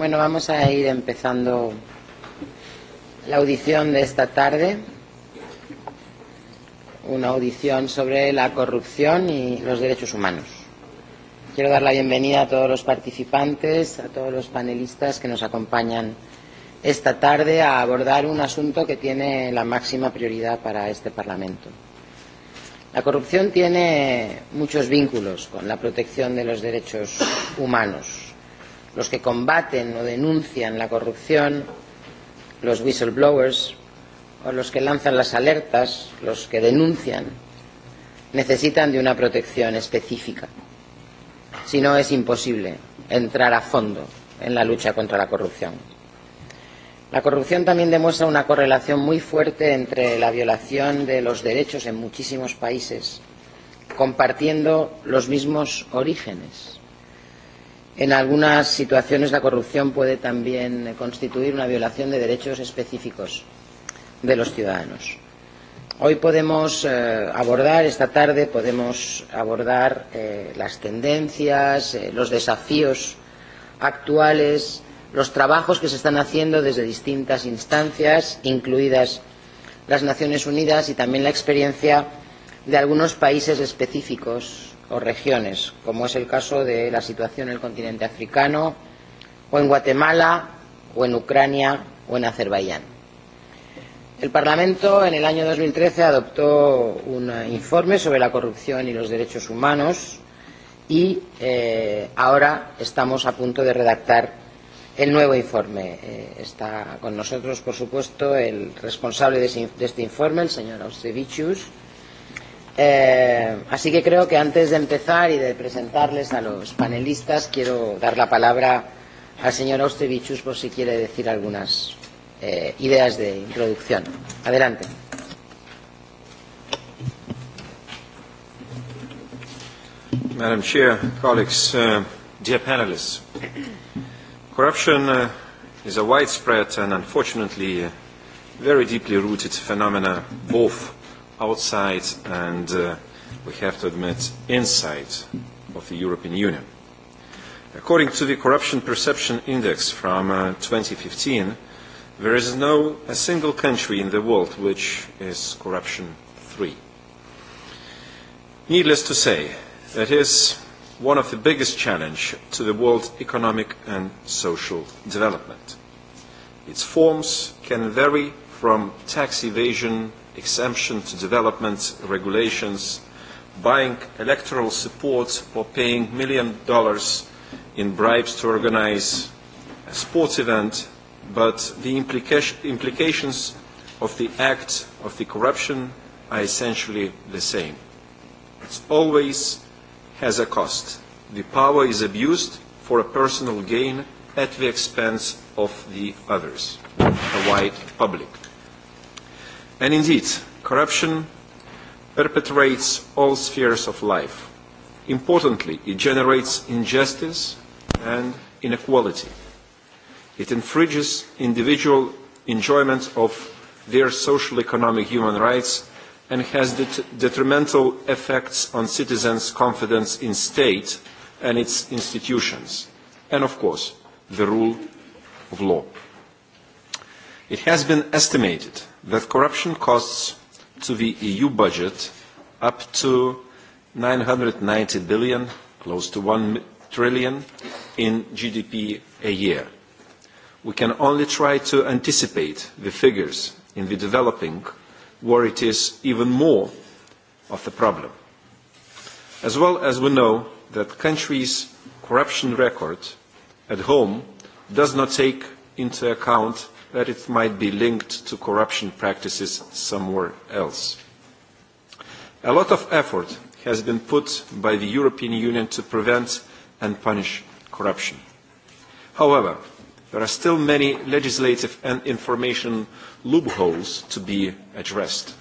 Bueno, vamos a ir empezando la audición de esta tarde. Una audición sobre la corrupción y los derechos humanos. Quiero dar la bienvenida a todos los participantes, a todos los panelistas que nos acompañan esta tarde a abordar un asunto que tiene la máxima prioridad para este Parlamento. La corrupción tiene muchos vínculos con la protección de los derechos humanos los que combaten o denuncian la corrupción, los whistleblowers o los que lanzan las alertas, los que denuncian, necesitan de una protección específica. Si no, es imposible entrar a fondo en la lucha contra la corrupción. La corrupción también demuestra una correlación muy fuerte entre la violación de los derechos en muchísimos países, compartiendo los mismos orígenes En algunas situaciones la corrupción puede también constituir una violación de derechos específicos de los ciudadanos. Hoy podemos eh, abordar, esta tarde podemos abordar eh, las tendencias, eh, los desafíos actuales, los trabajos que se están haciendo desde distintas instancias, incluidas las Naciones Unidas y también la experiencia de algunos países específicos o regiones, como es el caso de la situación en el continente africano, o en Guatemala, o en Ucrania, o en Azerbaiyán. El Parlamento en el año 2013 adoptó un informe sobre la corrupción y los derechos humanos y eh, ahora estamos a punto de redactar el nuevo informe. Eh, está con nosotros, por supuesto, el responsable de, este informe, el señor Austevichus, Eh, así que creo que antes de empezar y de presentarles a los panelistas, quiero dar la palabra al señor Austevichus por si quiere decir algunas eh, ideas de introducción. Adelante. Madam Chair, colleagues, uh, dear panelists, corruption uh, is a widespread and unfortunately uh, very deeply rooted phenomena both outside and, uh, we have to admit, inside of the European Union. According to the Corruption Perception Index from uh, 2015, there is no a single country in the world which is corruption-free. Needless to say, it is one of the biggest challenges to the world's economic and social development. Its forms can vary from tax evasion exemption to development regulations, buying electoral support for paying million dollars in bribes to organize a sports event, but the implications of the act of the corruption are essentially the same. It always has a cost. The power is abused for a personal gain at the expense of the others, the white public. And indeed, corruption perpetrates all spheres of life. Importantly, it generates injustice and inequality. It infringes individual enjoyment of their social, economic, human rights and has detrimental effects on citizens' confidence in state and its institutions, and of course, the rule of law. It has been estimated that corruption costs to the EU budget up to 990 billion, close to 1 trillion in GDP a year. We can only try to anticipate the figures in the developing where it is even more of the problem. As well as we know that countries' corruption record at home does not take into account that it might be linked to corruption practices somewhere else. A lot of effort has been put by the European Union to prevent and punish corruption. However, there are still many legislative and information loopholes to be addressed.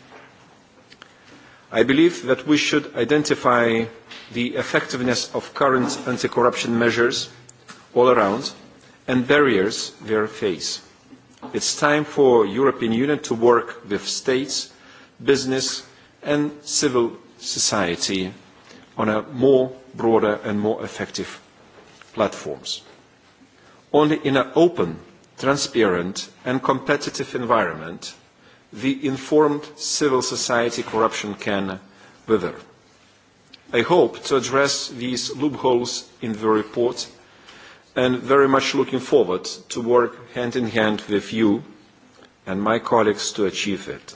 I believe that we should identify the effectiveness of current anti-corruption measures all around and barriers they face. It's time for the European Union to work with states, business and civil society on a more broader and more effective platforms. Only in an open, transparent and competitive environment the informed civil society corruption can wither. I hope to address these loopholes in the report and very much looking forward to work hand in hand with you and my colleagues to achieve it.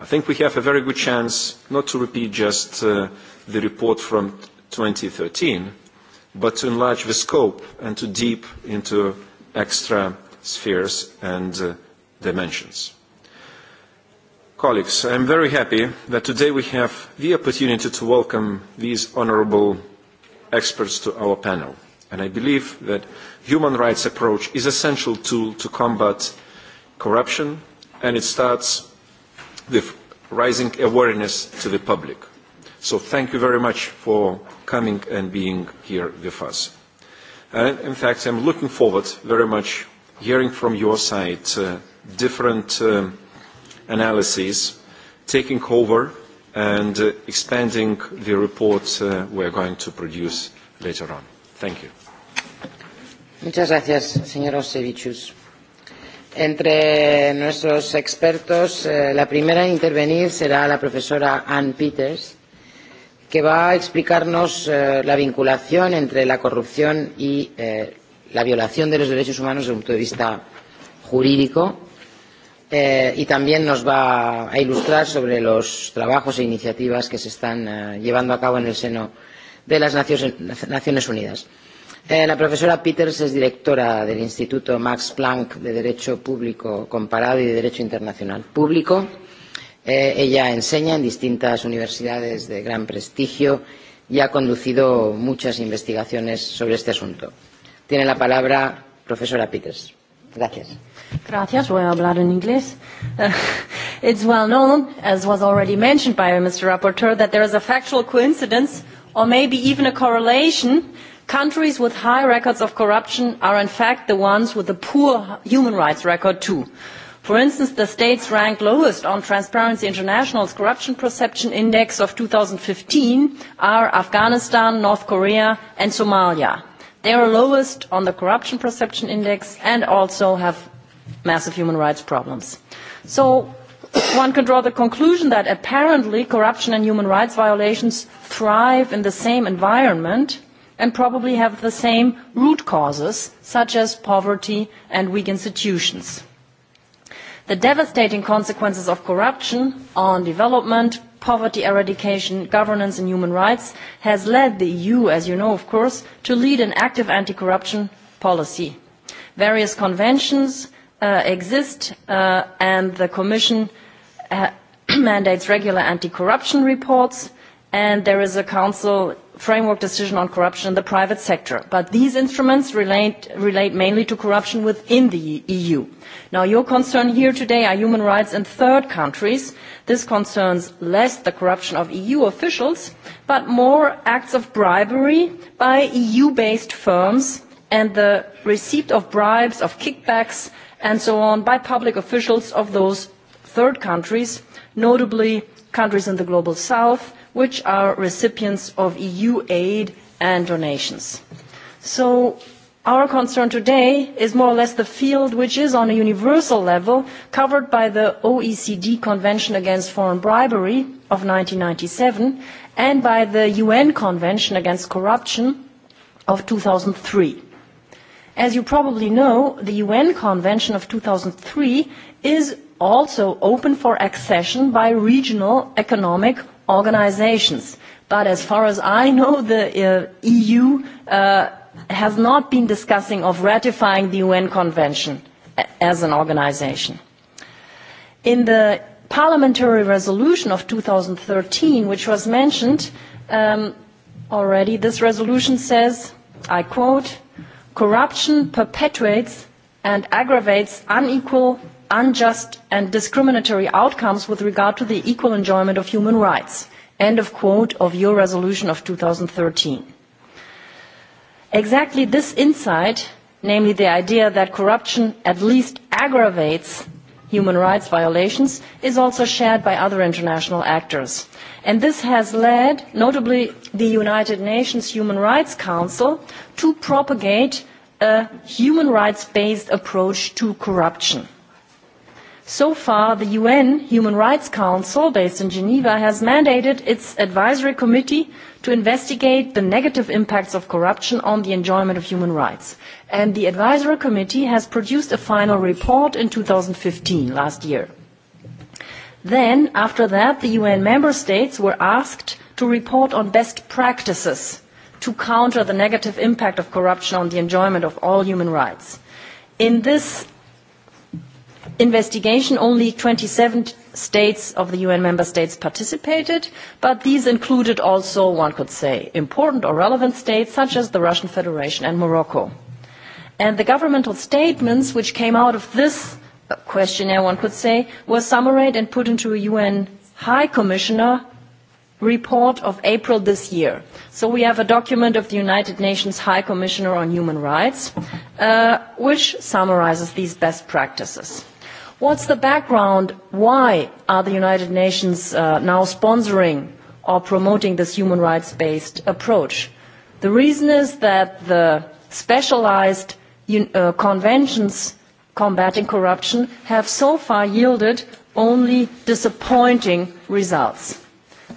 I think we have a very good chance not to repeat just uh, the report from 2013, but to enlarge the scope and to deep into extra spheres and uh, dimensions. Colleagues, I am very happy that today we have the opportunity to welcome these honorable experts to our panel. And I believe that human rights approach is essential tool to combat corruption, and it starts with rising awareness to the public. So thank you very much for coming and being here with us. in fact, I'm looking forward very much hearing from your side uh, different um, analyses, taking over and uh, expanding the report uh, we are going to produce later on. Thank you. Muchas gracias, señor Osevichus. Entre nuestros expertos, eh, la primera en intervenir será la profesora Ann Peters, que va a explicarnos eh, la vinculación entre la corrupción y eh, la violación de los derechos humanos desde un punto de vista jurídico eh, y también nos va a ilustrar sobre los trabajos e iniciativas que se están eh, llevando a cabo en el seno de las Naciones Unidas. Eh, la profesora Peters es directora del Instituto Max Planck de Derecho Público Comparado y de Derecho Internacional Público. Eh, ella enseña en distintas universidades de gran prestigio y ha conducido muchas investigaciones sobre este asunto. Tiene la palabra profesora Peters. Gracias. Gracias. Voy a hablar en inglés. Uh, it's well known, as was already mentioned by Mr. Rapporteur, that there is a factual coincidence or maybe even a correlation countries with high records of corruption are in fact the ones with a poor human rights record too. for instance the states ranked lowest on transparency international's corruption perception index of 2015 fifteen are afghanistan north korea and somalia. they are lowest on the corruption perception index and also have massive human rights problems. so one can draw the conclusion that apparently corruption and human rights violations thrive in the same environment and probably have the same root causes such as poverty and weak institutions. The devastating consequences of corruption on development, poverty eradication, governance and human rights has led the EU, as you know of course, to lead an active anti-corruption policy. Various conventions uh, exist uh, and the Commission uh, mandates regular anti-corruption reports and there is a Council framework decision on corruption in the private sector but these instruments relate, mainly to corruption within the eu. now your concern here today are human rights in third countries. this concerns less the corruption of eu officials but more acts of bribery by eu based firms and the receipt of bribes of kickbacks and so on by public officials of those third countries notably countries in the global south which are recipients of eu aid and donations. so our concern today is more or less the field which is on a universal level covered by the oecd convention against foreign bribery of one thousand nine hundred and ninety seven and by the un convention against corruption of. two thousand and three as you probably know the un convention of two thousand and three is also open for accession by regional economic organizations. But as far as I know, the uh, EU uh, has not been discussing of ratifying the UN Convention as an organization. In the parliamentary resolution of 2013, which was mentioned um, already, this resolution says, I quote, corruption perpetuates and aggravates unequal unjust and discriminatory outcomes with regard to the equal enjoyment of human rights. End of quote of your resolution of 2013. Exactly this insight, namely the idea that corruption at least aggravates human rights violations, is also shared by other international actors. And this has led, notably the United Nations Human Rights Council, to propagate a human rights based approach to corruption So far, the UN Human Rights Council, based in Geneva, has mandated its advisory committee to investigate the negative impacts of corruption on the enjoyment of human rights. And the advisory committee has produced a final report in 2015, last year. Then, after that, the UN member states were asked to report on best practices to counter the negative impact of corruption on the enjoyment of all human rights. In this investigation only twenty seven states of the un member states participated but these included also one could say important or relevant states such as the russian federation and morocco. and the governmental statements which came out of this uh, questionnaire one could say were summarized and put into a un high commissioner report of april this year so we have a document of the united nations high commissioner on human rights uh, which summarises these best practices What's the background? Why are the United Nations uh, now sponsoring or promoting this human rights based approach? The reason is that the specialized uh, conventions combating corruption have so far yielded only disappointing results.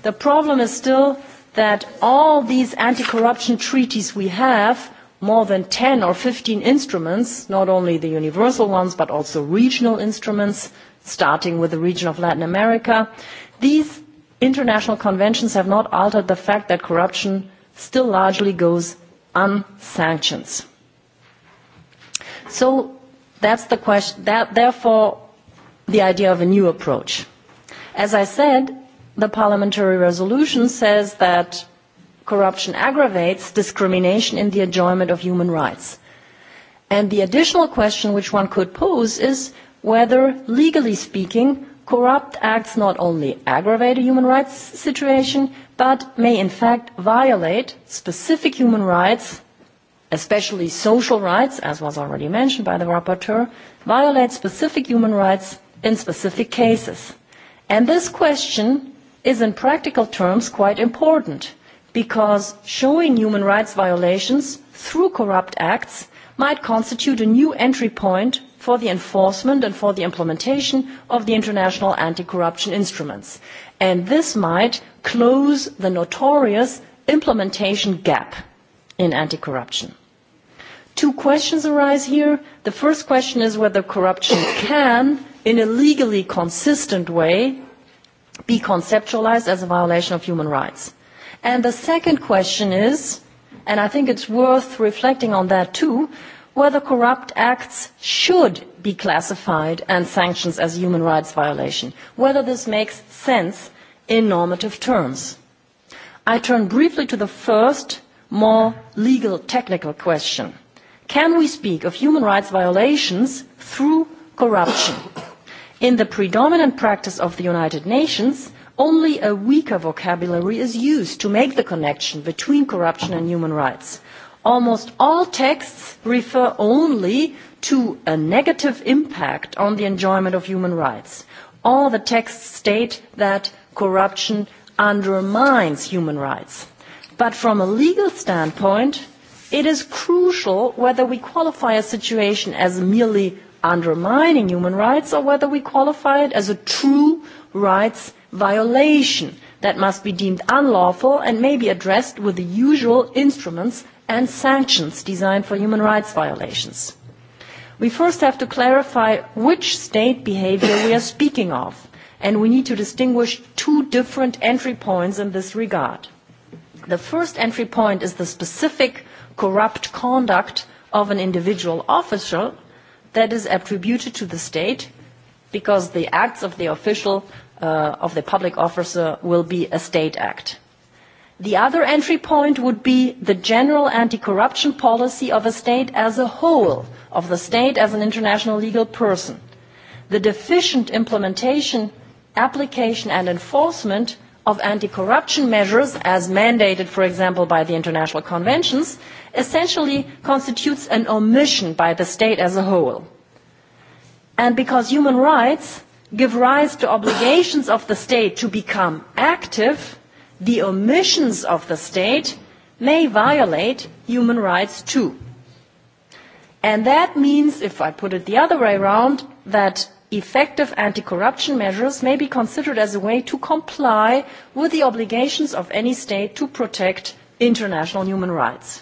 The problem is still that all these anti-corruption treaties we have more than 10 or 15 instruments, not only the universal ones, but also regional instruments, starting with the region of Latin America. These international conventions have not altered the fact that corruption still largely goes unsanctioned. So that's the question, that, therefore the idea of a new approach. As I said, the parliamentary resolution says that corruption aggravates discrimination in the enjoyment of human rights. And the additional question which one could pose is whether, legally speaking, corrupt acts not only aggravate a human rights situation, but may in fact violate specific human rights, especially social rights, as was already mentioned by the rapporteur, violate specific human rights in specific cases. And this question is in practical terms quite important because showing human rights violations through corrupt acts might constitute a new entry point for the enforcement and for the implementation of the international anti corruption instruments and this might close the notorious implementation gap in anti corruption. two questions arise here. the first question is whether corruption can in a legally consistent way be conceptualised as a violation of human rights. And the second question is, and I think it's worth reflecting on that too, whether corrupt acts should be classified and sanctioned as human rights violation, whether this makes sense in normative terms. I turn briefly to the first, more legal technical question. Can we speak of human rights violations through corruption? In the predominant practice of the United Nations, only a weaker vocabulary is used to make the connection between corruption and human rights. almost all texts refer only to a negative impact on the enjoyment of human rights. all the texts state that corruption undermines human rights but from a legal standpoint it is crucial whether we qualify a situation as merely undermining human rights or whether we qualify it as a true rights violation that must be deemed unlawful and may be addressed with the usual instruments and sanctions designed for human rights violations. We first have to clarify which state behaviour we are speaking of, and we need to distinguish two different entry points in this regard. The first entry point is the specific corrupt conduct of an individual official that is attributed to the state because the acts of the official Uh, of the public officer will be a state act. The other entry point would be the general anti-corruption policy of a state as a whole, of the state as an international legal person. The deficient implementation, application and enforcement of anti-corruption measures, as mandated, for example, by the international conventions, essentially constitutes an omission by the state as a whole. And because human rights give rise to obligations of the state to become active, the omissions of the state may violate human rights too. And that means, if I put it the other way around, that effective anti-corruption measures may be considered as a way to comply with the obligations of any state to protect international human rights.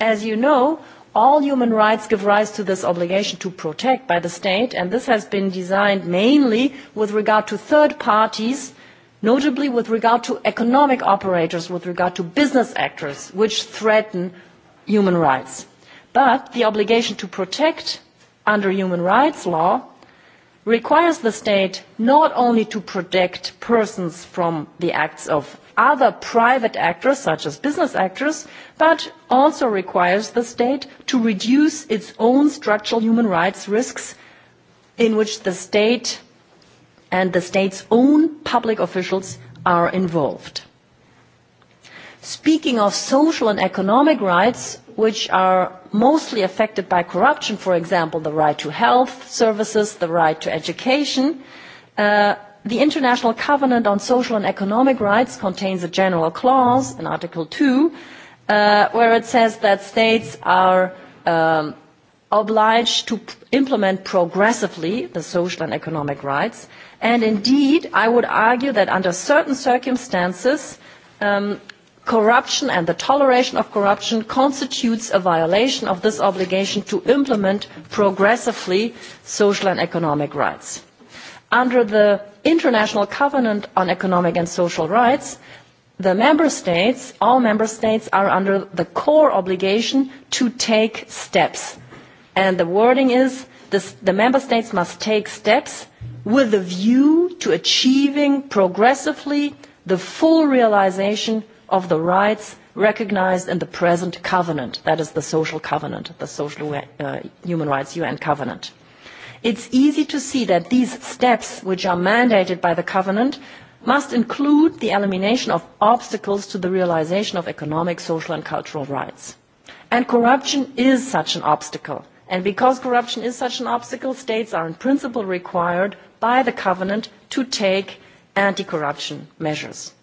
As you know, all human rights give rise to this obligation to protect by the state and this has been designed mainly with regard to third parties notably with regard to economic operators with regard to business actors which threaten human rights but the obligation to protect under human rights law requires the state not only to protect persons from the acts of other private actors such as business actors but also requires the state to reduce its own structural human rights risks in which the state and the state's own public officials are involved. Speaking of social and economic rights, which are mostly affected by corruption, for example, the right to health services, the right to education, uh, the International Covenant on Social and Economic Rights contains a general clause in Article 2 uh, where it says that states are um, obliged to implement progressively the social and economic rights. And indeed, I would argue that under certain circumstances, um, corruption and the toleration of corruption constitutes a violation of this obligation to implement progressively social and economic rights under the international covenant on economic and social rights the member states all member states are under the core obligation to take steps and the wording is this, the member states must take steps with a view to achieving progressively the full realization of the rights recognized in the present covenant that is the social covenant the social uh, human rights un covenant It's easy to see that these steps, which are mandated by the Covenant, must include the elimination of obstacles to the realisation of economic, social and cultural rights. And corruption is such an obstacle. And because corruption is such an obstacle, states are in principle required by the Covenant to take anti-corruption measures.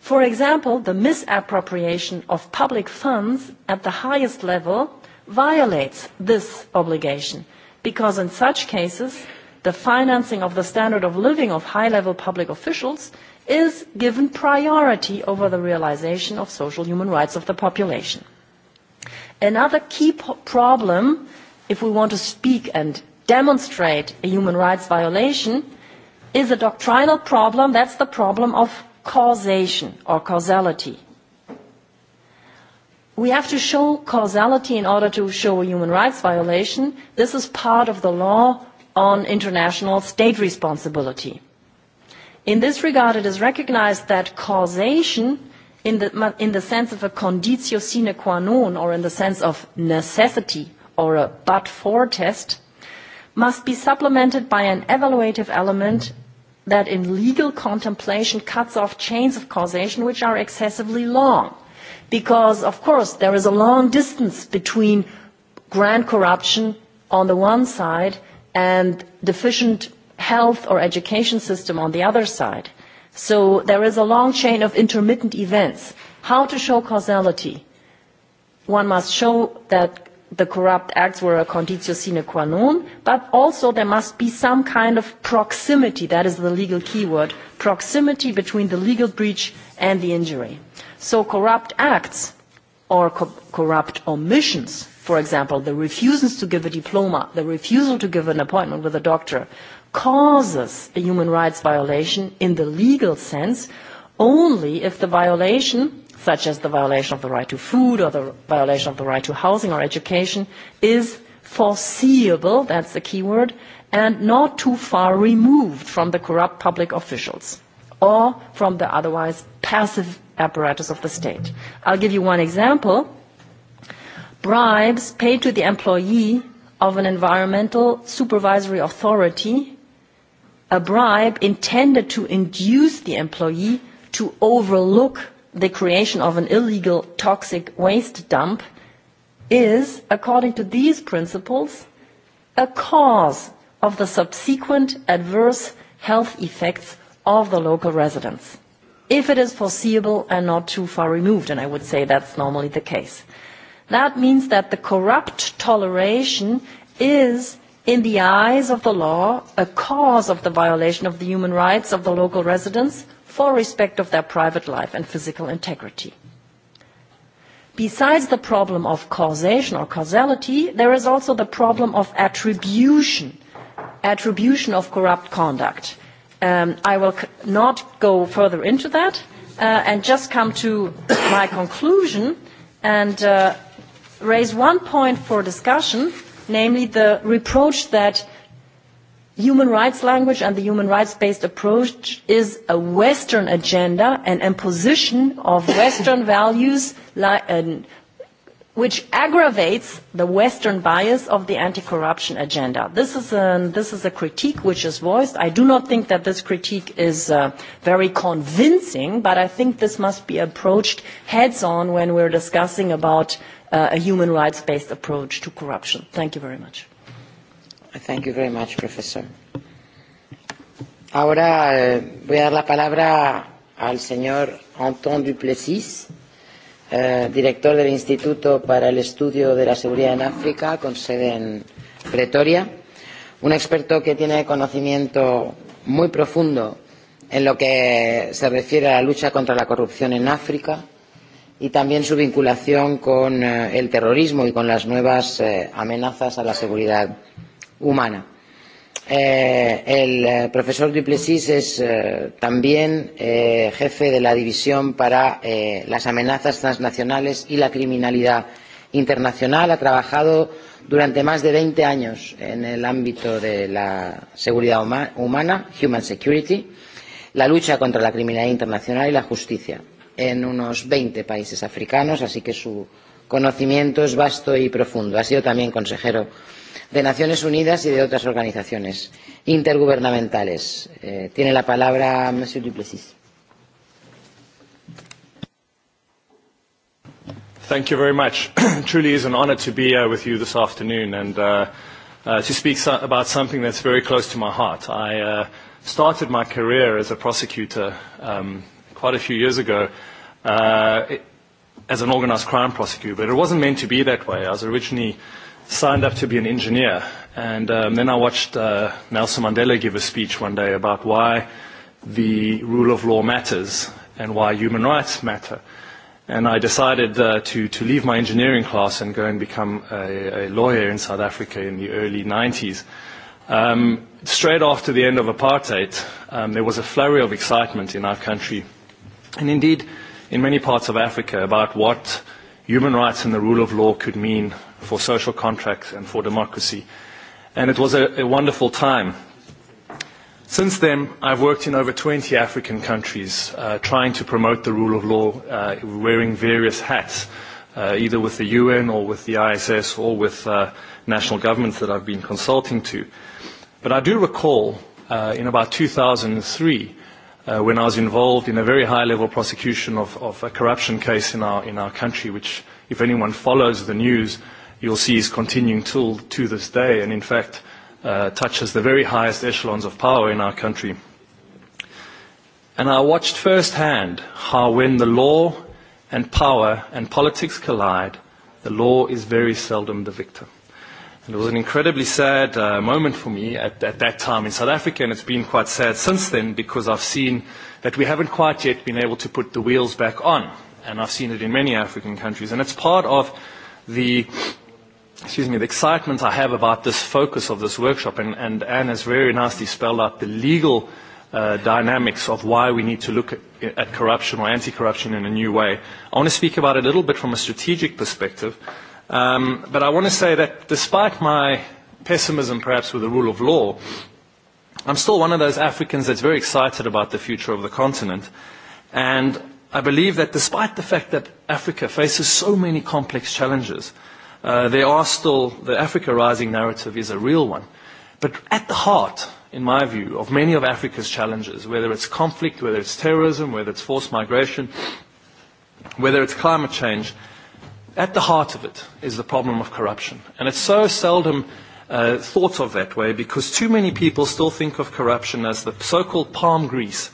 For example, the misappropriation of public funds at the highest level violates this obligation because in such cases the financing of the standard of living of high level public officials is given priority over the realisation of social human rights of the population. Another key problem, if we want to speak and demonstrate a human rights violation, is a doctrinal problem. That's the problem of causation or causality we have to show causality in order to show a human rights violation. This is part of the law on international state responsibility. In this regard, it is recognized that causation in the, in the sense of a conditio sine qua non or in the sense of necessity or a but-for test must be supplemented by an evaluative element that in legal contemplation cuts off chains of causation which are excessively long because of course there is a long distance between grand corruption on the one side and deficient health or education system on the other side so there is a long chain of intermittent events how to show causality one must show that the corrupt acts were a conditio sine qua non but also there must be some kind of proximity that is the legal keyword proximity between the legal breach and the injury so corrupt acts or corrupt omissions for example the refusal to give a diploma the refusal to give an appointment with a doctor causes a human rights violation in the legal sense only if the violation such as the violation of the right to food or the violation of the right to housing or education is foreseeable that's the key word and not too far removed from the corrupt public officials or from the otherwise passive apparatus of the state. I'll give you one example. Bribes paid to the employee of an environmental supervisory authority, a bribe intended to induce the employee to overlook the creation of an illegal toxic waste dump is, according to these principles, a cause of the subsequent adverse health effects of the local residents if it is foreseeable and not too far removed and i would say that's normally the case that means that the corrupt toleration is in the eyes of the law a cause of the violation of the human rights of the local residents for respect of their private life and physical integrity besides the problem of causation or causality there is also the problem of attribution attribution of corrupt conduct Um, I will not go further into that uh, and just come to my conclusion and uh, raise one point for discussion, namely the reproach that human rights language and the human rights based approach is a Western agenda, an imposition of Western values, which aggravates the western bias of the anti corruption agenda this is a this is a critique which is voiced i do not think that this critique is uh, very convincing but i think this must be approached heads on when we're discussing about uh, a human rights based approach to corruption thank you very much thank you very much professor ahora eh, voy a dar la palabra al señor Anton Duplessis Eh, director del Instituto para el Estudio de la Seguridad en África, con sede en Pretoria. Un experto que tiene conocimiento muy profundo en lo que se refiere a la lucha contra la corrupción en África y también su vinculación con eh, el terrorismo y con las nuevas eh, amenazas a la seguridad humana. Eh, el eh, profesor Duplessis es eh, también jefe de la División para las Amenazas Transnacionales y la Criminalidad Internacional. Ha trabajado durante más de 20 años en el ámbito de la seguridad humana, Human Security, la lucha contra la criminalidad internacional y la justicia en unos 20 países africanos, así que su conocimiento es vasto y profundo. Ha sido también consejero de las Naciones Unidas y de otras organizaciones intergubernamentales. Eh, tiene la palabra Monsieur Duplessis. Thank you very much. Truly is an honor to be here uh, with you this afternoon and uh, uh, to speak so about something that's very close to my heart. I uh, started my career as a prosecutor um, quite a few years ago uh, as an organized crime prosecutor, but it wasn't meant to be that way. I was originally signed up to be an engineer. And um, then I watched uh, Nelson Mandela give a speech one day about why the rule of law matters and why human rights matter. And I decided uh, to, to leave my engineering class and go and become a, a lawyer in South Africa in the early 90s. Um, straight after the end of apartheid, um, there was a flurry of excitement in our country, and indeed in many parts of Africa, about what human rights and the rule of law could mean for social contracts and for democracy. And it was a, a wonderful time. Since then, I've worked in over 20 African countries uh, trying to promote the rule of law, uh, wearing various hats, uh, either with the UN or with the ISS or with uh, national governments that I've been consulting to. But I do recall uh, in about 2003 uh, when I was involved in a very high-level prosecution of, of a corruption case in our, in our country, which, if anyone follows the news, you'll see is continuing till to this day and in fact uh, touches the very highest echelons of power in our country. And I watched firsthand how when the law and power and politics collide, the law is very seldom the victor And it was an incredibly sad uh, moment for me at, at that time in South Africa, and it's been quite sad since then because I've seen that we haven't quite yet been able to put the wheels back on. And I've seen it in many African countries. And it's part of the excuse me, the excitement I have about this focus of this workshop, and, and Anne has very nicely spelled out the legal uh, dynamics of why we need to look at, at corruption or anti-corruption in a new way. I want to speak about it a little bit from a strategic perspective, um, but I want to say that despite my pessimism perhaps with the rule of law, I'm still one of those Africans that's very excited about the future of the continent, and I believe that despite the fact that Africa faces so many complex challenges, Uh, There are still, the Africa rising narrative is a real one. But at the heart, in my view, of many of Africa's challenges, whether it's conflict, whether it's terrorism, whether it's forced migration, whether it's climate change, at the heart of it is the problem of corruption. And it's so seldom uh, thought of that way because too many people still think of corruption as the so-called palm grease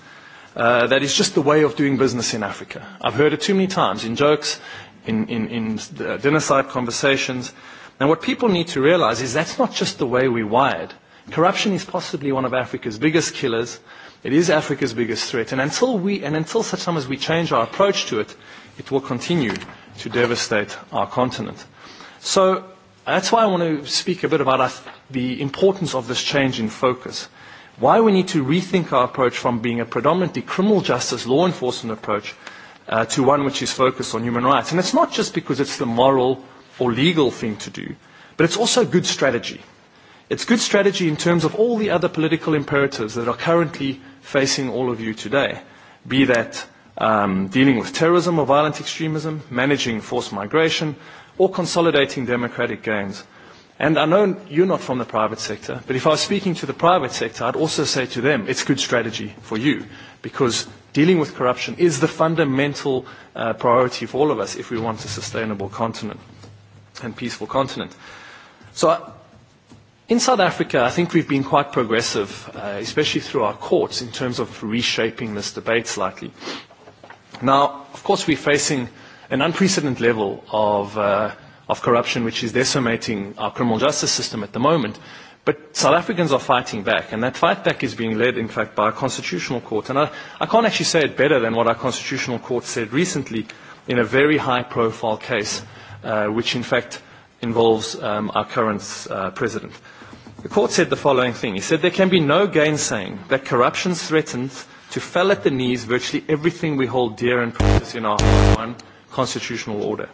uh, that is just the way of doing business in Africa. I've heard it too many times in jokes, in, in, in the dinner side conversations. Now what people need to realize is that's not just the way we wired. Corruption is possibly one of Africa's biggest killers. It is Africa's biggest threat. And until, we, and until such time as we change our approach to it, it will continue to devastate our continent. So that's why I want to speak a bit about the importance of this change in focus. Why we need to rethink our approach from being a predominantly criminal justice law enforcement approach uh, to one which is focused on human rights. And it's not just because it's the moral or legal thing to do, but it's also good strategy. It's good strategy in terms of all the other political imperatives that are currently facing all of you today, be that um, dealing with terrorism or violent extremism, managing forced migration, or consolidating democratic gains. And I know you're not from the private sector, but if I was speaking to the private sector, I'd also say to them, it's good strategy for you because dealing with corruption is the fundamental uh, priority for all of us if we want a sustainable continent and peaceful continent. So uh, in South Africa, I think we've been quite progressive, uh, especially through our courts, in terms of reshaping this debate slightly. Now, of course, we're facing an unprecedented level of, uh, of corruption, which is decimating our criminal justice system at the moment. But South Africans are fighting back, and that fight back is being led, in fact, by a constitutional court. And I, I can't actually say it better than what our constitutional court said recently in a very high-profile case, uh, which, in fact, involves um, our current uh, president. The court said the following thing. He said, there can be no gainsaying that corruption threatens to fell at the knees virtually everything we hold dear and precious in our one constitutional order.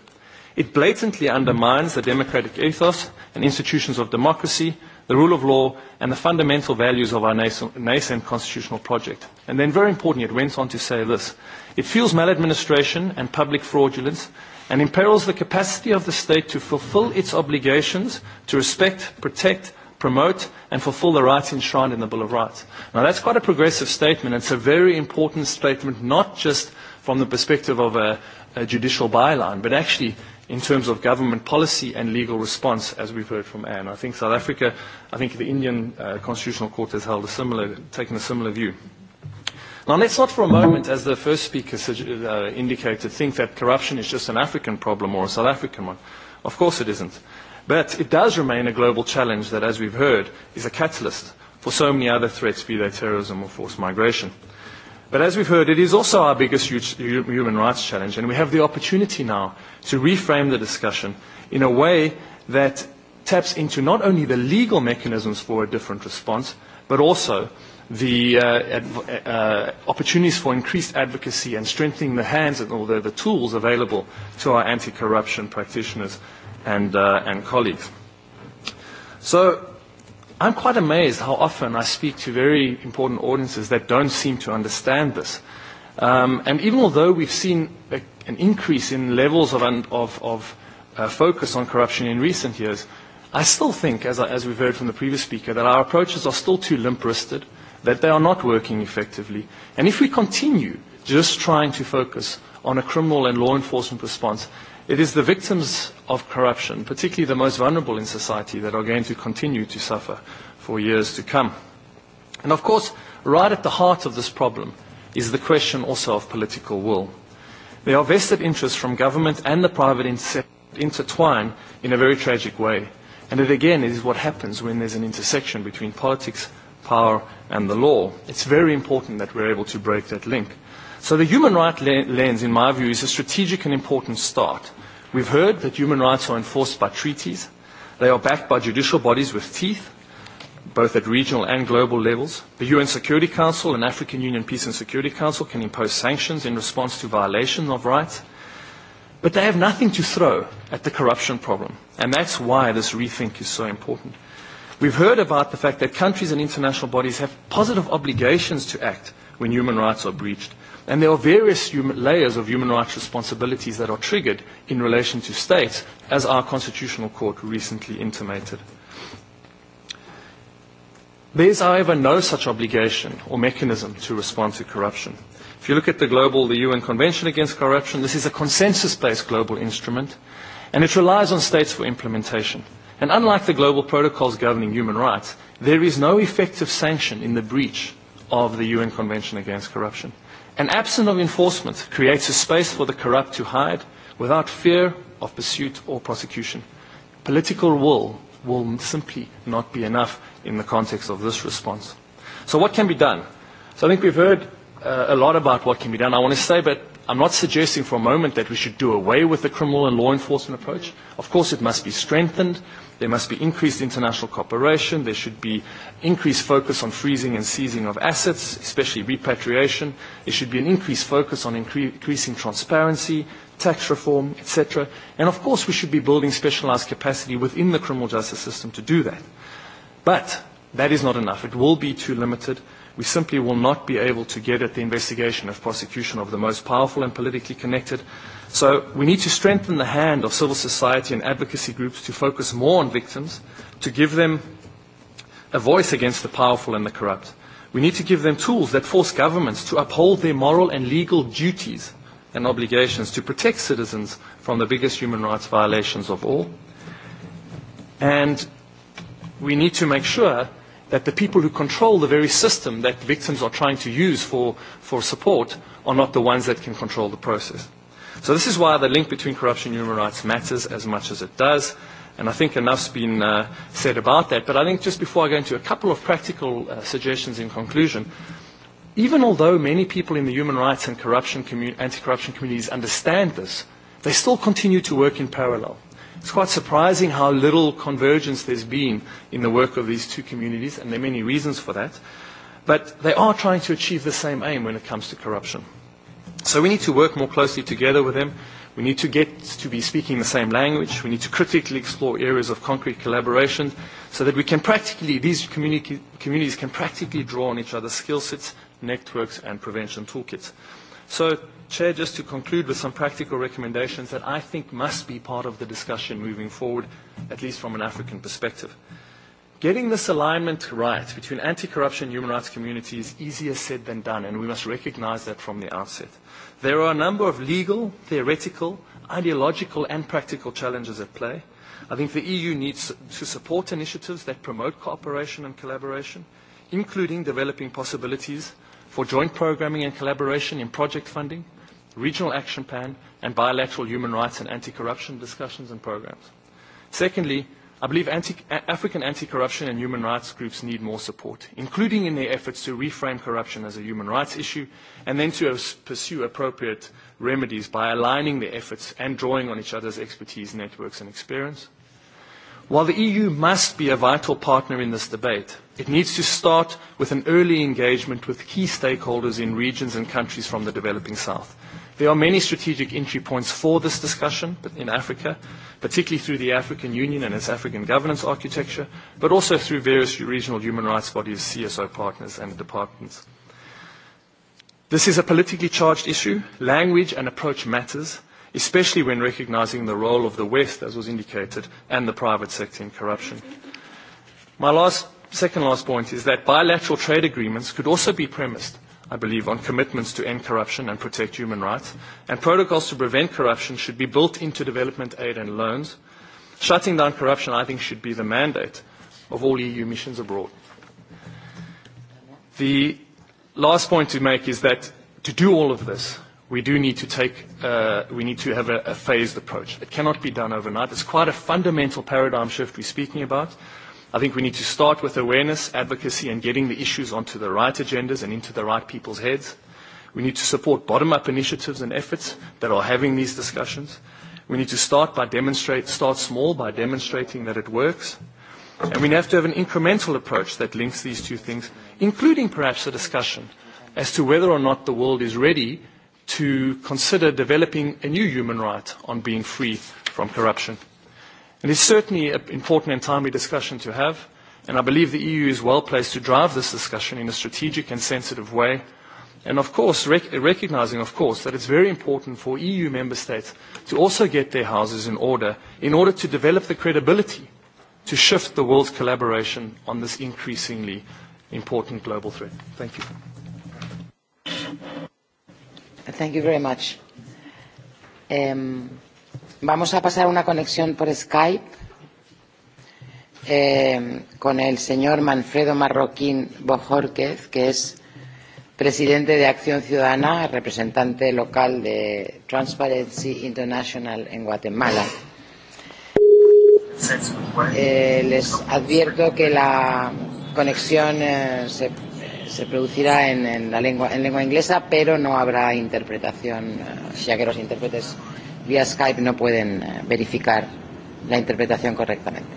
It blatantly undermines the democratic ethos and institutions of democracy, the rule of law and the fundamental values of our nascent constitutional project. And then very important, it went on to say this. It fuels maladministration and public fraudulence and imperils the capacity of the state to fulfill its obligations to respect, protect, promote and fulfill the rights enshrined in the Bill of Rights. Now that's quite a progressive statement. It's a very important statement, not just from the perspective of a, a judicial byline, but actually in terms of government policy and legal response, as we've heard from Anne. I think South Africa, I think the Indian uh, Constitutional Court has held a similar, taken a similar view. Now, let's not for a moment, as the first speaker uh, indicated, think that corruption is just an African problem or a South African one. Of course it isn't. But it does remain a global challenge that, as we've heard, is a catalyst for so many other threats, be they terrorism or forced migration. But as we've heard, it is also our biggest human rights challenge, and we have the opportunity now to reframe the discussion in a way that taps into not only the legal mechanisms for a different response, but also the uh, uh, uh, opportunities for increased advocacy and strengthening the hands and all the, the tools available to our anti-corruption practitioners and, uh, and colleagues. So I'm quite amazed how often I speak to very important audiences that don't seem to understand this. Um, and even although we've seen a, an increase in levels of, of, of uh, focus on corruption in recent years, I still think, as, I, as we've heard from the previous speaker, that our approaches are still too limp-wristed, that they are not working effectively. And if we continue just trying to focus on a criminal and law enforcement response, It is the victims of corruption, particularly the most vulnerable in society, that are going to continue to suffer for years to come. And of course, right at the heart of this problem is the question also of political will. There are vested interests from government and the private sector intertwine in a very tragic way. And it again is what happens when there's an intersection between politics, power and the law. It's very important that we're able to break that link. So the human rights lens, in my view, is a strategic and important start We've heard that human rights are enforced by treaties. They are backed by judicial bodies with teeth, both at regional and global levels. The UN Security Council and African Union Peace and Security Council can impose sanctions in response to violations of rights. But they have nothing to throw at the corruption problem. And that's why this rethink is so important. We've heard about the fact that countries and international bodies have positive obligations to act when human rights are breached. And there are various human layers of human rights responsibilities that are triggered in relation to states, as our Constitutional Court recently intimated. There is, however, no such obligation or mechanism to respond to corruption. If you look at the global, the UN Convention Against Corruption, this is a consensus-based global instrument, and it relies on states for implementation. And unlike the global protocols governing human rights, there is no effective sanction in the breach of the UN Convention Against Corruption. An absence of enforcement creates a space for the corrupt to hide without fear of pursuit or prosecution. Political will will simply not be enough in the context of this response. So what can be done? So I think we've heard uh, a lot about what can be done. I want to say that I'm not suggesting for a moment that we should do away with the criminal and law enforcement approach. Of course, it must be strengthened. There must be increased international cooperation. There should be increased focus on freezing and seizing of assets, especially repatriation. There should be an increased focus on incre increasing transparency, tax reform, etc. And of course, we should be building specialized capacity within the criminal justice system to do that. But that is not enough. It will be too limited we simply will not be able to get at the investigation of prosecution of the most powerful and politically connected. So we need to strengthen the hand of civil society and advocacy groups to focus more on victims, to give them a voice against the powerful and the corrupt. We need to give them tools that force governments to uphold their moral and legal duties and obligations to protect citizens from the biggest human rights violations of all. And we need to make sure that the people who control the very system that victims are trying to use for, for support are not the ones that can control the process. So this is why the link between corruption and human rights matters as much as it does. And I think enough's been uh, said about that. But I think just before I go into a couple of practical uh, suggestions in conclusion, even although many people in the human rights and corruption anti-corruption communities understand this, they still continue to work in parallel. It's quite surprising how little convergence there's been in the work of these two communities, and there are many reasons for that. But they are trying to achieve the same aim when it comes to corruption. So we need to work more closely together with them. We need to get to be speaking the same language. We need to critically explore areas of concrete collaboration so that we can practically, these communi communities can practically draw on each other's skill sets, networks, and prevention toolkits. So Chair, just to conclude with some practical recommendations that I think must be part of the discussion moving forward, at least from an African perspective. Getting this alignment right between anti-corruption and human rights community is easier said than done, and we must recognize that from the outset. There are a number of legal, theoretical, ideological, and practical challenges at play. I think the EU needs to support initiatives that promote cooperation and collaboration, including developing possibilities for joint programming and collaboration in project funding, regional action plan, and bilateral human rights and anti-corruption discussions and programs. Secondly, I believe anti African anti-corruption and human rights groups need more support, including in their efforts to reframe corruption as a human rights issue and then to pursue appropriate remedies by aligning their efforts and drawing on each other's expertise, networks and experience. While the EU must be a vital partner in this debate, it needs to start with an early engagement with key stakeholders in regions and countries from the developing south There are many strategic entry points for this discussion in Africa, particularly through the African Union and its African governance architecture, but also through various regional human rights bodies, CSO partners and departments. This is a politically charged issue. Language and approach matters, especially when recognizing the role of the West, as was indicated, and the private sector in corruption. My last, second last point is that bilateral trade agreements could also be premised i believe, on commitments to end corruption and protect human rights, and protocols to prevent corruption should be built into development aid and loans. Shutting down corruption, I think, should be the mandate of all EU missions abroad. The last point to make is that to do all of this, we do need to take, uh, we need to have a, a phased approach. It cannot be done overnight. It's quite a fundamental paradigm shift we're speaking about. I think we need to start with awareness, advocacy, and getting the issues onto the right agendas and into the right people's heads. We need to support bottom-up initiatives and efforts that are having these discussions. We need to start by demonstrate, start small by demonstrating that it works. And we have to have an incremental approach that links these two things, including perhaps a discussion as to whether or not the world is ready to consider developing a new human right on being free from corruption. It is certainly an important and timely discussion to have, and I believe the EU is well placed to drive this discussion in a strategic and sensitive way, and of course, rec recognizing, of course, that it's very important for EU member states to also get their houses in order in order to develop the credibility to shift the world's collaboration on this increasingly important global threat. Thank you. Thank you very much. Um, Vamos a pasar una conexión por Skype eh, con el señor Manfredo Marroquín Bojorquez, que es presidente de Acción Ciudadana, representante local de Transparency International en Guatemala. Eh, les advierto que la conexión eh, se, se producirá en, en, la lengua, en lengua inglesa, pero no habrá interpretación, eh, ya que los intérpretes vía Skype no pueden eh, verificar la interpretación correctamente.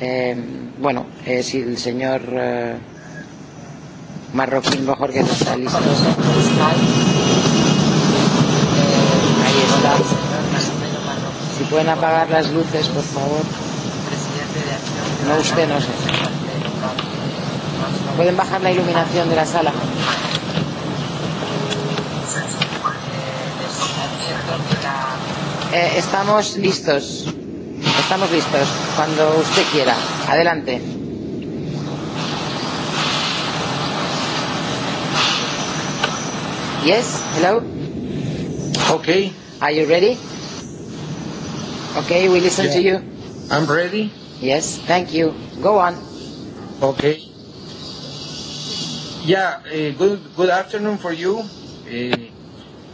Eh, bueno, eh, si el señor eh, Marroquín mejor que no está listo Eh, ahí está. Si pueden apagar las luces, por favor. No usted, no sé. ¿Pueden bajar la iluminación de la sala? Eh, estamos listos. Estamos listos. Cuando usted quiera. Adelante. Yes, hello. Okay. Are you ready? Okay, we listen yeah. to you. I'm ready. Yes, thank you. Go on. Okay. Yeah, uh, good, good afternoon for you. Uh,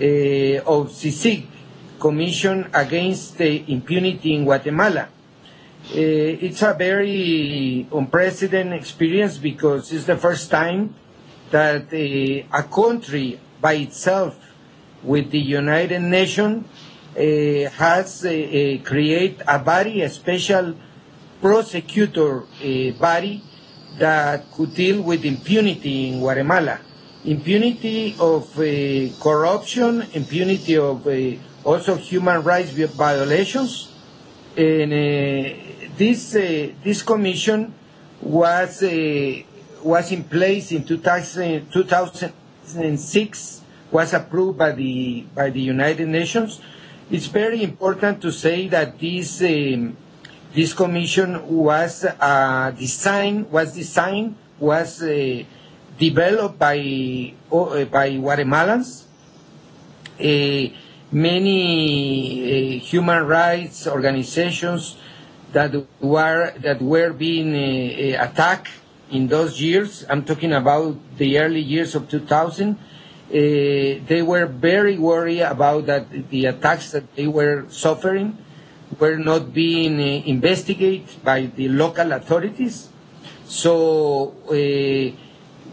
Eh, of CICIG, Commission Against the Impunity in Guatemala. Eh, it's a very unprecedented experience because it's the first time that eh, a country by itself with the United Nations has created a body, a special prosecutor body that could deal with impunity in Guatemala impunity of uh, corruption, impunity of uh, also human rights violations. And uh, this uh, this commission was was in place in 2006, was approved by the by the United Nations. It's very important to say that this um, this commission was uh, designed was designed was. Uh, developed by, uh, by Guatemalans. Uh, many uh, human rights organizations that were, that were being uh, attacked in those years. I'm talking about the early years of 2000. Uh, they were very worried about that the attacks that they were suffering were not being uh, investigated by the local authorities. So uh,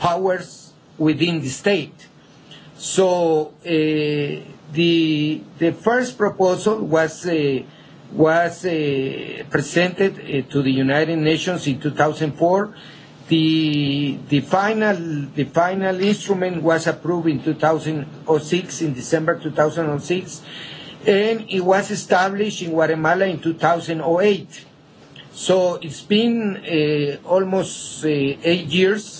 powers within the state. So uh, the the first proposal was uh, was uh, presented uh, to the United Nations in 2004. The the final the final instrument was approved in 2006 in December 2006, and it was established in Guatemala in 2008. So it's been uh, almost uh, eight years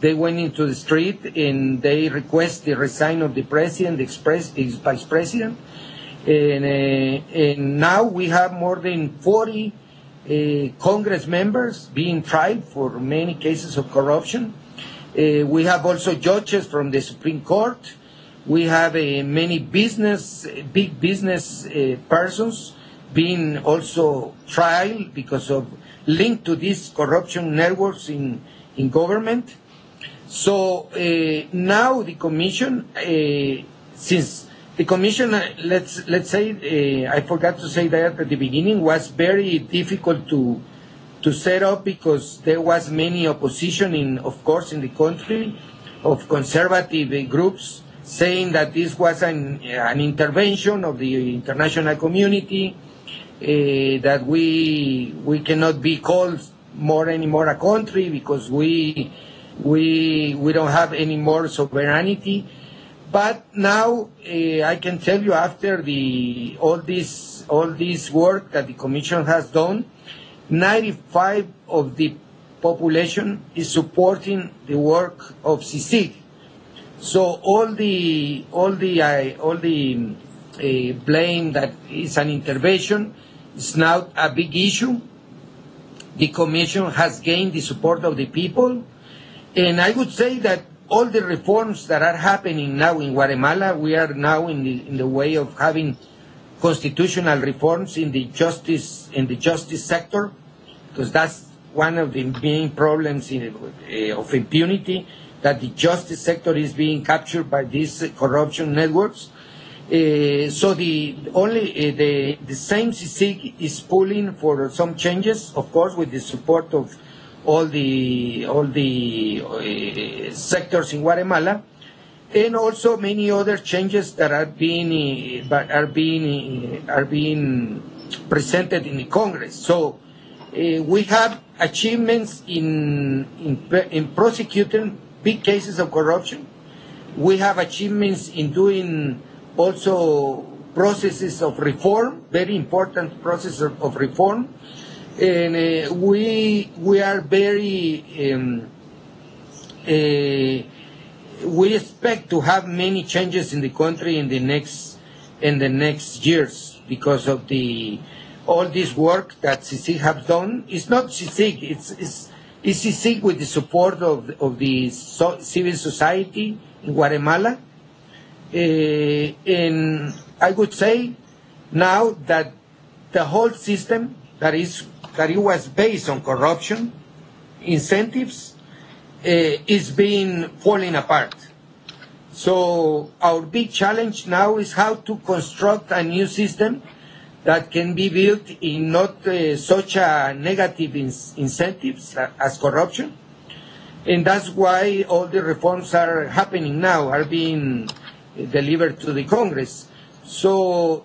They went into the street and they request the resign of the president, the, express, the vice president. And, uh, and now we have more than 40 uh, Congress members being tried for many cases of corruption. Uh, we have also judges from the Supreme Court. We have uh, many business, big business uh, persons being also tried because of linked to these corruption networks in, in government. So uh, now the Commission, uh, since the Commission, uh, let's let's say, uh, I forgot to say that at the beginning, was very difficult to to set up because there was many opposition in, of course, in the country, of conservative groups saying that this was an an intervention of the international community, uh, that we we cannot be called more anymore a country because we We we don't have any more sovereignty. But now uh, I can tell you after the all this all this work that the Commission has done, 95 of the population is supporting the work of CC. So all the all the uh, all the uh, blame that is an intervention is now a big issue. The Commission has gained the support of the people. And I would say that all the reforms that are happening now in Guatemala, we are now in the, in the way of having constitutional reforms in the justice in the justice sector, because that's one of the main problems in, uh, of impunity that the justice sector is being captured by these uh, corruption networks. Uh, so the only uh, the the same CICIG is pulling for some changes, of course, with the support of all the all the uh, sectors in Guatemala, and also many other changes that are being but are being are being presented in the Congress. So uh, we have achievements in, in in prosecuting big cases of corruption. We have achievements in doing also processes of reform, very important processes of, of reform. Uh, and uh, we we are very um, uh, we expect to have many changes in the country in the next in the next years because of the all this work that CC have done. It's not CC. it's it's it's CICIG with the support of of the so, civil society in Guatemala. Uh, and I would say now that the whole system that is that it was based on corruption, incentives, uh, is being falling apart. So our big challenge now is how to construct a new system that can be built in not uh, such a negative in incentives as corruption. And that's why all the reforms are happening now, are being delivered to the Congress. So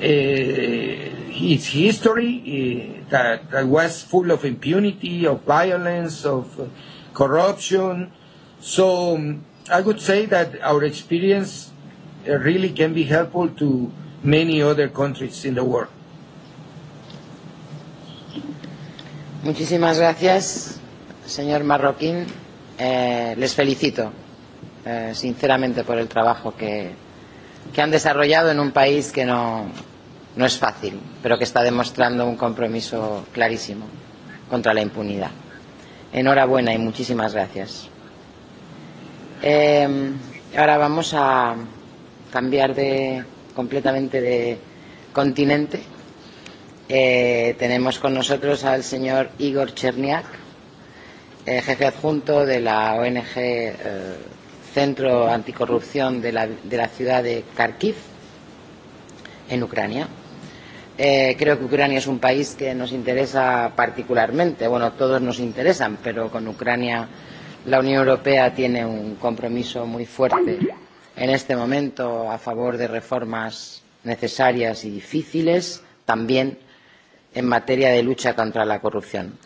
Uh, its history uh, that, that was full of impunity, of violence, of uh, corruption. So um, I would say that our experience really can be helpful to many other countries in the world. Muchísimas gracias, señor Marroquín. Eh, les felicito eh, sinceramente por el trabajo que, que han desarrollado en un país que no, no es fácil, pero que está demostrando un compromiso clarísimo contra la impunidad. Enhorabuena y muchísimas gracias. Eh, ahora vamos a cambiar de, completamente de continente. Eh, tenemos con nosotros al señor Igor Cherniak, eh, jefe adjunto de la ONG eh, Centro Anticorrupción de la, de la ciudad de Kharkiv, en Ucrania. Eh, creo que Ucrania es un país que nos interesa particularmente. Bueno, todos nos interesan, pero con Ucrania la Unión Europea tiene un compromiso muy fuerte en este momento a favor de reformas necesarias y difíciles, también en materia de lucha contra la corrupción.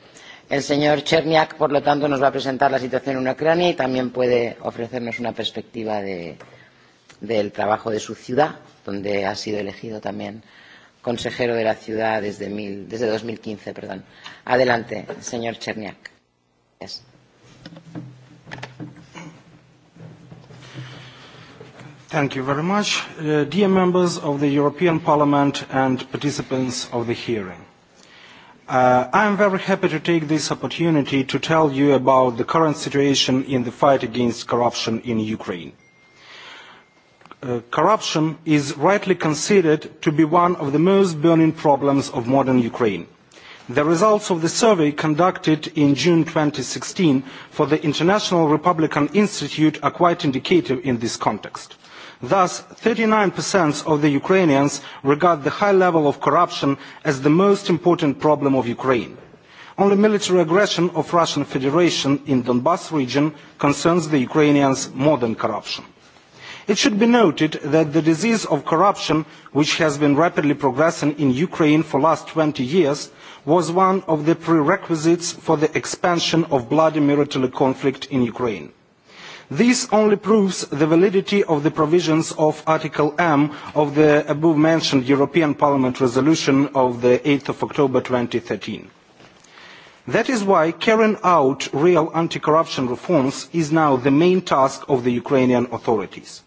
El señor Cherniak, por lo tanto, nos va a presentar la situación en Ucrania y también puede ofrecernos una perspectiva de, del trabajo de su ciudad, donde ha sido elegido también consejero de la ciudad desde, mil, desde 2015. Perdón. Adelante, señor Cherniak. Gracias. Thank you very much. Uh, dear members of the European Parliament and participants of the hearing, uh, I am very happy to take this opportunity to tell you about the current situation in the fight against corruption in Ukraine corruption is rightly considered to be one of the most burning problems of modern Ukraine. The results of the survey conducted in June 2016 for the International Republican Institute are quite indicative in this context. Thus, 39% of the Ukrainians regard the high level of corruption as the most important problem of Ukraine. Only military aggression of Russian Federation in Donbass region concerns the Ukrainians more than corruption. It should be noted that the disease of corruption, which has been rapidly progressing in Ukraine for the last 20 years, was one of the prerequisites for the expansion of bloody military conflict in Ukraine. This only proves the validity of the provisions of Article M of the above mentioned European Parliament resolution of the 8th of October 2013. That is why carrying out real anti-corruption reforms is now the main task of the Ukrainian authorities.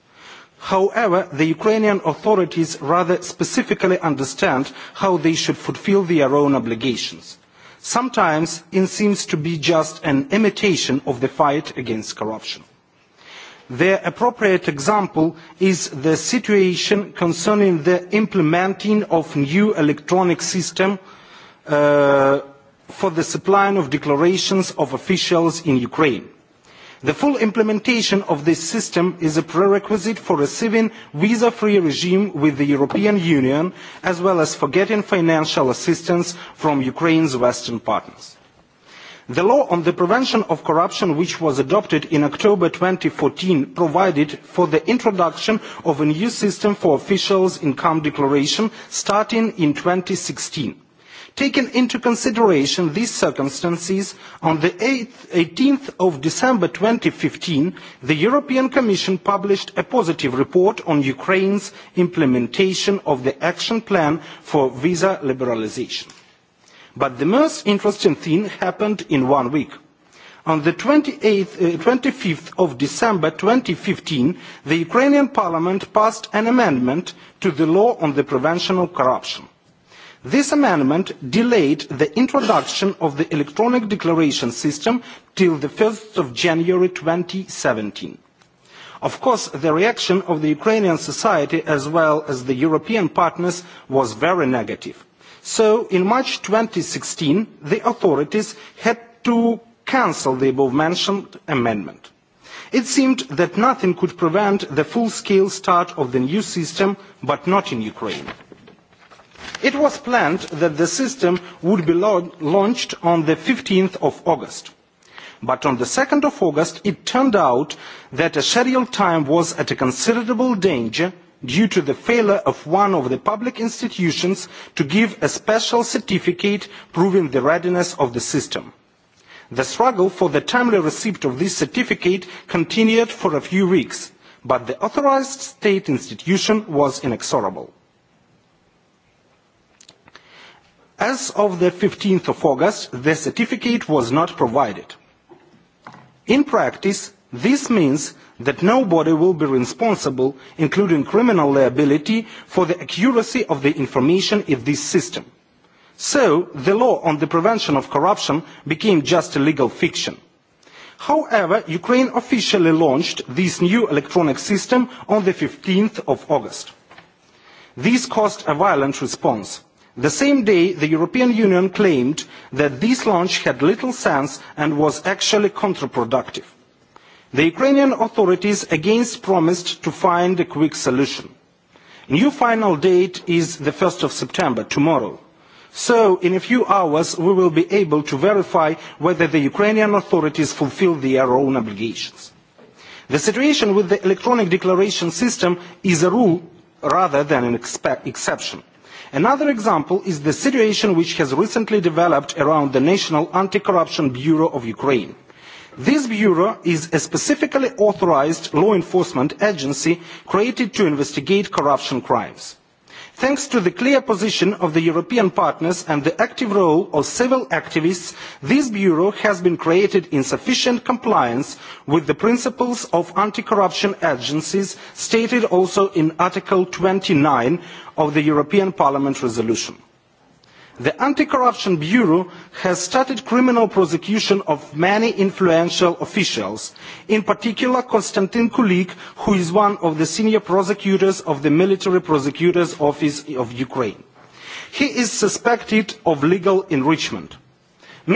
However, the Ukrainian authorities rather specifically understand how they should fulfill their own obligations. Sometimes it seems to be just an imitation of the fight against corruption. The appropriate example is the situation concerning the implementing of new electronic system uh, for the supplying of declarations of officials in Ukraine the full implementation of this system is a prerequisite for receiving visa free regime with the european union as well as for getting financial assistance from ukraine's western partners. the law on the prevention of corruption which was adopted in october 2014, provided for the introduction of a new system for officials' income declaration starting in 2016 taken into consideration these circumstances on the 18th of December 2015 the European Commission published a positive report on Ukraine's implementation of the action plan for visa liberalization but the most interesting thing happened in one week on the 28th, uh, 25th of December 2015 the Ukrainian parliament passed an amendment to the law on the prevention of corruption This amendment delayed the introduction of the electronic declaration system till the 1st of January 2017. Of course, the reaction of the Ukrainian society as well as the European partners was very negative. So, in March 2016, the authorities had to cancel the above-mentioned amendment. It seemed that nothing could prevent the full-scale start of the new system, but not in Ukraine it was planned that the system would be launched on the 15th of august but on the 2nd of august it turned out that a scheduled time was at a considerable danger due to the failure of one of the public institutions to give a special certificate proving the readiness of the system the struggle for the timely receipt of this certificate continued for a few weeks but the authorized state institution was inexorable As of the 15th of August, the certificate was not provided. In practice, this means that nobody will be responsible, including criminal liability, for the accuracy of the information in this system. So, the law on the prevention of corruption became just a legal fiction. However, Ukraine officially launched this new electronic system on the 15th of August. This caused a violent response the same day the european union claimed that this launch had little sense and was actually counterproductive. the ukrainian authorities again promised to find a quick solution. new final date is of september tomorrow so in a few hours we will be able to verify whether the ukrainian authorities fulfil their own obligations. the situation with the electronic declaration system is a rule rather than an exception another example is the situation which has recently developed around the national anti corruption bureau of ukraine this bureau is a specifically authorised law enforcement agency created to investigate corruption crimes thanks to the clear position of the european partners and the active role of civil activists this bureau has been created in sufficient compliance with the principles of anti corruption agencies stated also in article twenty nine of the european parliament resolution the anti corruption bureau has started criminal prosecution of many influential officials in particular konstantin kulik who is one of the senior prosecutors of the military prosecutor's office of ukraine he is suspected of legal enrichment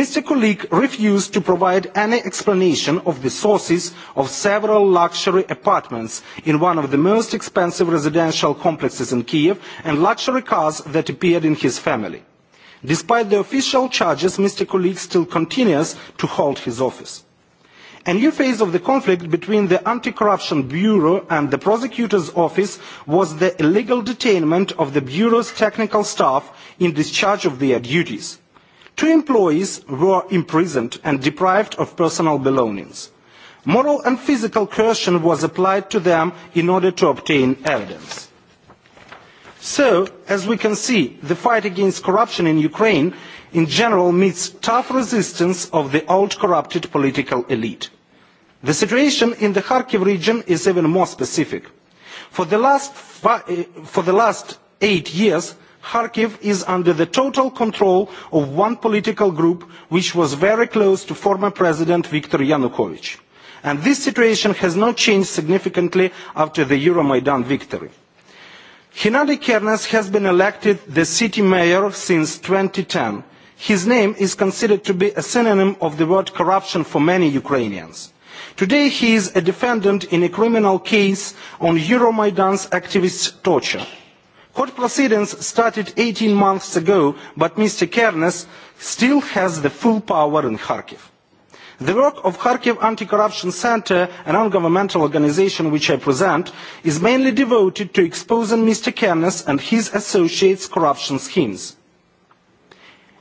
mr kulik refused to provide any explanation of the sources of several luxury apartments in one of the most expensive residential complexes in kiev and luxury cars that appeared in his family Despite the official charges, Mr. Kulik still continues to hold his office. A new phase of the conflict between the Anti-Corruption Bureau and the Prosecutor's Office was the illegal detainment of the Bureau's technical staff in discharge of their duties. Two employees were imprisoned and deprived of personal belongings. Moral and physical coercion was applied to them in order to obtain evidence so as we can see the fight against corruption in ukraine in general meets tough resistance of the old corrupted political elite. the situation in the kharkiv region is even more specific. for the last, eh, for the last eight years kharkiv is under the total control of one political group which was very close to former president viktor yanukovych and this situation has not changed significantly after the euromaidan victory. Hinadi Kernes has been elected the city mayor since 2010. His name is considered to be a synonym of the word corruption for many Ukrainians. Today he is a defendant in a criminal case on Euromaidan's activist torture. Court proceedings started 18 months ago, but Mr. Kernes still has the full power in Kharkiv. The work of Kharkiv Anti-Corruption Center, a non-governmental organization which I present, is mainly devoted to exposing Mr. Kernes and his associates' corruption schemes.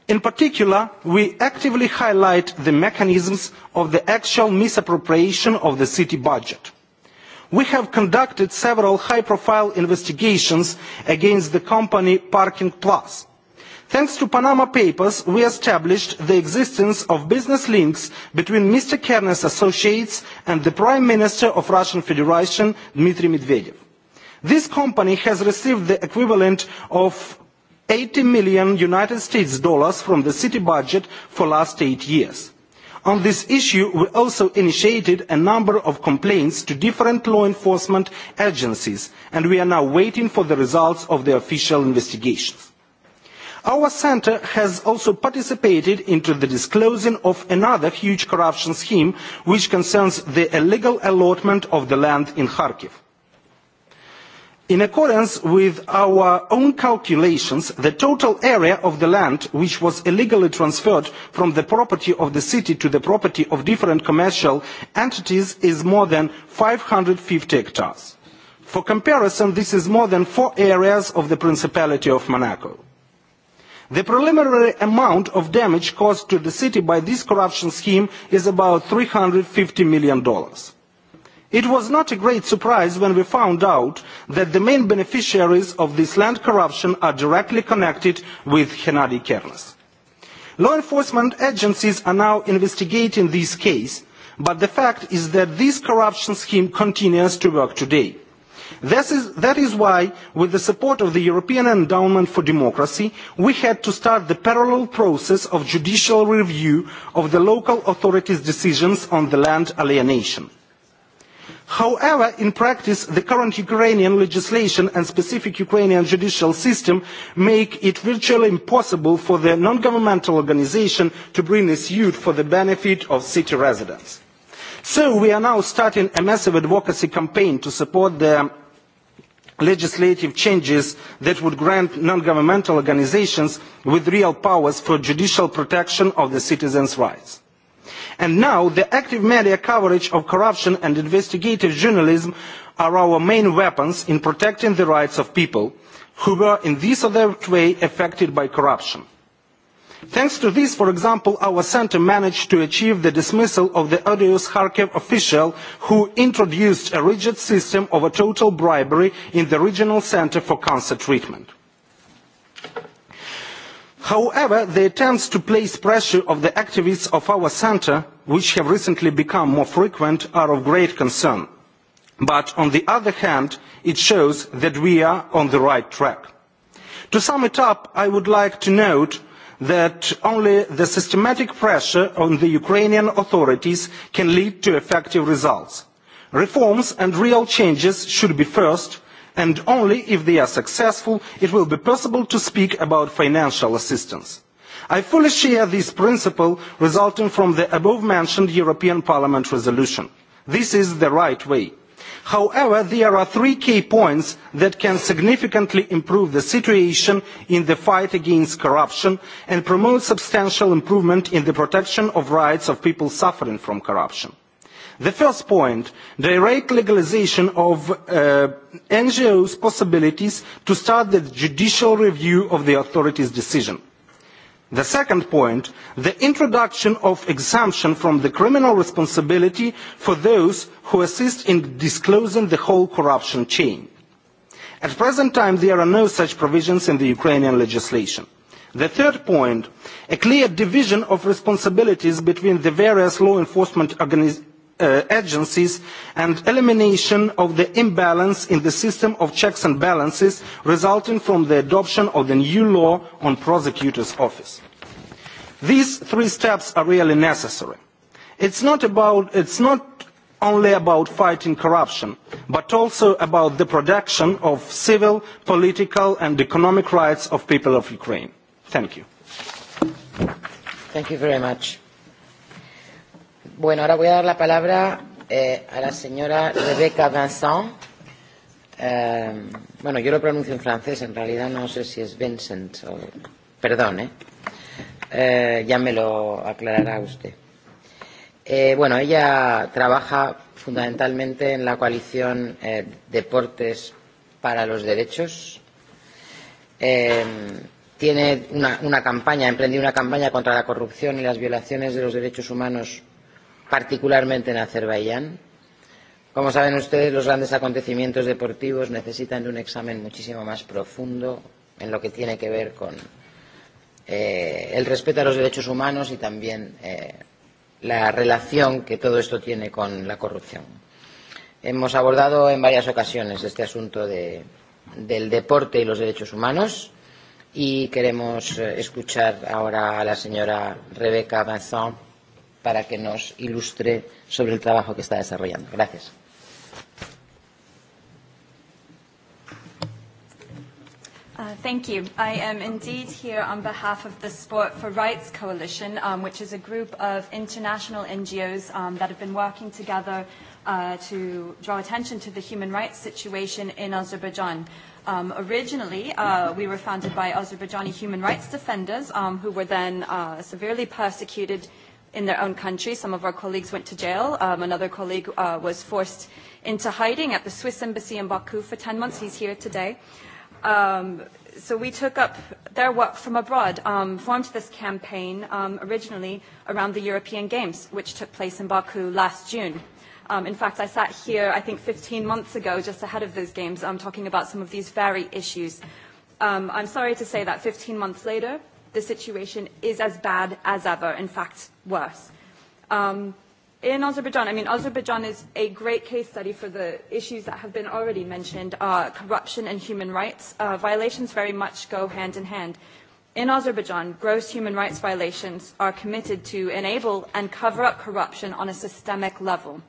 In particular, we actively highlight the mechanisms of the actual misappropriation of the city budget. We have conducted several high-profile investigations against the company Parking Plus thanks to panama papers we established the existence of business links between mr kerner's associates and the prime minister of the russian federation dmitry medvedev. this company has received the equivalent of 80 eighty million United States dollars from the city budget for the last eight years. on this issue we also initiated a number of complaints to different law enforcement agencies and we are now waiting for the results of the official investigations. Our centre has also participated in the disclosing of another huge corruption scheme which concerns the illegal allotment of the land in Kharkiv. In accordance with our own calculations, the total area of the land which was illegally transferred from the property of the city to the property of different commercial entities is more than 550 hectares. For comparison, this is more than four areas of the Principality of Monaco. The preliminary amount of damage caused to the city by this corruption scheme is about $350 million. It was not a great surprise when we found out that the main beneficiaries of this land corruption are directly connected with Hennady Kernes. Law enforcement agencies are now investigating this case, but the fact is that this corruption scheme continues to work today that is why, with the support of the European Endowment for Democracy, we had to start the parallel process of judicial review of the local authorities' decisions on the land alienation. However, in practice, the current Ukrainian legislation and specific Ukrainian judicial system make it virtually impossible for the non-governmental organisation to bring a suit for the benefit of city residents. So we are now starting a massive advocacy campaign to support the legislative changes that would grant non governmental organizations with real powers for judicial protection of the citizens' rights. And now the active media coverage of corruption and investigative journalism are our main weapons in protecting the rights of people who were in this or that way affected by corruption. Thanks to this, for example, our centre managed to achieve the dismissal of the odious Kharkiv official who introduced a rigid system of a total bribery in the regional centre for cancer treatment. However, the attempts to place pressure on the activists of our centre, which have recently become more frequent, are of great concern. But on the other hand, it shows that we are on the right track. To sum it up, I would like to note that only the systematic pressure on the Ukrainian authorities can lead to effective results. Reforms and real changes should be first and only if they are successful it will be possible to speak about financial assistance. I fully share this principle resulting from the above mentioned European Parliament resolution. This is the right way however there are three key points that can significantly improve the situation in the fight against corruption and promote substantial improvement in the protection of rights of people suffering from corruption. The first point direct legalisation of uh, NGOs' possibilities to start the judicial review of the authorities' decision the second point the introduction of exemption from the criminal responsibility for those who assist in disclosing the whole corruption chain. at present time there are no such provisions in the ukrainian legislation. the third point a clear division of responsibilities between the various law enforcement Uh, agencies and elimination of the imbalance in the system of checks and balances resulting from the adoption of the new law on prosecutor's office. These three steps are really necessary. It's not, it's not only about fighting corruption, but also about the protection of civil, political and economic rights of people of Ukraine. Thank you. Thank you very much. Bueno, ahora voy a dar la palabra eh, a la señora Rebecca Vincent. Eh, bueno, yo lo pronuncio en francés, en realidad no sé si es Vincent o... Perdón, ¿eh? eh ya me lo aclarará usted. Eh, bueno, ella trabaja fundamentalmente en la coalición eh, Deportes para los Derechos. Eh, tiene una, una campaña, ha emprendido una campaña contra la corrupción y las violaciones de los derechos humanos particularmente en Azerbaiyán. Como saben ustedes, los grandes acontecimientos deportivos necesitan de un examen muchísimo más profundo en lo que tiene que ver con eh, el respeto a los derechos humanos y también eh, la relación que todo esto tiene con la corrupción. Hemos abordado en varias ocasiones este asunto de, del deporte y los derechos humanos y queremos eh, escuchar ahora a la señora Rebeca Vincent para que nos ilustre sobre el trabajo que está desarrollando. Gracias. Uh, thank you. I am indeed here on behalf of the Sport for Rights Coalition, um, which is a group of international NGOs um, that have been working together uh, to draw attention to the human rights situation in Azerbaijan. Um, originally, uh, we were founded by Azerbaijani human rights defenders um, who were then uh, severely persecuted in their own country. Some of our colleagues went to jail. Um, another colleague uh, was forced into hiding at the Swiss embassy in Baku for 10 months. He's here today. Um, so we took up their work from abroad, um, formed this campaign um, originally around the European Games, which took place in Baku last June. Um, in fact, I sat here, I think, 15 months ago, just ahead of those games, um, talking about some of these very issues. Um, I'm sorry to say that 15 months later, the situation is as bad as ever, in fact, worse. Um, in Azerbaijan, I mean, Azerbaijan is a great case study for the issues that have been already mentioned, uh, corruption and human rights. Uh, violations very much go hand in hand. In Azerbaijan, gross human rights violations are committed to enable and cover up corruption on a systemic level.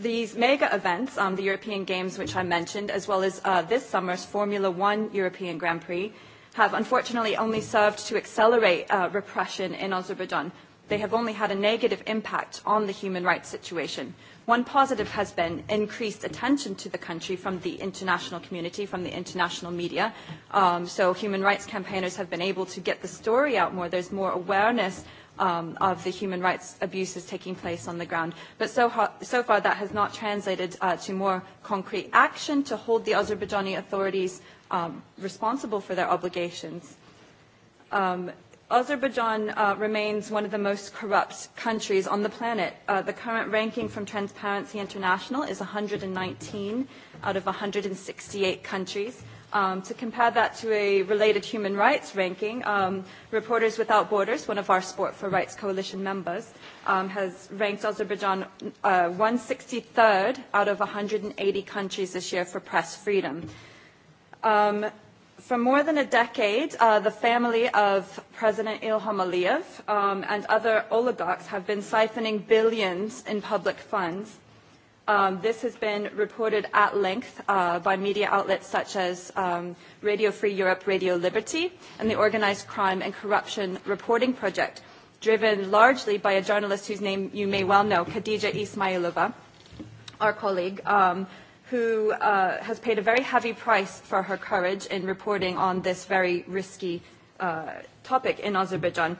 These mega events, um, the European Games, which I mentioned, as well as uh, this summer's Formula One European Grand Prix, have unfortunately only served to accelerate uh, repression in Azerbaijan. They have only had a negative impact on the human rights situation. One positive has been increased attention to the country from the international community, from the international media. Um, so human rights campaigners have been able to get the story out more. There's more awareness um, of the human rights abuses taking place on the ground. But so, so far that has not translated uh, to more concrete action to hold the Azerbaijani authorities um, responsible for their obligations. Um, Azerbaijan uh, remains one of the most corrupt countries on the planet. Uh, the current ranking from Transparency International is 119 out of 168 countries. Um, to compare that to a related human rights ranking, um, Reporters Without Borders, one of our Sport for Rights Coalition members, um, has ranked Azerbaijan uh, 163rd out of 180 countries this year for press freedom. Um, for more than a decade, uh, the family of President Ilham Aliyev um, and other oligarchs have been siphoning billions in public funds Um, this has been reported at length uh, by media outlets such as um, Radio Free Europe, Radio Liberty, and the Organized Crime and Corruption Reporting Project, driven largely by a journalist whose name you may well know, Khadija Ismailova, our colleague, um, who uh, has paid a very heavy price for her courage in reporting on this very risky uh, topic in Azerbaijan.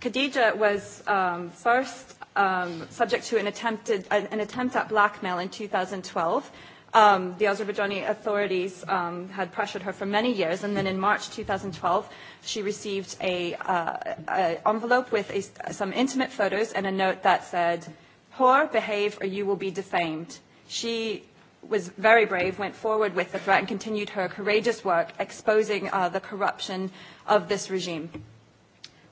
Khadija was um, first um, subject to an, attempted, an attempt at blackmail in 2012. Um, the Azerbaijani authorities um, had pressured her for many years, and then in March 2012, she received a, uh, a envelope with a, some intimate photos and a note that said, "Whore, behave, or you will be defamed." She was very brave, went forward with the threat, and continued her courageous work exposing uh, the corruption of this regime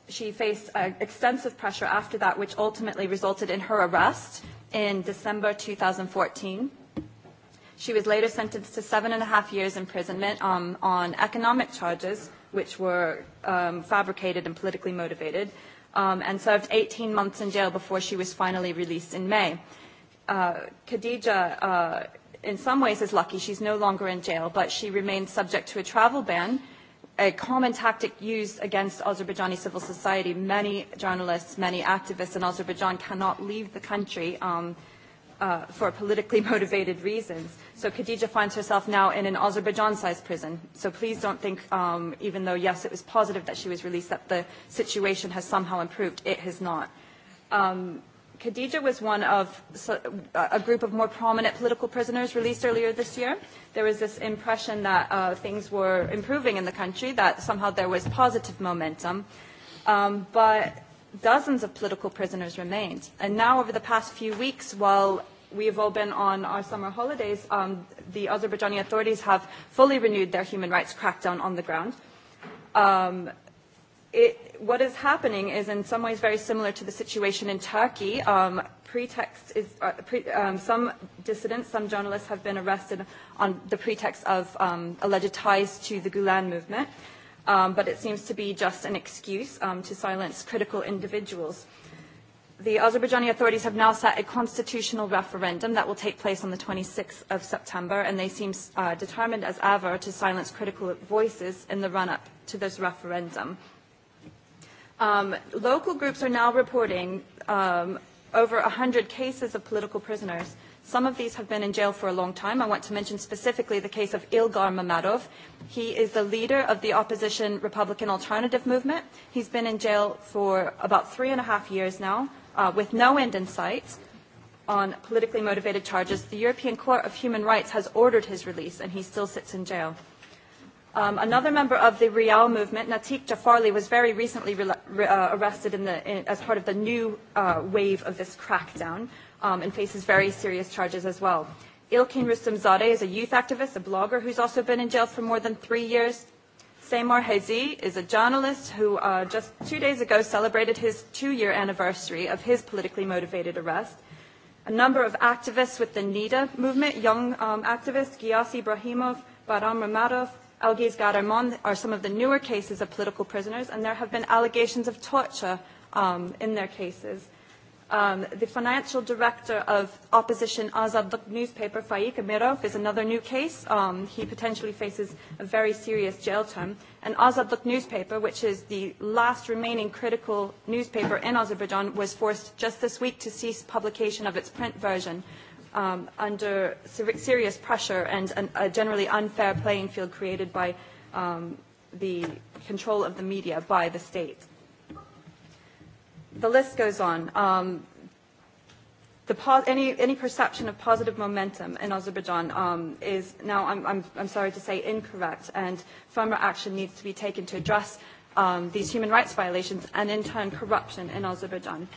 she faced uh, extensive pressure after that, which ultimately resulted in her arrest in December 2014. She was later sentenced to seven and a half years imprisonment um, on economic charges, which were um, fabricated and politically motivated, um, and served 18 months in jail before she was finally released in May. Uh, Khadija, uh, in some ways, is lucky. She's no longer in jail, but she remains subject to a travel ban a common tactic used against Azerbaijani civil society. Many journalists, many activists in Azerbaijan cannot leave the country um, uh, for politically motivated reasons. So Khadija finds herself now in an Azerbaijan-sized prison. So please don't think, um, even though, yes, it was positive that she was released, that the situation has somehow improved. It has not. Um, Khadija was one of a group of more prominent political prisoners released earlier this year. There was this impression that uh, things were improving in the country, that somehow there was positive momentum. Um, but dozens of political prisoners remained. And now over the past few weeks, while we have all been on our summer holidays, um, the Azerbaijani authorities have fully renewed their human rights crackdown on the ground. Um, it, what is happening is in some ways very similar to the situation in Turkey. Um, pretext is uh, pre, um, some dissidents, some journalists have been arrested on the pretext of um, alleged ties to the Gulen movement, um, but it seems to be just an excuse um, to silence critical individuals. The Azerbaijani authorities have now set a constitutional referendum that will take place on the 26th of September, and they seem uh, determined as ever to silence critical voices in the run-up to this referendum. Um, local groups are now reporting um, over 100 cases of political prisoners. Some of these have been in jail for a long time. I want to mention specifically the case of Ilgar Mamadov. He is the leader of the opposition Republican Alternative Movement. He's been in jail for about three and a half years now uh, with no end in sight on politically motivated charges. The European Court of Human Rights has ordered his release and he still sits in jail. Um, another member of the Real movement, Natik Jafarli, was very recently re uh, arrested in the, in, as part of the new uh, wave of this crackdown um, and faces very serious charges as well. Ilkin Rustamzadeh is a youth activist, a blogger who's also been in jail for more than three years. Seymour Hezi is a journalist who uh, just two days ago celebrated his two-year anniversary of his politically motivated arrest. A number of activists with the NIDA movement, young um, activists, Gyasi Ibrahimov, Baram Ramadov, Elgiz Garamond are some of the newer cases of political prisoners, and there have been allegations of torture um, in their cases. Um, the financial director of opposition Azad newspaper, Faik Amirov, is another new case. Um, he potentially faces a very serious jail term. And Azad newspaper, which is the last remaining critical newspaper in Azerbaijan, was forced just this week to cease publication of its print version um, under serious pressure and a generally unfair playing field created by um, the control of the media by the state. The list goes on. Um, any, any perception of positive momentum in Azerbaijan um, is now, I'm, I'm, I'm sorry to say, incorrect, and firmer action needs to be taken to address um, these human rights violations and, in turn, corruption in Azerbaijan.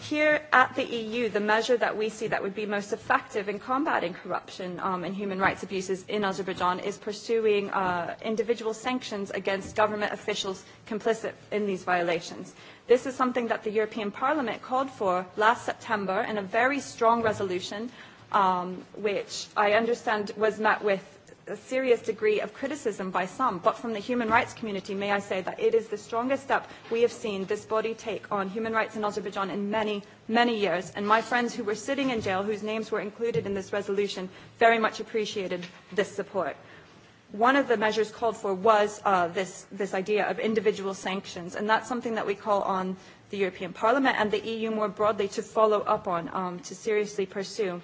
Here at the EU, the measure that we see that would be most effective in combating corruption um, and human rights abuses in Azerbaijan is pursuing uh, individual sanctions against government officials complicit in these violations. This is something that the European Parliament called for last September in a very strong resolution, um, which I understand was met with a serious degree of criticism by some, but from the human rights community, may I say that it is the strongest step we have seen this body take on human rights in Azerbaijan in many, many years. And my friends who were sitting in jail, whose names were included in this resolution, very much appreciated this support. One of the measures called for was uh, this, this idea of individual sanctions, and that's something that we call on the European Parliament and the EU more broadly to follow up on, um, to seriously pursue.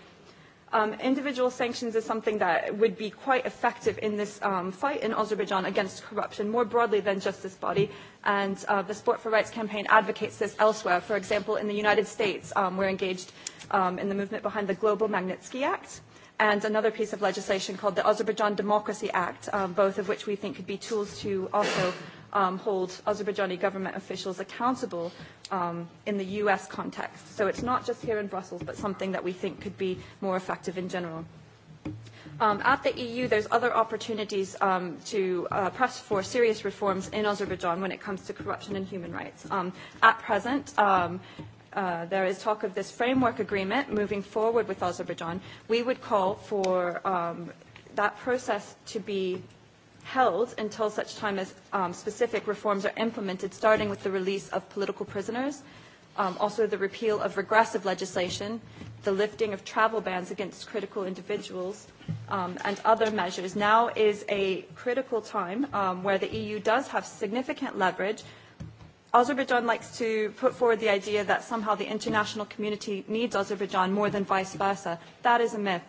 Um, individual sanctions is something that would be quite effective in this um, fight in Azerbaijan against corruption more broadly than just this body. And uh, the Sport for Rights campaign advocates this elsewhere. For example, in the United States, um, we're engaged um, in the movement behind the Global Magnitsky Act and another piece of legislation called the Azerbaijan Democracy Act, um, both of which we think could be tools to also um, hold Azerbaijani government officials accountable um, in the US context. So it's not just here in Brussels, but something that we think could be more effective in general. Um, at the EU, there's other opportunities um, to uh, press for serious reforms in Azerbaijan when it comes to corruption and human rights. Um, at present, um, Uh, there is talk of this framework agreement moving forward with Azerbaijan, we would call for um, that process to be held until such time as um, specific reforms are implemented, starting with the release of political prisoners, um, also the repeal of regressive legislation, the lifting of travel bans against critical individuals, um, and other measures. Now is a critical time where the EU does have significant leverage. Azerbaijan likes to put forward the idea that somehow the international community needs Azerbaijan more than vice versa. That is a myth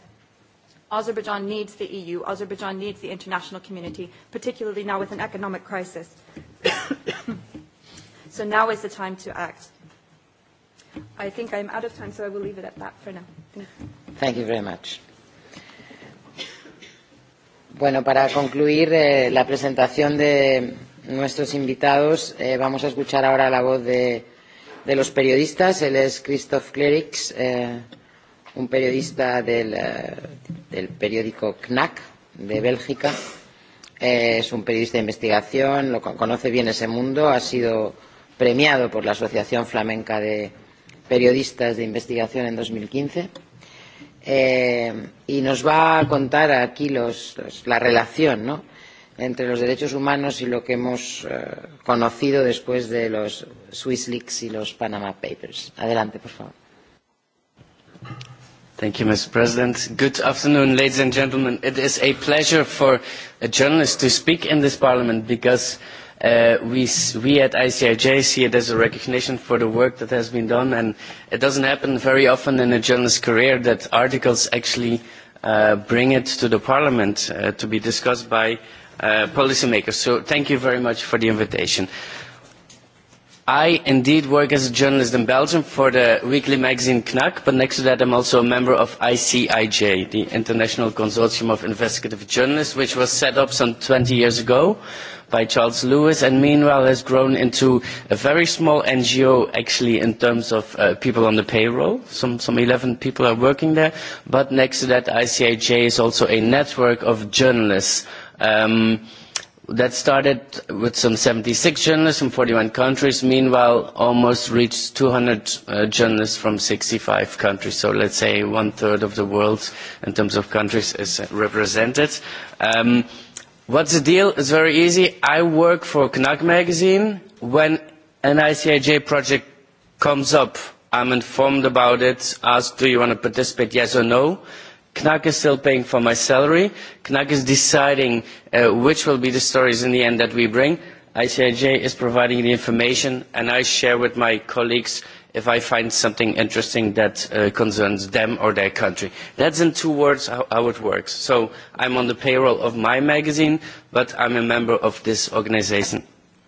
Azerbaijan needs the EU. Azerbaijan needs the international community, particularly now with an economic crisis. so now is the time to act. I think I'm out of time, so I will leave it at that for now. Thank you, Thank you very much. Bueno, para concluir eh, la presentación de nuestros invitados, eh, vamos a escuchar ahora la voz de, de los periodistas. Él es Christoph Klerix. Eh, un periodista del, eh, del periódico CNAC de Bélgica. Eh, es un periodista de investigación, lo conoce bien ese mundo, ha sido premiado por la Asociación Flamenca de Periodistas de Investigación en 2015. Eh, y nos va a contar aquí los, los, la relación ¿no? entre los derechos humanos y lo que hemos eh, conocido después de los Swiss Leaks y los Panama Papers. Adelante, por favor. Thank you, Mr. President. Good afternoon, ladies and gentlemen. It is a pleasure for a journalist to speak in this parliament because uh, we, we at ICIJ see it as a recognition for the work that has been done and it doesn't happen very often in a journalist's career that articles actually uh, bring it to the parliament uh, to be discussed by uh, policymakers. So thank you very much for the invitation. I indeed work as a journalist in Belgium for the weekly magazine Knack, but next to that I'm also a member of ICIJ, the International Consortium of Investigative Journalists, which was set up some 20 years ago by Charles Lewis and meanwhile has grown into a very small NGO actually in terms of uh, people on the payroll. Some, some 11 people are working there, but next to that ICIJ is also a network of journalists. Um, that started with some 76 journalists from 41 countries, meanwhile almost reached 200 uh, journalists from 65 countries. So let's say one third of the world in terms of countries is represented. Um, what's the deal? It's very easy. I work for Knack magazine. When an ICIJ project comes up, I'm informed about it, asked, do you want to participate, yes or no? Knack is still paying for my salary. Knack is deciding uh, which will be the stories in the end that we bring. ICIJ is providing the information and I share with my colleagues if I find something interesting that uh, concerns them or their country. That's in two words how, how it works. So I'm on the payroll of my magazine, but I'm a member of this organization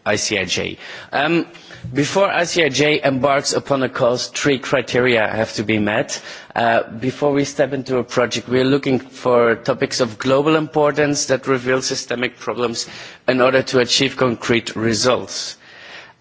ICIJ. Um, before ICIJ embarks upon a cause, three criteria have to be met. Uh, before we step into a project, we are looking for topics of global importance that reveal systemic problems in order to achieve concrete results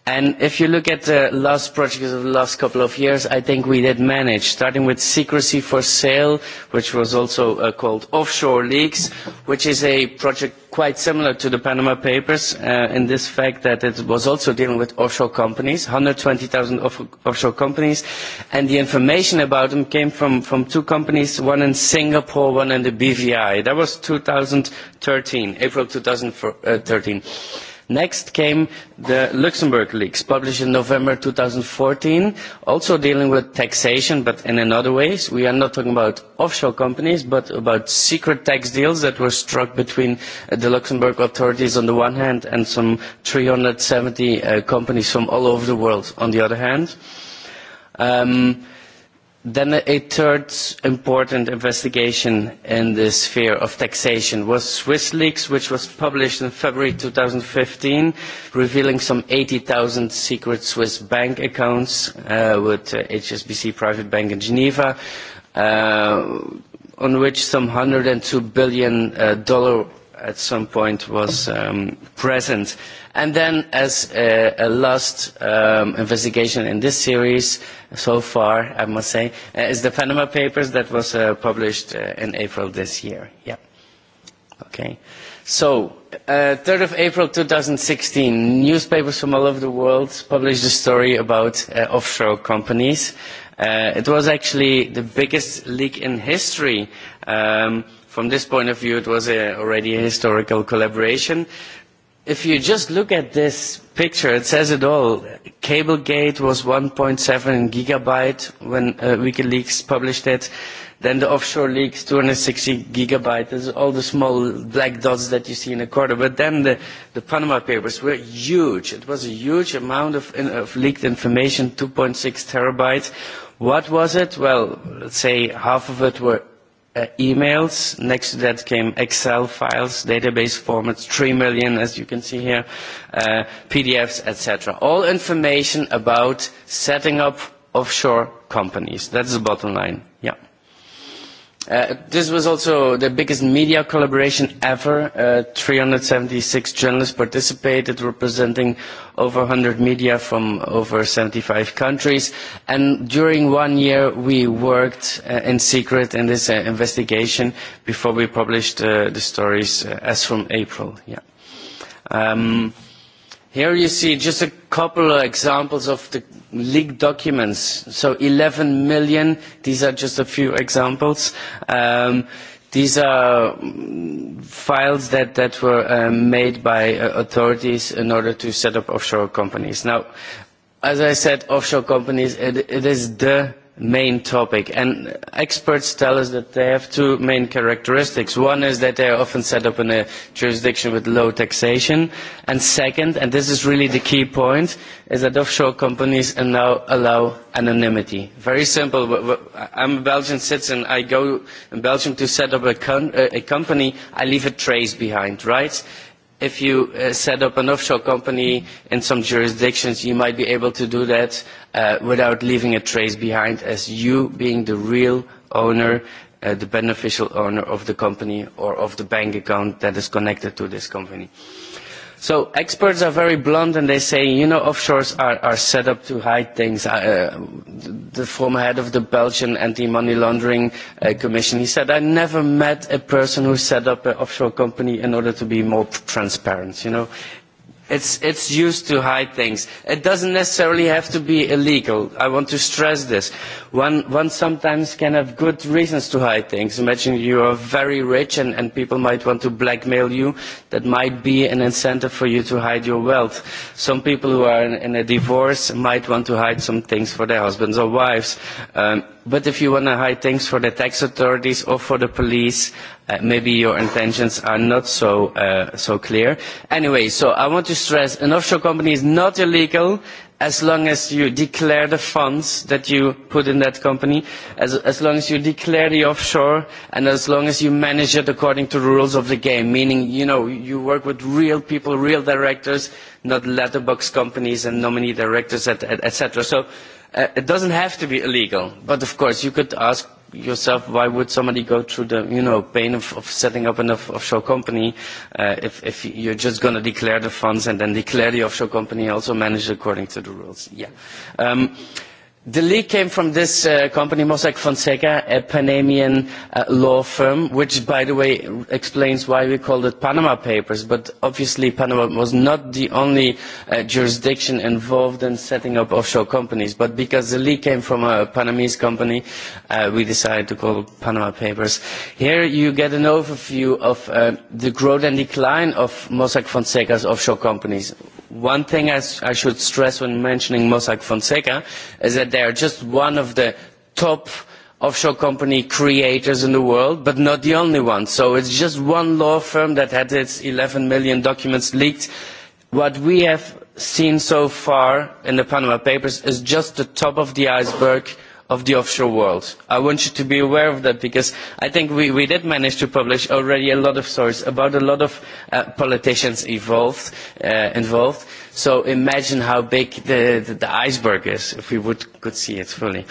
if you look at the last projects of the last couple of years, I think we did manage, starting with Secrecy for Sale, which was also uh, called Offshore Leaks, which is a project quite similar to the Panama Papers uh, in this fact that it was also dealing with offshore companies, 120,000 offshore companies, and the information about them came from two companies, one in Singapore, one in the BVI. That was 2013, April 2013 next came the luxembourg leaks published in november 2014 also dealing with taxation but in another ways we are not talking about offshore companies but about secret tax deals that were struck between uh, the luxembourg authorities on the one hand and some 370 seventy uh, companies from all over the world on the other hand um, Then a third important investigation in the sphere of taxation was SwissLeaks, which was published in February 2015, revealing some 80,000 secret Swiss bank accounts uh, with HSBC uh, Private Bank in Geneva, uh, on which some $102 billion dollar at some point was um, present. And then as a, a last um, investigation in this series so far, I must say, uh, is the Panama Papers that was uh, published uh, in April this year. Yeah. Okay. So, uh, 3rd of April 2016, newspapers from all over the world published a story about uh, offshore companies. Uh, it was actually the biggest leak in history. Um, from this point of view, it was already a historical collaboration. If you just look at this picture, it says it all. Cablegate was 1.7 gigabyte when uh, WikiLeaks published it. Then the offshore leaks, 260 gigabyte. There's all the small black dots that you see in the corner. But then the, Panama Papers were huge. It was a huge amount of, of leaked information, 2.6 terabytes. What was it? Well, let's say half of it were uh, emails. Next to that came Excel files, database formats, 3 million as you can see here, uh, PDFs, etc. All information about setting up offshore companies. That's the bottom line. Yeah. Uh, this was also the biggest media collaboration ever. Uh, 376 journalists participated, representing over 100 media from over 75 countries. And during one year, we worked uh, in secret in this uh, investigation before we published uh, the stories as from April. Yeah. Um, Here you see just a couple of examples of the leaked documents. So 11 million, these are just a few examples. Um, these are mm, files that, that were uh, made by uh, authorities in order to set up offshore companies. Now, as I said, offshore companies, it, it is the main topic. And experts tell us that they have two main characteristics. One is that they are often set up in a jurisdiction with low taxation. And second, and this is really the key point, is that offshore companies now allow anonymity. Very simple. I'm a Belgian citizen. I go in Belgium to set up a company. I leave a trace behind, right? if you uh, set up an offshore company in some jurisdictions, you might be able to do that uh, without leaving a trace behind as you being the real owner, uh, the beneficial owner of the company or of the bank account that is connected to this company. So experts are very blunt and they say, you know, offshores are, are set up to hide things. Uh, the former head of the Belgian anti-money laundering uh, commission, he said, I never met a person who set up an offshore company in order to be more transparent. You know, It's, it's used to hide things. It doesn't necessarily have to be illegal. I want to stress this. One, one sometimes can have good reasons to hide things. Imagine you are very rich and, people might want to blackmail you. That might be an incentive for you to hide your wealth. Some people who are in, a divorce might want to hide some things for their husbands or wives. Um, But if you want to hide things for the tax authorities or for the police, uh, maybe your intentions are not so, uh, so clear. Anyway, so I want to stress an offshore company is not illegal as long as you declare the funds that you put in that company, as, as long as you declare the offshore, and as long as you manage it according to the rules of the game, meaning, you know, you work with real people, real directors, not letterbox companies and nominee directors, etc. so uh, it doesn't have to be illegal, but of course you could ask yourself, why would somebody go through the you know pain of, of setting up an offshore company uh, if, if you're just going to declare the funds and then declare the offshore company also managed according to the rules? Yeah. Um, The leak came from this uh, company, Mossack Fonseca, a Panamian uh, law firm, which, by the way, explains why we called it Panama Papers. But obviously, Panama was not the only uh, jurisdiction involved in setting up offshore companies. But because the leak came from a Panamese company, we decided to call it Panama Papers. Here you get an overview of the growth and decline of Mossack Fonseca's offshore companies. One thing I, I should stress when mentioning Mossack Fonseca is that they are just one of the top offshore company creators in the world, but not the only one. So it's just one law firm that had its 11 million documents leaked. What we have seen so far in the Panama Papers is just the top of the iceberg of the offshore world. I want you to be aware of that because I think we, did manage to publish already a lot of stories about a lot of uh, politicians involved uh, So imagine how big the, the, the iceberg is if we would, could see it fully.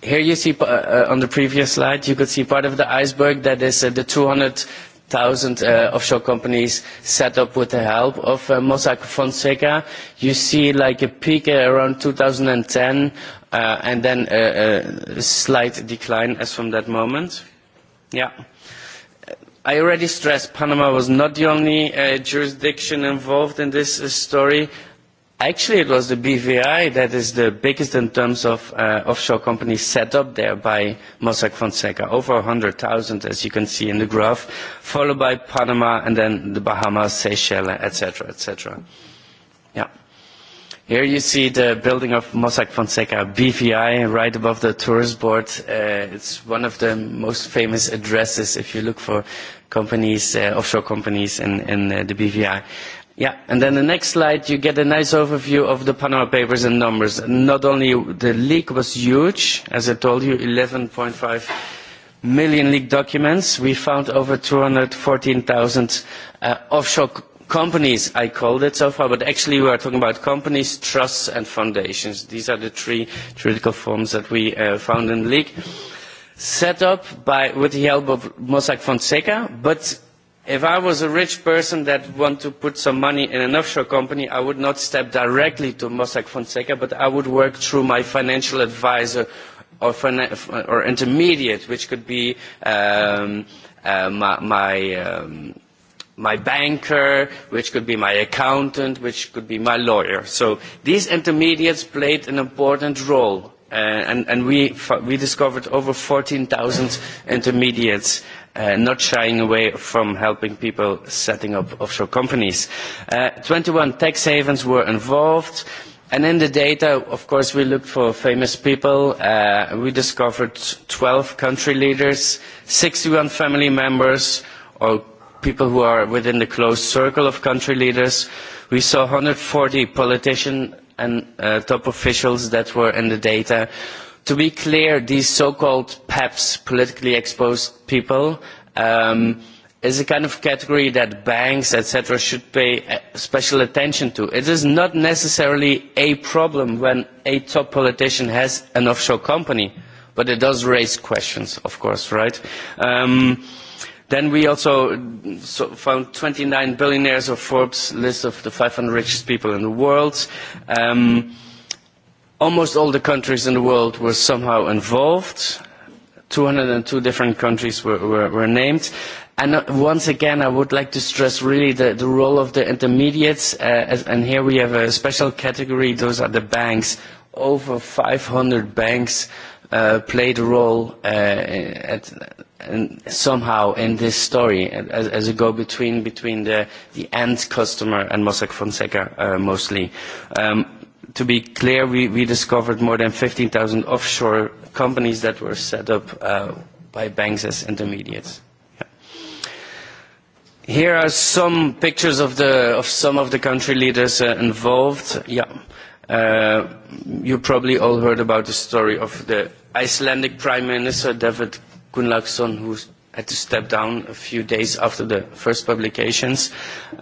Here you see pa, uh, uh, on the previous slide, you could see part of the iceberg that is uh, the 200,000 uh, offshore companies set up with the help of uh, Mossack Fonseca. You see like a peak uh, around 2010 uh, and then a, a slight decline as from that moment. Yeah. I already stressed Panama was not the only uh, jurisdiction involved in this uh, story. Actually, it was the BVI that is the biggest in terms of uh, offshore companies set up there by Mossack Fonseca, over 100,000, as you can see in the graph, followed by Panama and then the Bahamas, Seychelles, etc., etc. Yeah. Here you see the building of Mossack Fonseca, BVI, right above the tourist board. Uh, it's one of the most famous addresses if you look for companies, uh, offshore companies in, in uh, the BVI. Yeah, and then the next slide, you get a nice overview of the Panama Papers and numbers. Not only the leak was huge, as I told you, 11.5 million leaked documents. We found over 214,000 uh, offshore companies i called it so far but actually we are talking about companies trusts and foundations these are the three critical forms that we uh, found in the League. set up by with the help of mossack fonseca but if i was a rich person that wanted to put some money in an offshore company i would not step directly to mossack fonseca but i would work through my financial advisor or, or intermediate which could be um, uh, my, my um, my banker, which could be my accountant, which could be my lawyer. So these intermediates played an important role. Uh, and and we, discovered over 14,000 intermediates uh, not shying away from helping people setting up offshore companies. Uh, Twenty 21 tax havens were involved. And in the data, of course, we looked for famous people. we discovered 12 country leaders, 61 family members, or people who are within the close circle of country leaders. We saw 140 politicians and uh, top officials that were in the data. To be clear, these so-called PEPs, politically exposed people, um, is a kind of category that banks, etc., should pay uh, special attention to. It is not necessarily a problem when a top politician has an offshore company, but it does raise questions, of course, right? Um, Then we also found 29 billionaires of Forbes list of the 500 richest people in the world. Um, almost all the countries in the world were somehow involved. 202 different countries were, were, were named. And uh, once again, I would like to stress really the, the role of the intermediates. Uh, as, and here we have a special category. Those are the banks. Over 500 banks uh, played a role uh, at, somehow in this story as, as a go-between between the, the end customer and Mossack Fonseca uh, mostly. Um, to be clear, we, we discovered more than 15,000 offshore companies that were set up uh, by banks as intermediates. Here are some pictures of, the, of some of the country leaders uh, involved. Yeah. Uh, you probably all heard about the story of the Icelandic Prime Minister David Kun who had to step down a few days after the first publications.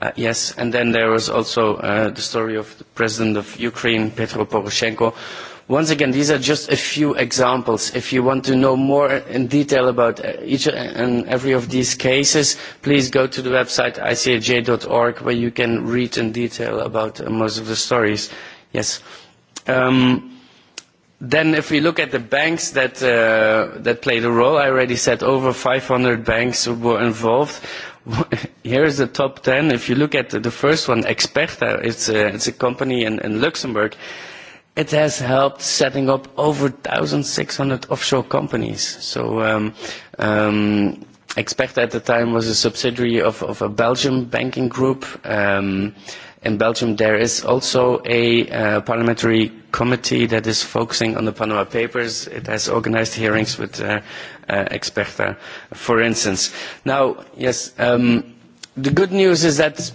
Uh, yes, and then there was also uh, the story of the president of Ukraine, Petro Poroshenko. Once again, these are just a few examples. If you want to know more in detail about uh, each uh, and every of these cases, please go to the website icaj.org where you can read in detail about most of the stories. Yes. Um, Then if we look at the banks that, uh, that played a role, I already said over 500 banks were involved. Here is the top 10. If you look at the first one, Experta, it's a, a company in, Luxembourg. It has helped setting up over 1,600 offshore companies. So um, um, Experta at the time was a subsidiary of, a Belgian banking group. Um, in Belgium there is also a uh, parliamentary committee that is focusing on the Panama Papers. It has organized hearings with uh, uh for instance. Now, yes, um, the good news is that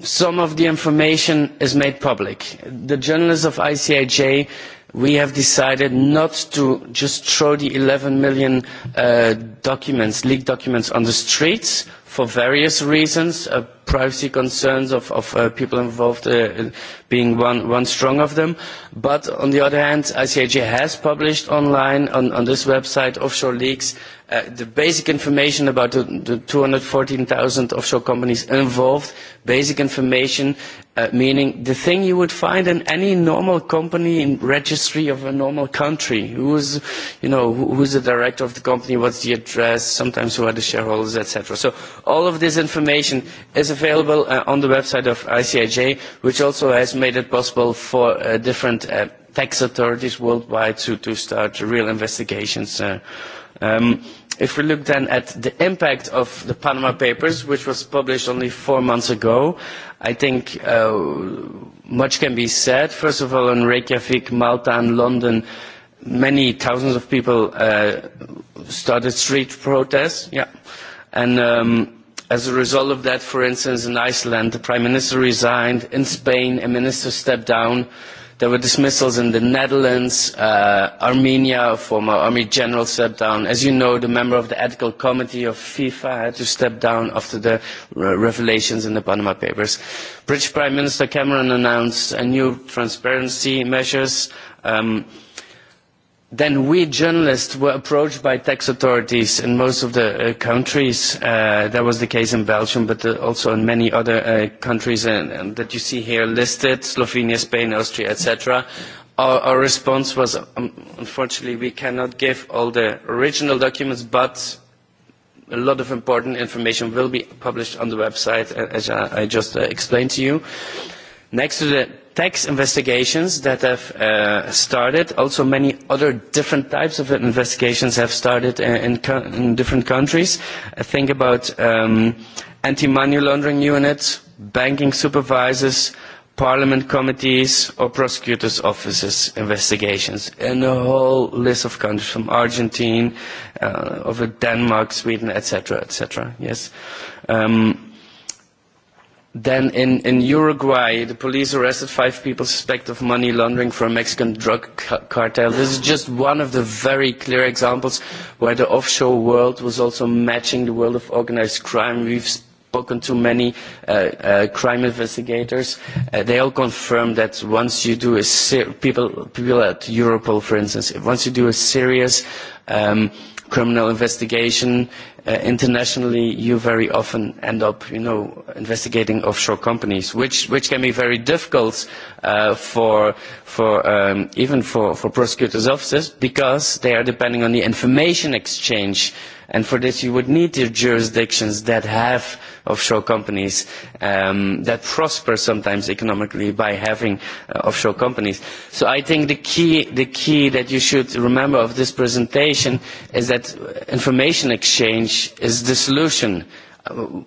some of the information is made public. The journalists of ICIJ we have decided not to just throw the 11 million uh, documents, leaked documents on the streets, for various reasons, uh, privacy concerns of, of uh, people involved uh, being one, one strong of them. But on the other hand, ICAG has published online on, on this website, Offshore Leaks, uh, the basic information about the, the 214,000 offshore companies involved, basic information, uh, meaning the thing you would find in any normal company in registry of a normal country. who is you know, who is the director of the company, what's the address, sometimes who are the shareholders, etc. So all of this information is available uh, on the website of icij which also has made it possible for uh, different uh, tax authorities worldwide to, to start real investigations um, if we look then at the impact of the panama papers which was published only four months ago i think much can be said first of all in reykjavik malta and london many thousands of people started street protests yeah and um, as a result of that for instance in iceland the prime minister resigned in spain a minister stepped down there were dismissals in the netherlands uh, armenia a former army general stepped down as you know the member of the ethical committee of fifa had to step down after the revelations in the panama papers british prime minister cameron announced a new transparency measures um, then we journalists were approached by tax authorities in most of the uh, countries. Uh, that was the case in Belgium, but uh, also in many other uh, countries and, and that you see here listed, Slovenia, Spain, Austria, etc. Our, our response was, um, unfortunately, we cannot give all the original documents, but a lot of important information will be published on the website, as I, I just explained to you next to the tax investigations that have uh, started also many other different types of investigations have started uh, in, in, in different countries i uh, think about um, anti money laundering units banking supervisors parliament committees or prosecutors offices investigations in a whole list of countries from argentina uh, over denmark sweden etc etc yes um, Then in, in Uruguay, the police arrested five people suspected of money laundering for a Mexican drug cartel. This is just one of the very clear examples where the offshore world was also matching the world of organized crime. We've spoken to many uh, uh, crime investigators. Uh, they all confirm that once you do a ser people, people at Europol, for instance, once you do a serious um, criminal investigation uh, internationally you very often end up you know investigating offshore companies which which can be very difficult uh, for for um, even for for prosecutors offices because they are depending on the information exchange and for this you would need the jurisdictions that have offshore companies um, that prosper sometimes economically by having uh, offshore companies. So I think the key, the key that you should remember of this presentation is that information exchange is the solution in,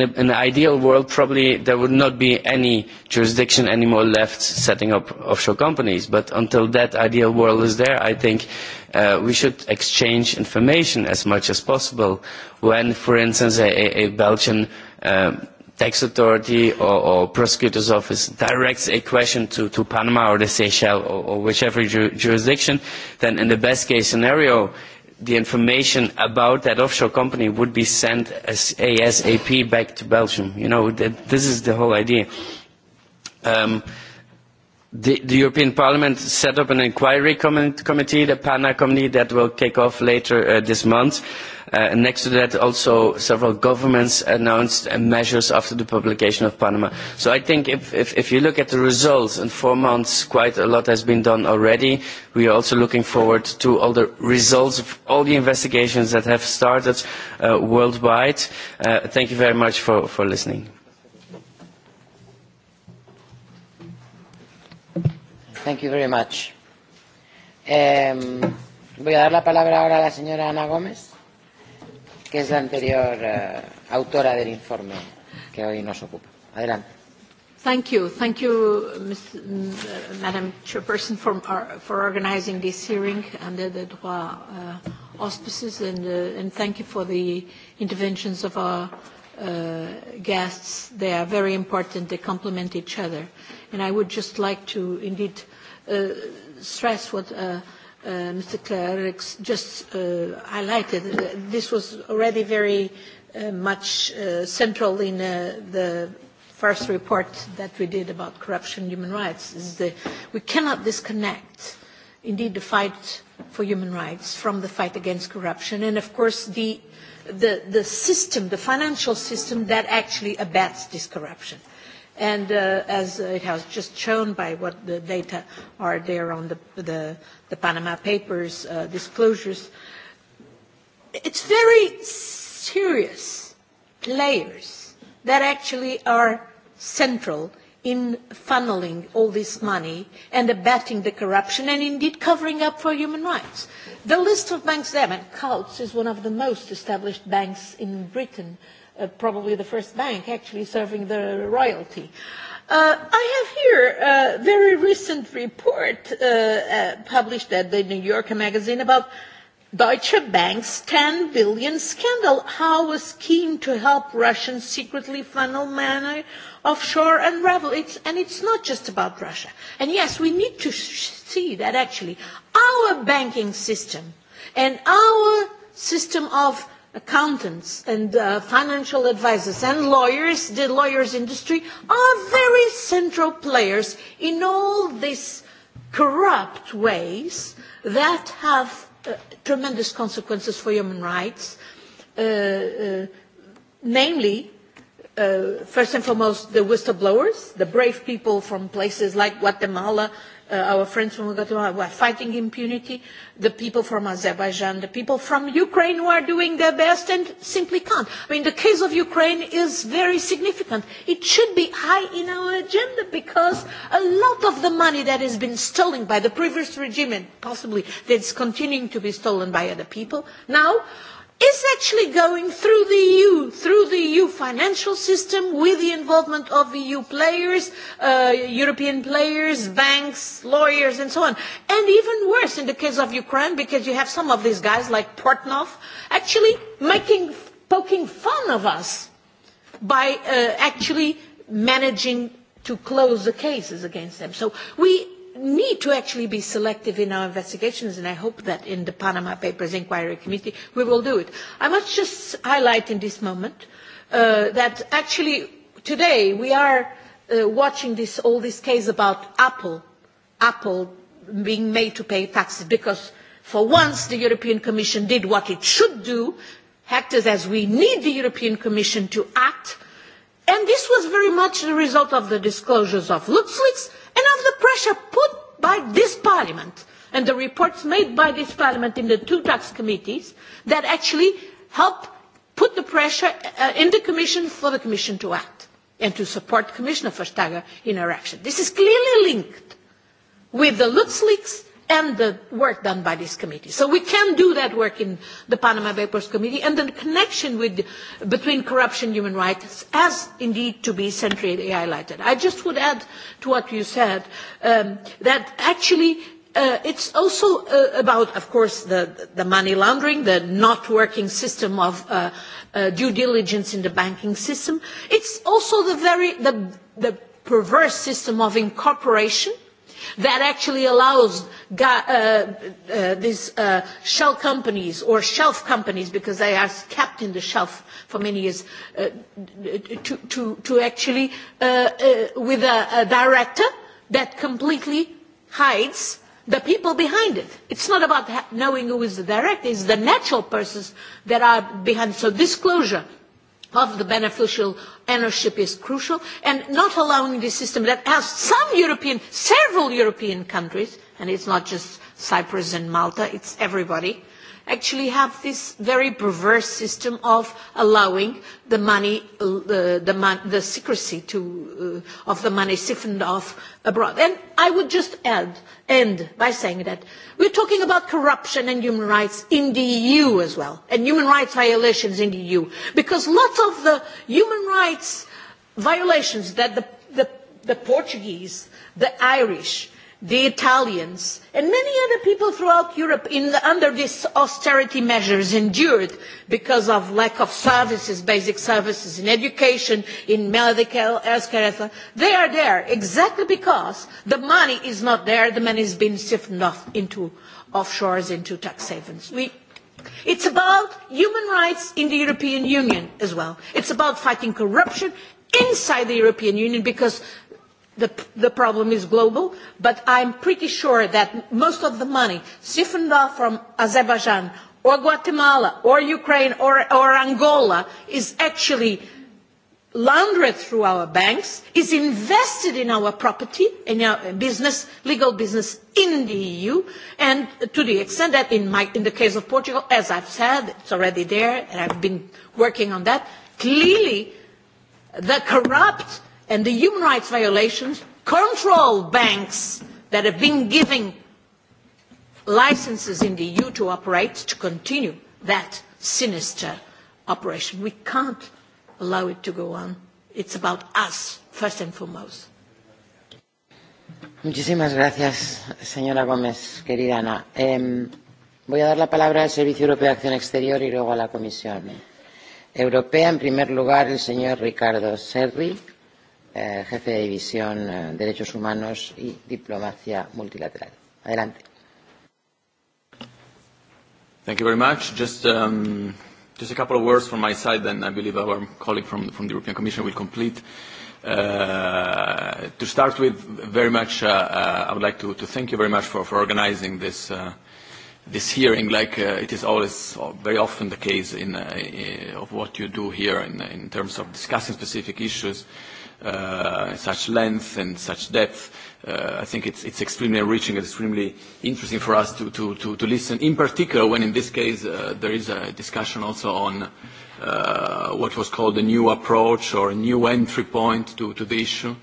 in an ideal world, probably there would not be any jurisdiction anymore left setting up offshore companies. But until that ideal world is there, I think uh, we should exchange information as much as possible. When, for instance, a, a Belgian um, tax authority or, or prosecutor's office directs a question to, to Panama or the Seychelles or, or whichever ju jurisdiction, then in the best case scenario, the information about that offshore company would be sent as ASAP back to Belgium. You know, that, this is the whole idea. Um, The, the European Parliament set up an inquiry committee, the PANA committee, that will kick off later uh, this month. Uh, and next to that, also several governments announced uh, measures after the publication of Panama. So I think if, if, you look at the results in four months, quite a lot has been done already. We are also looking forward to all the results of all the investigations that have started worldwide. Thank you very much for listening. Thank you very much. Eh, voy a dar la palabra ahora a la señora Ana Gómez, que es la anterior eh, autora del informe que hoy nos ocupa. Adelante. Thank you. Thank you, Ms. Mm, Madam Chairperson, for, uh, for organizing this hearing under the DROIT uh, auspices, and, uh, and thank you for the interventions of our uh, guests. They are very important. They complement each other. And I would just like to indeed Uh, stress what uh, uh, Mr. Clerc just highlighted. This was already very much central in the first report that we did about corruption and human rights is we cannot disconnect indeed the fight for human rights from the fight against corruption and of course the, the, the system, the financial system that actually abets this corruption. And uh, as it has just shown by what the data are there on the, the, the Panama Papers uh, disclosures, it's very serious players that actually are central in funneling all this money and abetting the corruption and indeed covering up for human rights. The list of banks there, and Coutts is one of the most established banks in Britain, Uh, probably the first bank actually serving the royalty. Uh, I have here a very recent report uh, uh, published at the New Yorker magazine about Deutsche Bank's 10 billion scandal, how a scheme to help Russians secretly funnel money offshore unravel. It's, and it's not just about Russia. And yes, we need to see that actually our banking system and our system of accountants and uh, financial advisers and lawyers, the lawyers industry, are very central players in all these corrupt ways that have uh, tremendous consequences for human rights, uh, namely, first and foremost, the whistleblowers, the brave people from places like Guatemala, uh, our friends from Guatemala who are fighting impunity, the people from Azerbaijan, the people from Ukraine who are doing their best and simply can't. I mean, the case of Ukraine is very significant. It should be high in our agenda because a lot of the money that has been stolen by the previous regime and possibly that's continuing to be stolen by other people now is actually going through the EU, through the EU financial system with the involvement of EU players, uh, European players, mm. banks, lawyers, and so on. And even worse in the case of Ukraine, because you have some of these guys like Portnov actually making, poking fun of us by uh, actually managing to close the cases against them. So we need to actually be selective in our investigations, and I hope that in the Panama Papers Inquiry Committee we will do it. I must just highlight in this moment uh, that actually today we are uh, watching this, all this case about Apple, Apple being made to pay taxes because for once the European Commission did what it should do, acted as we need the European Commission to act, and this was very much the result of the disclosures of LuxLeaks, and of the pressure put by this parliament and the reports made by this parliament in the two tax committees that actually help put the pressure uh, in the commission for the commission to act and to support commissioner verstager in her action. this is clearly linked with the luxleaks and the work done by this committee. So we can do that work in the Panama Papers Committee and the connection between corruption and human rights has indeed to be centrally highlighted. I just would add to what you said um, that actually it uh, it's also uh, about of course the, money laundering the not working system of uh, due diligence in the banking system it's also the very the perverse system of incorporation that actually allows uh, uh, these uh, shell companies or shelf companies because they are kept in the shelf for many years to, to, to actually with a, a director that completely hides the people behind it. It's not about knowing who is the director, it's the natural persons that are behind. So disclosure of the beneficial ownership is crucial and not allowing this system that has some European, several European countries and it's not just Cyprus and Malta, it's everybody, actually have this very perverse system of allowing the money, uh, the, the, secrecy to, uh, of the money siphoned off abroad. And I would just end by saying that we're talking about corruption and human rights in the EU as well, and human rights violations in the EU, because lots of the human rights violations that the, the, the Portuguese, the Irish, the Italians, and many other people throughout Europe in under these austerity measures endured because of lack of services, basic services in education, in medical healthcare. They are there exactly because the money is not there, the money is being siphoned off into offshores, into tax havens. We, it's about human rights in the European Union as well. It's about fighting corruption inside the European Union because The, problem is global, but I'm pretty sure that most of the money siphoned off from Azerbaijan or Guatemala or Ukraine or, Angola is actually laundered through our banks, is invested in our property, in our business, legal business in the EU, and to the extent that in, my, in the case of Portugal, as I've said, it's already there, and I've been working on that, clearly the corrupt and the human rights violations control banks that have been giving licenses in the EU to operate to continue that sinister operation. We can't allow it to go on. It's about us, first and foremost. Muchísimas gracias, señora Gómez, querida Ana. Eh, voy a dar la palabra al Servicio Europeo de Acción Exterior y luego a la Comisión Europea. En primer lugar, el señor Ricardo Serri Eh, jefe de división eh, Derechos Humanos y Diplomacia Multilateral. Adelante. Thank you very much. Just, um, just a couple of words from my side, then I believe our colleague from, from the European Commission will complete. Uh, to start with, very much, uh, uh, I would like to, to thank you very much for, for organizing this, uh, this hearing, like uh, it is always very often the case in, uh, of what you do here in, in terms of discussing specific issues uh, such length and such depth. Uh, I think it's, it's extremely enriching and extremely interesting for us to, to, to, to listen, in particular when in this case uh, there is a discussion also on uh, what was called a new approach or a new entry point to, to the issue.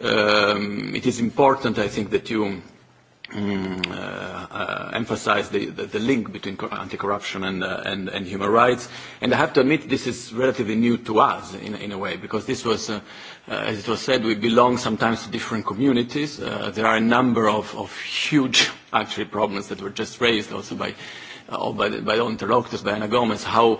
Um, it is important, I think, that you um, uh, uh, emphasize the, the, the link between anti-corruption and, uh, and, and human rights. And I have to admit, this is relatively new to us in, in a way, because this was uh, Uh, as it was said, we belong sometimes to different communities. Uh, there are a number of, of huge, actually, problems that were just raised also by, uh, by, by the interlocutors, by Anna Gomez, how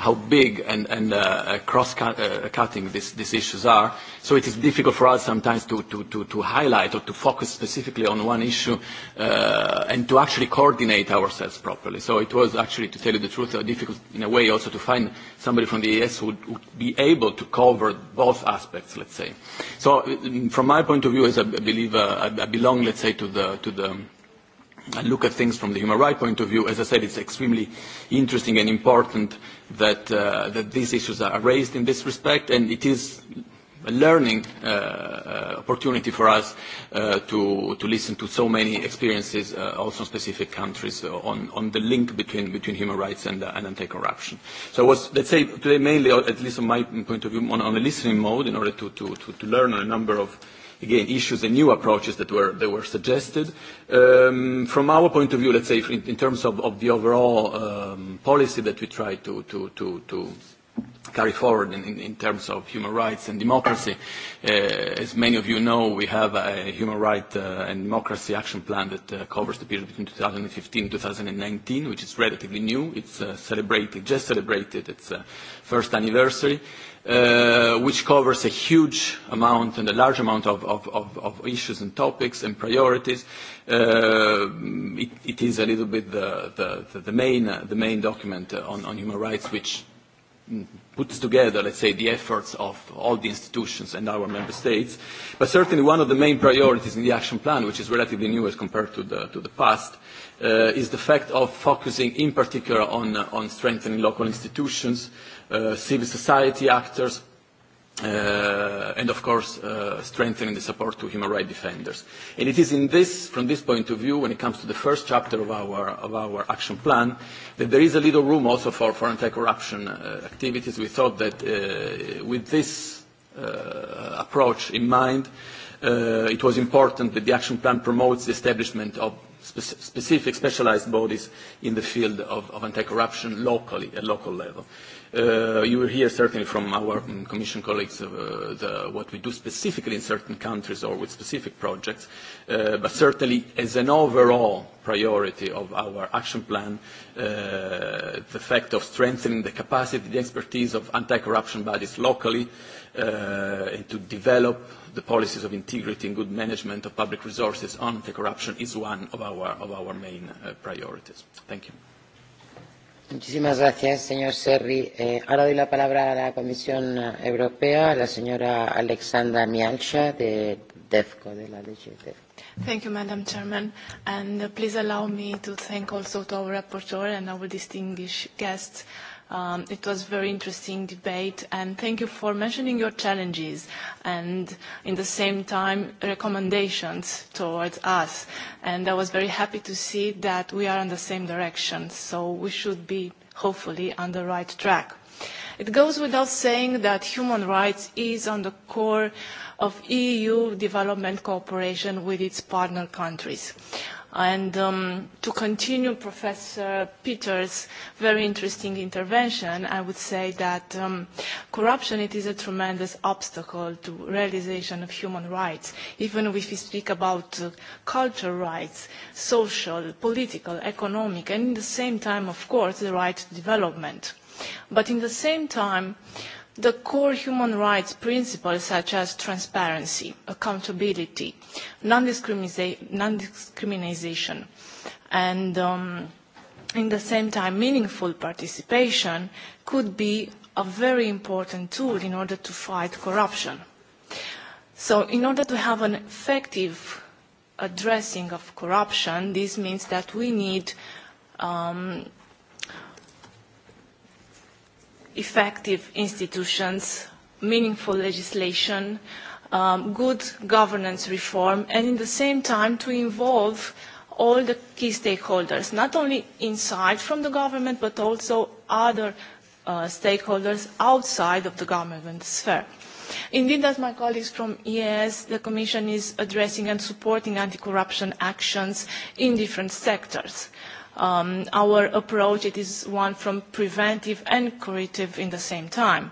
how big and, and uh, cross-cutting uh, this, these issues are. So it is difficult for us sometimes to, to, to, to highlight or to focus specifically on one issue uh, and to actually coordinate ourselves properly. So it was actually, to tell you the truth, uh, difficult in a way also to find somebody from the ES who would be able to cover both aspects, let's say. So mm, from my point of view, as I believe uh, I belong, let's say, to the, to the I look at things from the human rights point of view. As I said, it's extremely interesting and important that, uh, that these issues are raised in this respect, and it is a learning uh, uh, opportunity for us uh, to, to listen to so many experiences uh, also in specific countries uh, on, on the link between, between human rights and, uh, and anti-corruption. So I was, let's say, today mainly, at least from my point of view, on, on a listening mode in order to, to, to, to learn on a number of again, issues and new approaches that were, that were suggested. Um, from our point of view, let's say, in, terms of, of the overall um, policy that we try to, to, to, to carry forward in, in terms of human rights and democracy. Uh, as many of you know, we have a human rights uh, and democracy action plan that uh, covers the period between 2015 and 2019, which is relatively new. It's celebrated, just celebrated its first anniversary. Uh, which covers a huge amount and a large amount of, of, of, of issues and topics and priorities. Uh, it, it is a little bit the, the, the, main, uh, the main document uh, on, on human rights which mm, puts together, let's say, the efforts of all the institutions and our member states. But certainly one of the main priorities in the action plan, which is relatively new as compared to the, to the past, uh, is the fact of focusing in particular on, on strengthening local institutions Uh, civil society actors, Uh, and of course uh, strengthening the support to human rights defenders. And it is in this, from this point of view, when it comes to the first chapter of our, of our action plan, that there is a little room also for, for anti-corruption uh, activities. We thought that uh, with this uh, approach in mind, it was important that the action plan promotes the establishment of specific specialized bodies in the field of, of anti-corruption locally, at local level. Uh, you will hear certainly from our Commission colleagues uh, the, what we do specifically in certain countries or with specific projects, uh, but certainly as an overall priority of our action plan, uh, the fact of strengthening the capacity, the expertise of anti-corruption bodies locally, uh, and to develop the policies of integrity and good management of public resources on the corruption is one of our, of our main uh, priorities. Thank you. Muchísimas gracias, señor Serri. Eh, ahora doy la palabra a la Comisión eh, Europea, a la señora Alexandra Mialcha, de DEFCO, de la DG e Thank you, Madam Chairman, and uh, please allow me to thank also to our rapporteur and our distinguished guests Um, it was very interesting debate and thank you for mentioning your challenges and in the same time recommendations towards us. And I was very happy to see that we are in the same direction, so we should be hopefully on the right track. It goes without saying that human rights is on the core of EU development cooperation with its partner countries and um, to continue Professor Peter's very interesting intervention, I would say that um, corruption it is a tremendous obstacle to realization of human rights, even if we speak about uh, cultural rights, social, political, economic, and in the same time, of course, the right to development. But in the same time, the core human rights principles such as transparency, accountability, non-discrimination, and um, in the same time meaningful participation could be a very important tool in order to fight corruption. So in order to have an effective addressing of corruption, this means that we need um, effective institutions, meaningful legislation, um, good governance reform, and in the same time to involve all the key stakeholders, not only inside from the government, but also other uh, stakeholders outside of the government sphere. Indeed, as my colleagues from ES, the Commission is addressing and supporting anti-corruption actions in different sectors um, our approach it is one from preventive and curative in the same time.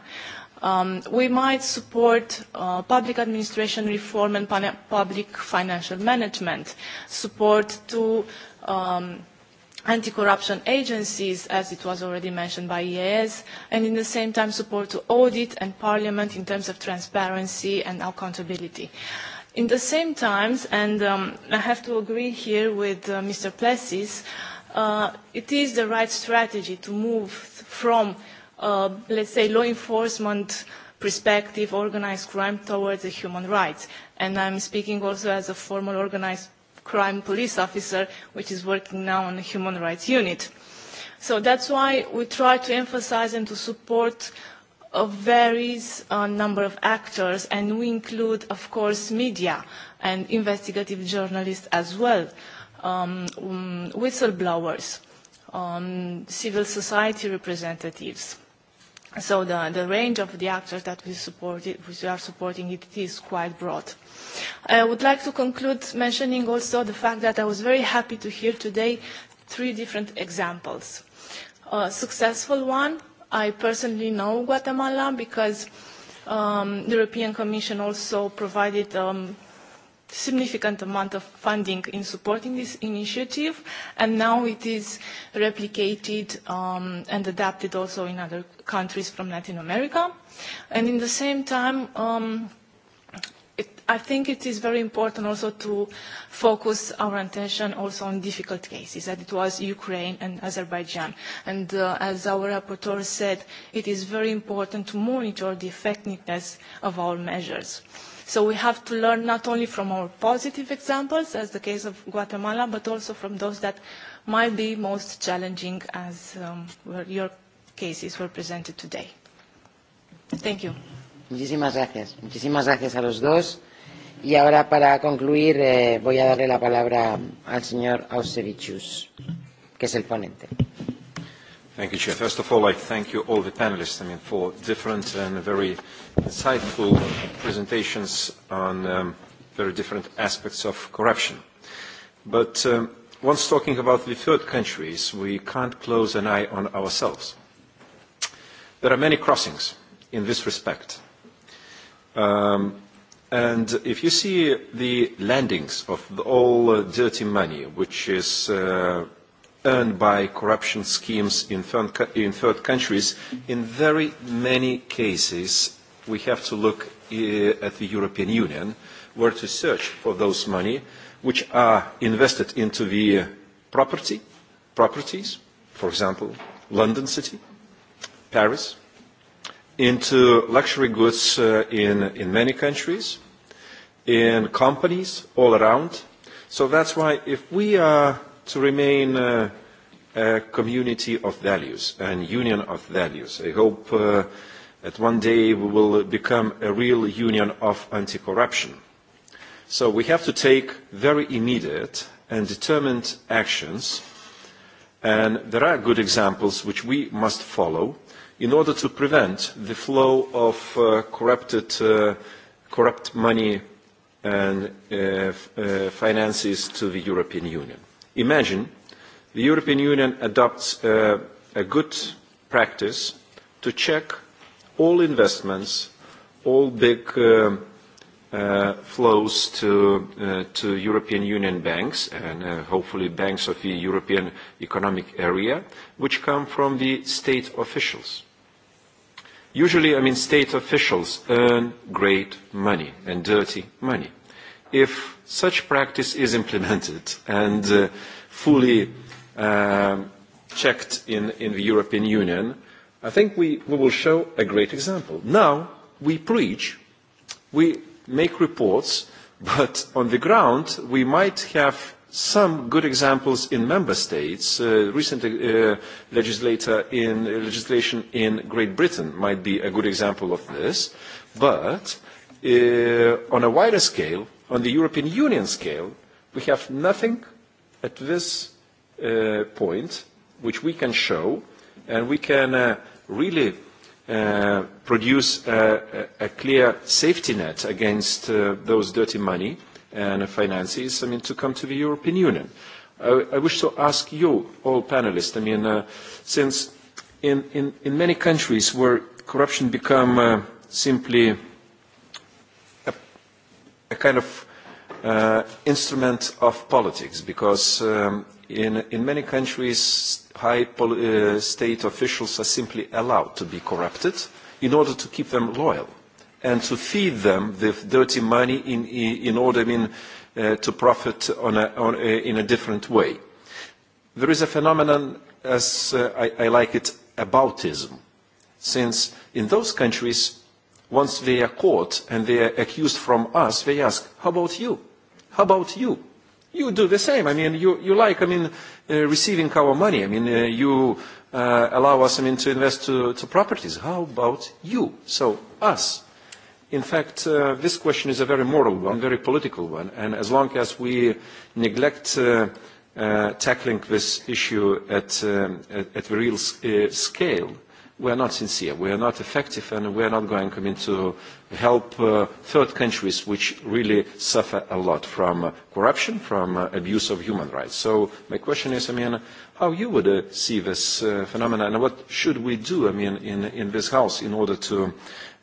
Um, we might support uh, public administration reform and public financial management, support to um, anti-corruption agencies, as it was already mentioned by EAS, and in the same time support to audit and parliament in terms of transparency and accountability. In the same times, and um, I have to agree here with uh, Mr. Plessis, Uh, it is the right strategy to move from, uh, let's say, law enforcement perspective, organized crime towards the human rights. And I'm speaking also as a former organized crime police officer, which is working now on the human rights unit. So that's why we try to emphasize and to support a various uh, number of actors, and we include, of course, media and investigative journalists as well. Um, um, whistleblowers, um, civil society representatives. So the, the range of the actors that we, support which we are supporting it is quite broad. I would like to conclude mentioning also the fact that I was very happy to hear today three different examples. A successful one, I personally know Guatemala because um, the European Commission also provided um, significant amount of funding in supporting this initiative and now it is replicated um, and adapted also in other countries from Latin America. And in the same time, um, it, I think it is very important also to focus our attention also on difficult cases, as it was Ukraine and Azerbaijan. And uh, as our rapporteur said, it is very important to monitor the effectiveness of our measures so we have to learn not only from our positive examples as the case of guatemala but also from those that might be most challenging as um, your cases were presented today. Thank you. Muchísimas gracias. Muchísimas gracias a los dos. Y ahora, para concluir, eh, voy a darle la palabra al señor Ausevichus, que es el ponente. Thank you, Chair. First of all, I thank you all the panelists, I mean, for different and very insightful presentations on um, very different aspects of corruption. But um, once talking about the third countries, we can't close an eye on ourselves. There are many crossings in this respect. Um, and if you see the landings of the all uh, dirty money, which is uh, earned by corruption schemes in third countries, in very many cases we have to look eh, at the European Union, where to search for those money which are invested into the eh, property, properties, for example, London City, Paris, into luxury goods eh, in, in many countries, in companies all around. So that's why if we are to remain uh, a community of values, and union of values. I hope uh, that one day we will become a real union of anti-corruption. So we have to take very immediate and determined actions, and there are good examples which we must follow in order to prevent the flow of uh, corrupted, corrupt money and finances to the European Union imagine the european union adopts a good practice to check all investments all big uh, uh, flows to uh, to european union banks and hopefully banks of the european economic area which come from the state officials usually i mean state officials earn great money and dirty money if such practice is implemented and uh, fully um, checked in, in the European Union, I think we, we will show a great example. Now, we preach, we make reports, but on the ground, we might have some good examples in member states. Uh, recent uh, legislator in, uh, legislation in Great Britain might be a good example of this, but uh, on a wider scale, on the European Union scale, we have nothing at this uh, point which we can show, and we can uh, really uh, produce a, clear safety net against those dirty money and finances, I mean, to come to the European Union. I, I wish to ask you, all panelists, I mean, since in, in, in many countries where corruption become simply kind of uh, instrument of politics because um, in, in many countries high uh, state officials are simply allowed to be corrupted in order to keep them loyal and to feed them with dirty money in, in order in, uh, to profit on a, on a, in a different way. There is a phenomenon as uh, I, I like it, aboutism, since in those countries once they are caught and they are accused from us, they ask, how about you? How about you? You do the same. I mean, you, you like, I mean, uh, receiving our money. I mean, uh, you uh, allow us, I mean, to invest to, to properties. How about you? So, us. In fact, uh, this question is a very moral one, very political one. And as long as we neglect uh, uh, tackling this issue at, um, at, at the real uh, scale, we are not sincere, we are not effective, and we are not going I mean, to help uh, third countries which really suffer a lot from uh, corruption, from uh, abuse of human rights. So my question is, I mean, how you would uh, see this uh, phenomenon, and what should we do, I mean, in, in this house in order to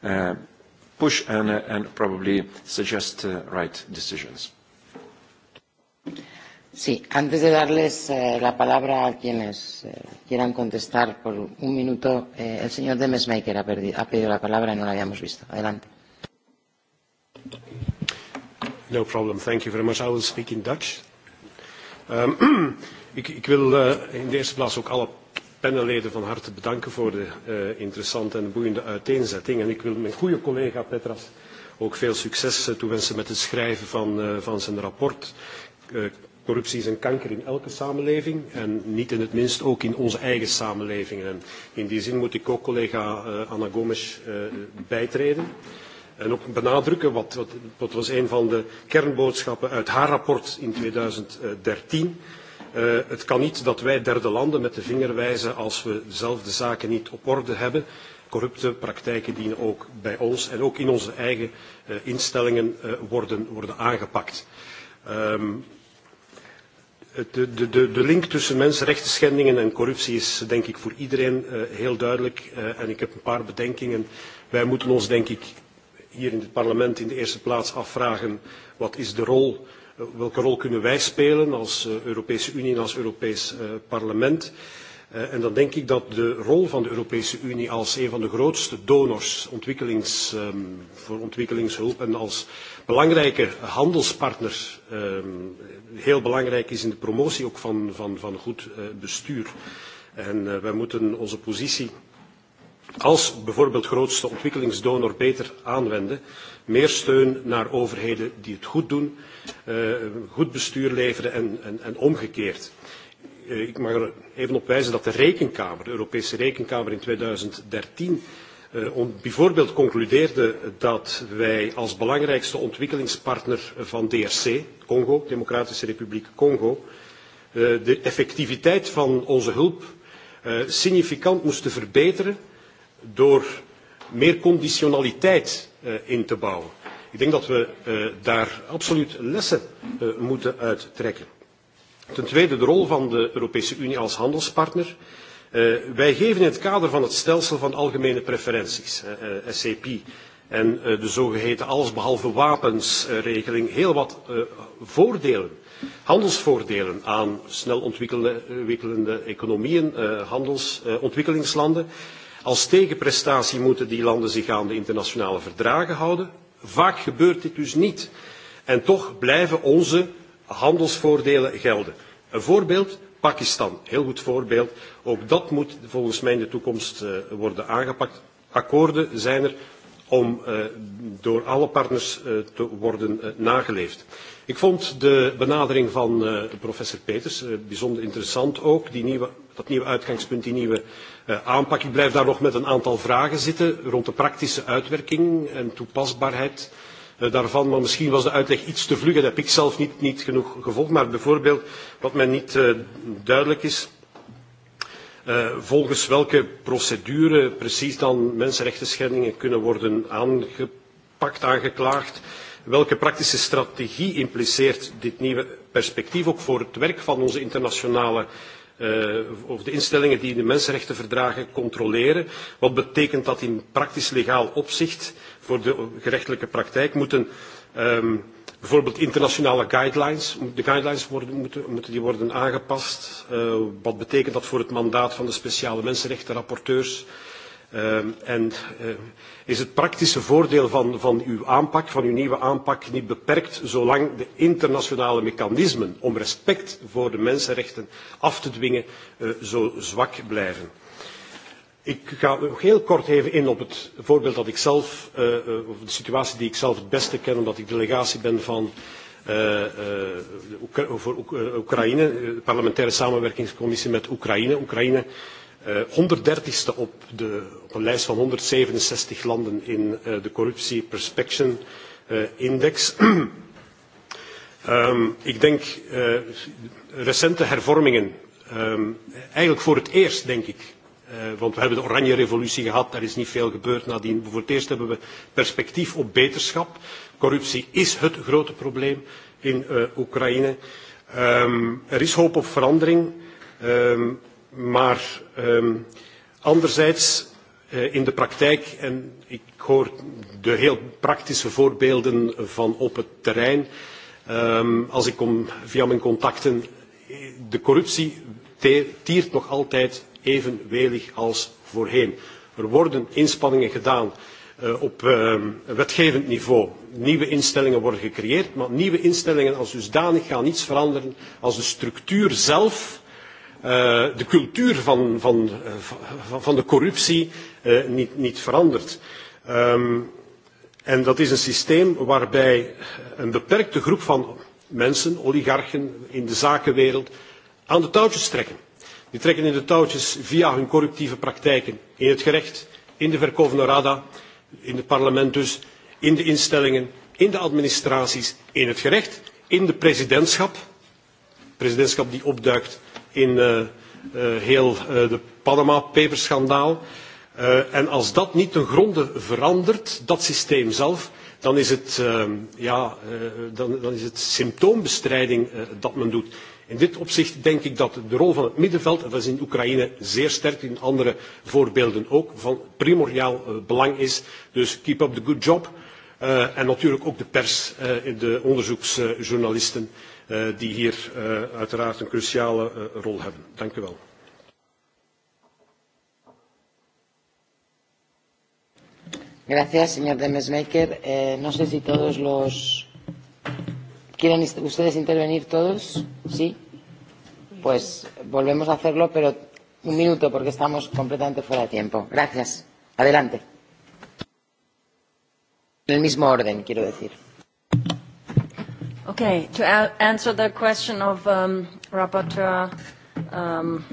uh, push and, and probably suggest right decisions? Sí, antes de darles eh, la palabra a quienes eh, quieran contestar por un minuto, eh, el señor Demesmaker ha, ha pedido la palabra y no la habíamos visto. Adelante. No problem, thank you very much. I will speak in Dutch. Um, ik, ik wil uh, in de eerste plaats ook alle panelleden van harte bedanken voor de uh, interessante en boeiende uiteenzetting. En ik wil mijn goede collega Petras ook veel succes uh, toewensen met het schrijven van, uh, van zijn rapport. Uh, Corruptie is een kanker in elke samenleving en niet in het minst ook in onze eigen samenleving. En in die zin moet ik ook collega eh, Anna Gomes eh, bijtreden. En ook benadrukken, wat, wat, wat was een van de kernboodschappen uit haar rapport in 2013. Uh, eh, het kan niet dat wij derde landen met de vinger wijzen als we zelf de zaken niet op orde hebben. Corrupte praktijken dienen ook bij ons en ook in onze eigen instellingen worden, worden aangepakt. Um, de, link tussen mensenrechten schendingen en corruptie is denk ik voor iedereen eh, heel duidelijk. Eh, en ik heb een paar bedenkingen. Wij moeten ons denk ik hier in het parlement in de eerste plaats afvragen wat is de rol eh, welke rol kunnen wij spelen als europese unie en als europees parlement? Eh, en dan denk ik dat de rol van de Europese Unie als een van de grootste donors ontwikkelings, ehm, voor ontwikkelingshulp en als belangrijke handelspartner ehm, heel belangrijk is in de promotie ook van, van, van goed eh, bestuur. En eh, wij moeten onze positie als bijvoorbeeld grootste ontwikkelingsdonor beter aanwenden. Meer steun naar overheden die het goed doen, goed bestuur leveren en, en omgekeerd. Eh, ik mag er even op wijzen dat de Rekenkamer, de Europese Rekenkamer in 2013 eh, bijvoorbeeld concludeerde dat wij als belangrijkste ontwikkelingspartner van DRC, Congo, Democratische Republiek Congo, eh, de effectiviteit van onze hulp significant moesten verbeteren door meer conditionaliteit in te bouwen. Ik denk dat we daar absoluut lessen moeten uittrekken. Ten tweede de rol van de Europese Unie als handelspartner. Eh, wij geven in het kader van het stelsel van algemene preferenties, eh, eh, SCP, e en de zogeheten allesbehalve wapensregeling heel wat voordelen, handelsvoordelen aan snel ontwikkelende economieën, handelsontwikkelingslanden. Als tegenprestatie moeten die landen zich aan de internationale verdragen houden. Vaak gebeurt dit dus niet. En toch blijven onze handelsvoordelen gelden. Een voorbeeld, Pakistan. Heel goed voorbeeld. Ook dat moet volgens mij in de toekomst eh, worden aangepakt. Akkoorden zijn er om eh, door alle partners eh, te worden nageleefd. Ik vond de benadering van professor Peters bijzonder interessant ook. dat nieuwe uitgangspunt, die nieuwe aanpak. Ik blijf daar nog met een aantal vragen zitten rond de praktische uitwerking en toepasbaarheid Eh, daarvan. Maar misschien was de uitleg iets te vlug en heb ik zelf niet, niet genoeg gevolgd. Maar bijvoorbeeld wat mij niet eh, duidelijk is, eh, volgens welke procedure precies dan mensenrechtenschendingen kunnen worden aangepakt, aangeklaagd. Welke praktische strategie impliceert dit nieuwe perspectief ook voor het werk van onze internationale of de instellingen die de mensenrechtenverdragen controleren? Wat betekent dat in praktisch legaal opzicht? voor de gerechtelijke praktijk moeten ehm, bijvoorbeeld internationale guidelines, de guidelines worden, moeten, die worden aangepast. Eh, wat betekent dat voor het mandaat van de speciale mensenrechtenrapporteurs? Ehm, en eh, is het praktische voordeel van, van uw aanpak, van uw nieuwe aanpak, niet beperkt zolang de internationale mechanismen om respect voor de mensenrechten af te dwingen eh, zo zwak blijven? Ik ga nog heel kort even in op het voorbeeld dat ik zelf, eh, eh, of de situatie die ik zelf het beste ken, omdat ik delegatie ben van eh, voor Oekraïne, de parlementaire samenwerkingscommissie met Oekraïne. Oekraïne 130 e op, op een lijst van 167 landen in de Corruptie Perspection Index. Ehm, ik denk recente hervormingen, ehm, eigenlijk voor het eerst denk ik, Eh, want we hebben de oranje revolutie gehad, daar is niet veel gebeurd nadien. Voor het eerst hebben we perspectief op beterschap. Corruptie is het grote probleem in eh, Oekraïne. Ehm, er is hoop op verandering, ehm, maar ehm, anderzijds eh, in de praktijk, en ik hoor de heel praktische voorbeelden van op het terrein, als ik om via mijn contacten, de corruptie tiert nog altijd evenwelig als voorheen. Er worden inspanningen gedaan eh, op ehm, wetgevend niveau. Nieuwe instellingen worden gecreëerd, maar nieuwe instellingen als dusdanig gaan niets veranderen als de structuur zelf eh, de cultuur van, van, eh, van de corruptie niet, niet verandert. Um, en dat is een systeem waarbij een beperkte groep van mensen oligarchen in de zakenwereld aan de touwtjes trekken Die trekken in de touwtjes via hun corruptieve praktijken. In het gerecht, in de verkovene Rada, in het parlement dus, in de instellingen, in de administraties, in het gerecht, in de presidentschap. Presidentschap die opduikt in eh, eh, heel eh, de Panama paperschandaal. En als dat niet ten gronde verandert, dat systeem zelf, dan is het, ja, dan, dan is het symptoombestrijding dat men doet. In dit opzicht denk ik dat de rol van het middenveld, en dat is in Oekraïne zeer sterk, in andere voorbeelden ook, van primordiaal eh, belang is. Dus keep up the good job. Uh, en natuurlijk ook de pers, uh, de onderzoeksjournalisten, die hier uiteraard een cruciale rol hebben. Dank u wel. Gracias, señor no sé si todos los ¿Quieren ustedes intervenir todos? ¿Sí? Pues volvemos a hacerlo, pero un minuto porque estamos completamente fuera de tiempo. Gracias. Adelante. En el mismo orden, quiero decir. Okay, to answer the question of um, Rapporteur, um,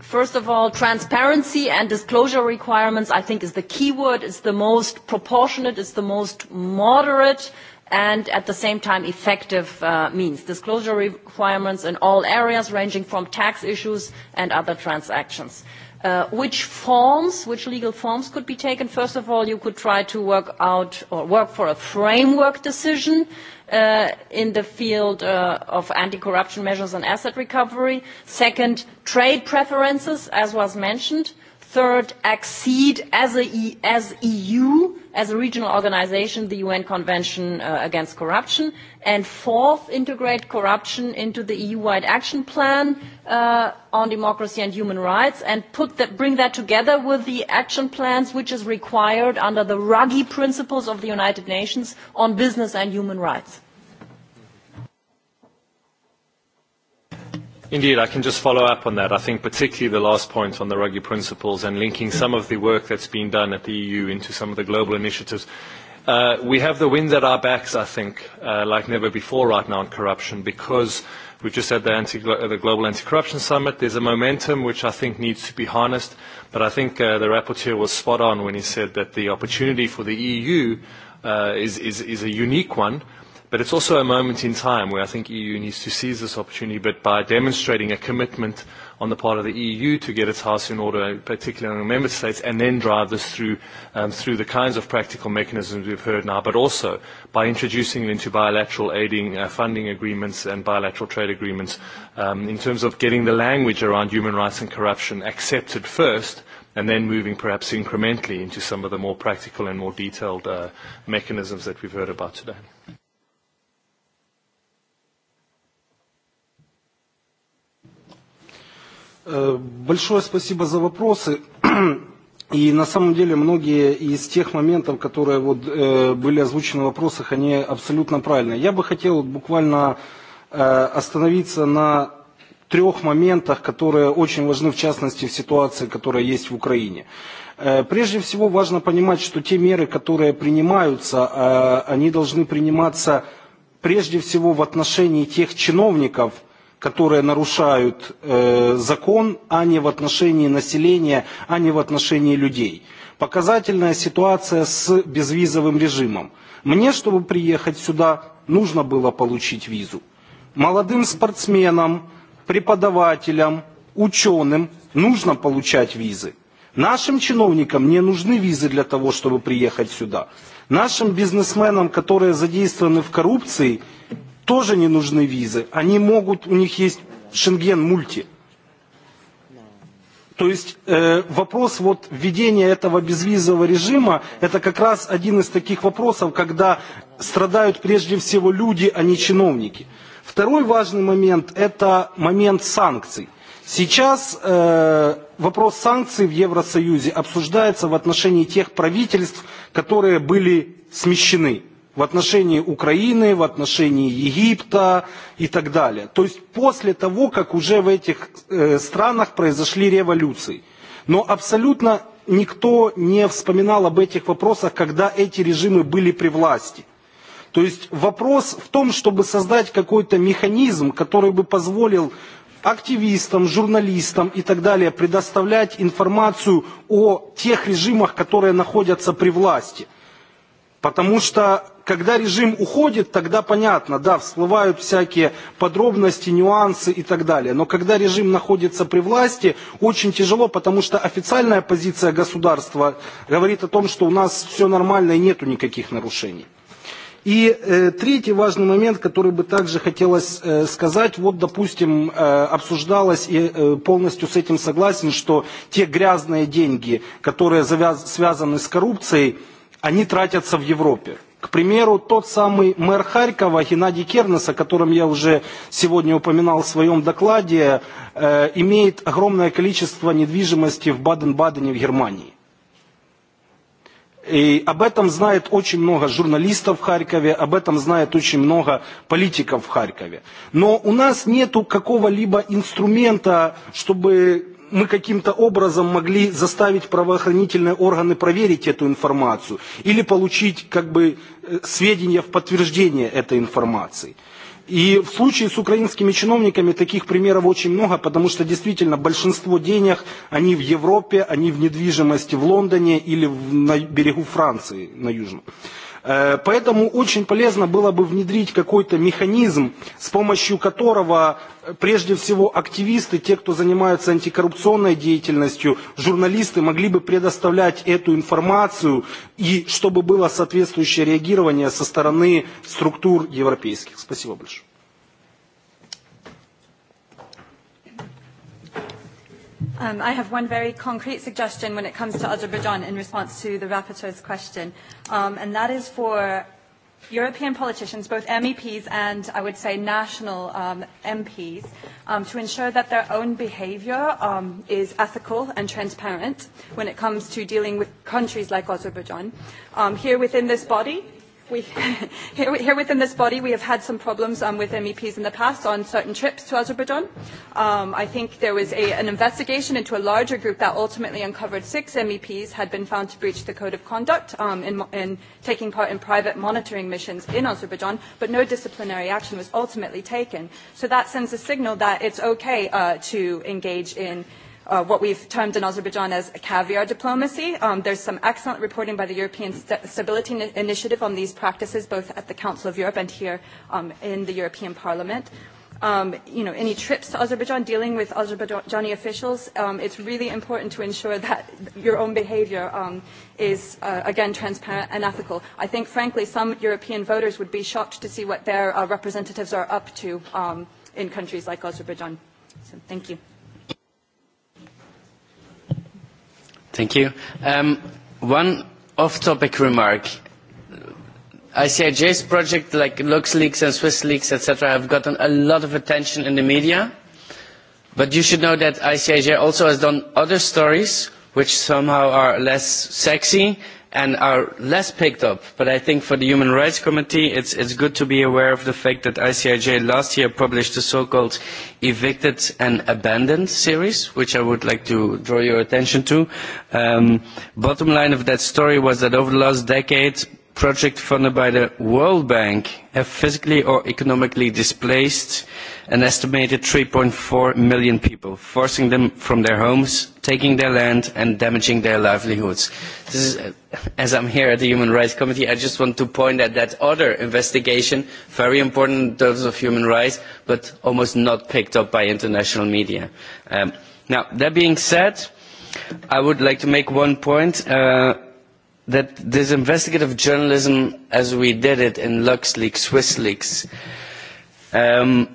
first of all, transparency and disclosure requirements, I think, is the key word. It's the most proportionate, it's the most moderate and at the same time effective uh, means disclosure requirements in all areas ranging from tax issues and other transactions. Uh, which forms, which legal forms could be taken? First of all, you could try to work out or work for a framework decision uh, in the field of anti-corruption measures and asset recovery. Second, trade preferences, as was mentioned. Third, accede as, a, EU, e as a regional organisation the UN Convention uh, Against Corruption. And fourth, integrate corruption into the EU-wide action plan uh, on democracy and human rights and put bring that together with the action plans which is required under the ruggy principles of the United Nations on business and human rights. Indeed, I can just follow up on that. I think particularly the last point on the Ruggie principles and linking some of the work that's been done at the EU into some of the global initiatives. Uh, we have the wind at our backs, I think, uh, like never before right now on corruption because we've just had the, anti the Global Anti-Corruption Summit. There's a momentum which I think needs to be harnessed, but I think uh, the rapporteur was spot on when he said that the opportunity for the EU uh, is, is, is a unique one – But it's also a moment in time where I think EU needs to seize this opportunity, but by demonstrating a commitment on the part of the EU to get its house in order, particularly in the member states, and then drive this through, um, through the kinds of practical mechanisms we've heard now, but also by introducing it into bilateral aiding uh, funding agreements and bilateral trade agreements um, in terms of getting the language around human rights and corruption accepted first and then moving perhaps incrementally into some of the more practical and more detailed uh, mechanisms that we've heard about today. Большое спасибо за вопросы. И на самом деле многие из тех моментов, которые вот, э, были озвучены в вопросах, они абсолютно правильные. Я бы хотел буквально э, остановиться на трех моментах, которые очень важны, в частности, в ситуации, которая есть в Украине. Э, прежде всего, важно понимать, что те меры, которые принимаются, э, они должны приниматься прежде всего в отношении тех чиновников, которые нарушают закон, а не в отношении населения, а не в отношении людей. Показательная ситуация с безвизовым режимом. Мне, чтобы приехать сюда, нужно было получить визу. Молодым спортсменам, преподавателям, ученым нужно получать визы. Нашим чиновникам не нужны визы для того, чтобы приехать сюда. Нашим бизнесменам, которые задействованы в коррупции, тоже не нужны визы. Они могут, у них есть Шенген мульти. То есть э, вопрос вот введения этого безвизового режима, это как раз один из таких вопросов, когда страдают прежде всего люди, а не чиновники. Второй важный момент – это момент санкций. Сейчас э, вопрос санкций в Евросоюзе обсуждается в отношении тех правительств, которые были смещены – в отношении Украины, в отношении Египта и так далее. То есть после того, как уже в этих странах произошли революции. Но абсолютно никто не вспоминал об этих вопросах, когда эти режимы были при власти. То есть вопрос в том, чтобы создать какой-то механизм, который бы позволил активистам, журналистам и так далее предоставлять информацию о тех режимах, которые находятся при власти. Потому что когда режим уходит, тогда понятно, да, всплывают всякие подробности, нюансы и так далее. Но когда режим находится при власти, очень тяжело, потому что официальная позиция государства говорит о том, что у нас все нормально и нету никаких нарушений. И э, третий важный момент, который бы также хотелось э, сказать, вот, допустим, э, обсуждалось и э, полностью с этим согласен, что те грязные деньги, которые завяз связаны с коррупцией, они тратятся в Европе К примеру, тот самый мэр Харькова Геннадий Кернес, о котором я уже сегодня упоминал в своем докладе, имеет огромное количество недвижимости в Баден-Бадене в Германии. И об этом знает очень много журналистов в Харькове, об этом знает очень много политиков в Харькове. Но у нас нет какого-либо инструмента, чтобы мы каким-то образом могли заставить правоохранительные органы проверить эту информацию или получить как бы сведения в подтверждение этой информации. И в случае с украинскими чиновниками таких примеров очень много, потому что действительно большинство денег, они в Европе, они в недвижимости в Лондоне или в, на берегу Франции, на Южном. Поэтому очень полезно было бы внедрить какой-то механизм, с помощью которого прежде всего активисты, те, кто занимаются антикоррупционной деятельностью, журналисты могли бы предоставлять эту информацию и чтобы было соответствующее реагирование со стороны структур европейских. Спасибо большое. Um, I have one very concrete suggestion when it comes to Azerbaijan in response to the rapporteur's question, um, and that is for European politicians, both MEPs and I would say national um, MPs, um, to ensure that their own behavior um, is ethical and transparent when it comes to dealing with countries like Azerbaijan. Um, here within this body, we, here, here within this body, we have had some problems um, with MEPs in the past on certain trips to Azerbaijan. Um, I think there was a, an investigation into a larger group that ultimately uncovered six MEPs had been found to breach the code of conduct um, in, in taking part in private monitoring missions in Azerbaijan, but no disciplinary action was ultimately taken. So that sends a signal that it's okay uh, to engage in Uh, what we've termed in Azerbaijan as a caviar diplomacy. Um, there's some excellent reporting by the European Stability Initiative on these practices, both at the Council of Europe and here um, in the European Parliament. Um, you know, any trips to Azerbaijan, dealing with Azerbaijani officials, um, it's really important to ensure that your own behavior um, is, uh, again, transparent and ethical. I think, frankly, some European voters would be shocked to see what their uh, representatives are up to um, in countries like Azerbaijan. So thank you. Thank you. Um, one off-topic remark. ICIJ's project, like LuxLeaks and SwissLeaks, etc., have gotten a lot of attention in the media. But you should know that ICIJ also has done other stories which somehow are less sexy and are less picked up. But I think for the Human Rights Committee, it's, it's good to be aware of the fact that ICIJ last year published the so-called Evicted and Abandoned series, which I would like to draw your attention to. The um, bottom line of that story was that over the last decade, project funded by the World Bank have physically or economically displaced an estimated 3.4 million people, forcing them from their homes, taking their land and damaging their livelihoods. This is, uh, as I'm here at the Human Rights Committee, I just want to point at that other investigation, very important in terms of human rights, but almost not picked up by international media. Um, now, that being said, I would like to make one point. Uh, that this investigative journalism, as we did it in LuxLeaks, SwissLeaks, um,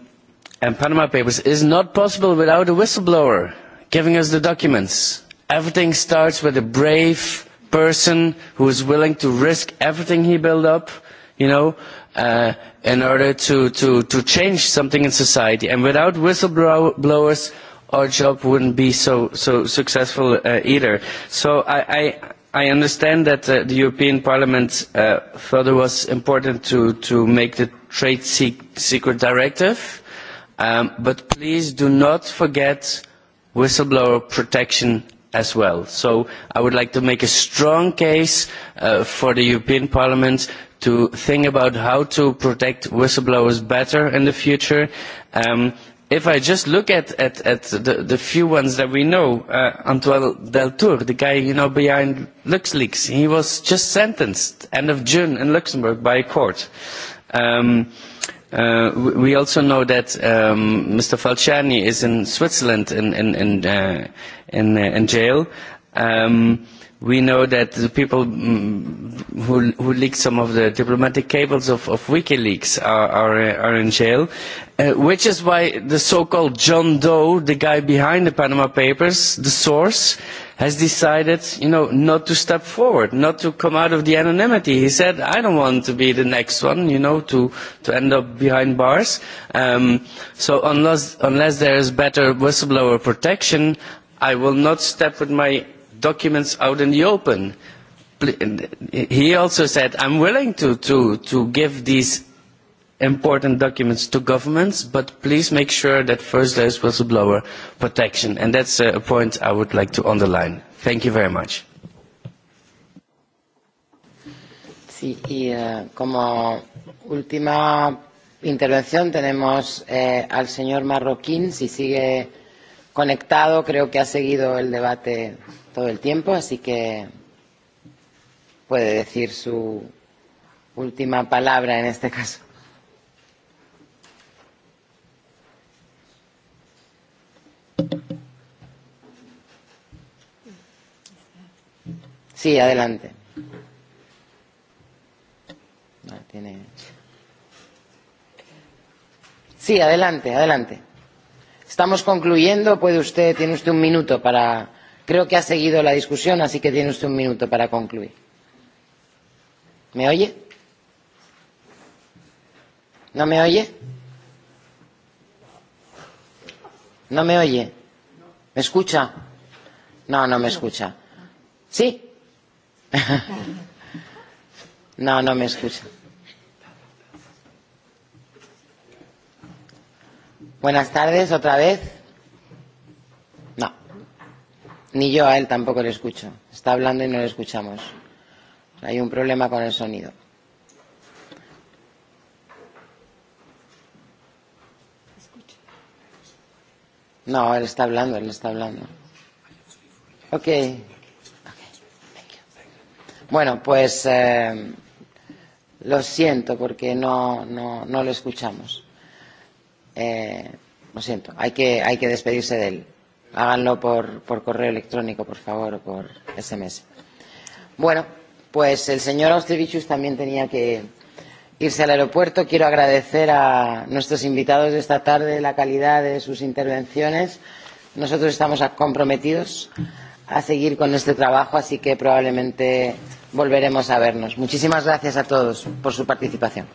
and Panama Papers, is not possible without a whistleblower giving us the documents. Everything starts with a brave person who is willing to risk everything he built up, you know, uh, in order to, to, to change something in society. And without whistleblowers, our job wouldn't be so, so successful uh, either. So I, I, i understand that uh, the European Parliament thought uh, further was important to, make the Trade Secret Directive, um, but please do not forget whistleblower protection as well. So I would like to make a strong case uh, for the European Parliament to think about how to protect whistleblowers better in the future. Um, if I just look at, at, at the, the few ones that we know, uh, Antoine Deltour, the guy you know behind LuxLeaks, he was just sentenced end of June in Luxembourg by a court. Um, uh, we also know that um, Mr. Falciani is in Switzerland in, in, in, uh, in, uh, in jail. Um, We know that the people mm, who, who leaked some of the diplomatic cables of, of WikiLeaks are, are, are in jail, uh, which is why the so-called John Doe, the guy behind the Panama Papers, the source, has decided you know, not to step forward, not to come out of the anonymity. He said, I don't want to be the next one, you know, to, to end up behind bars. Um, so unless, unless there is better whistleblower protection, I will not step with my documents out in the open. He also said, I'm willing to, to, to give these important documents to governments, but please make sure that first there is whistleblower protection. And that's a point I would like to underline. Thank you very much. Sí, y uh, como última intervención tenemos eh, al señor Marroquín, si sigue conectado, creo que ha seguido el debate todo el tiempo, así que puede decir su última palabra en este caso. Sí, adelante. Sí, adelante, adelante estamos concluyendo puede usted tiene usted un minuto para creo que ha seguido la discusión así que tiene usted un minuto para concluir me oye no me oye no me oye me escucha no no me escucha sí no no me escucha Buenas tardes, otra vez. No, ni yo a él tampoco le escucho. Está hablando y no le escuchamos. Hay un problema con el sonido. No, él está hablando, él está hablando. Ok. Bueno, pues eh, lo siento porque no, no, no lo escuchamos. Eh, lo siento, hay que, hay que despedirse de él. Háganlo por, por correo electrónico, por favor, o por SMS. Bueno, pues el señor Austrivichus también tenía que irse al aeropuerto. Quiero agradecer a nuestros invitados de esta tarde la calidad de sus intervenciones. Nosotros estamos comprometidos a seguir con este trabajo, así que probablemente volveremos a vernos. Muchísimas gracias a todos por su participación.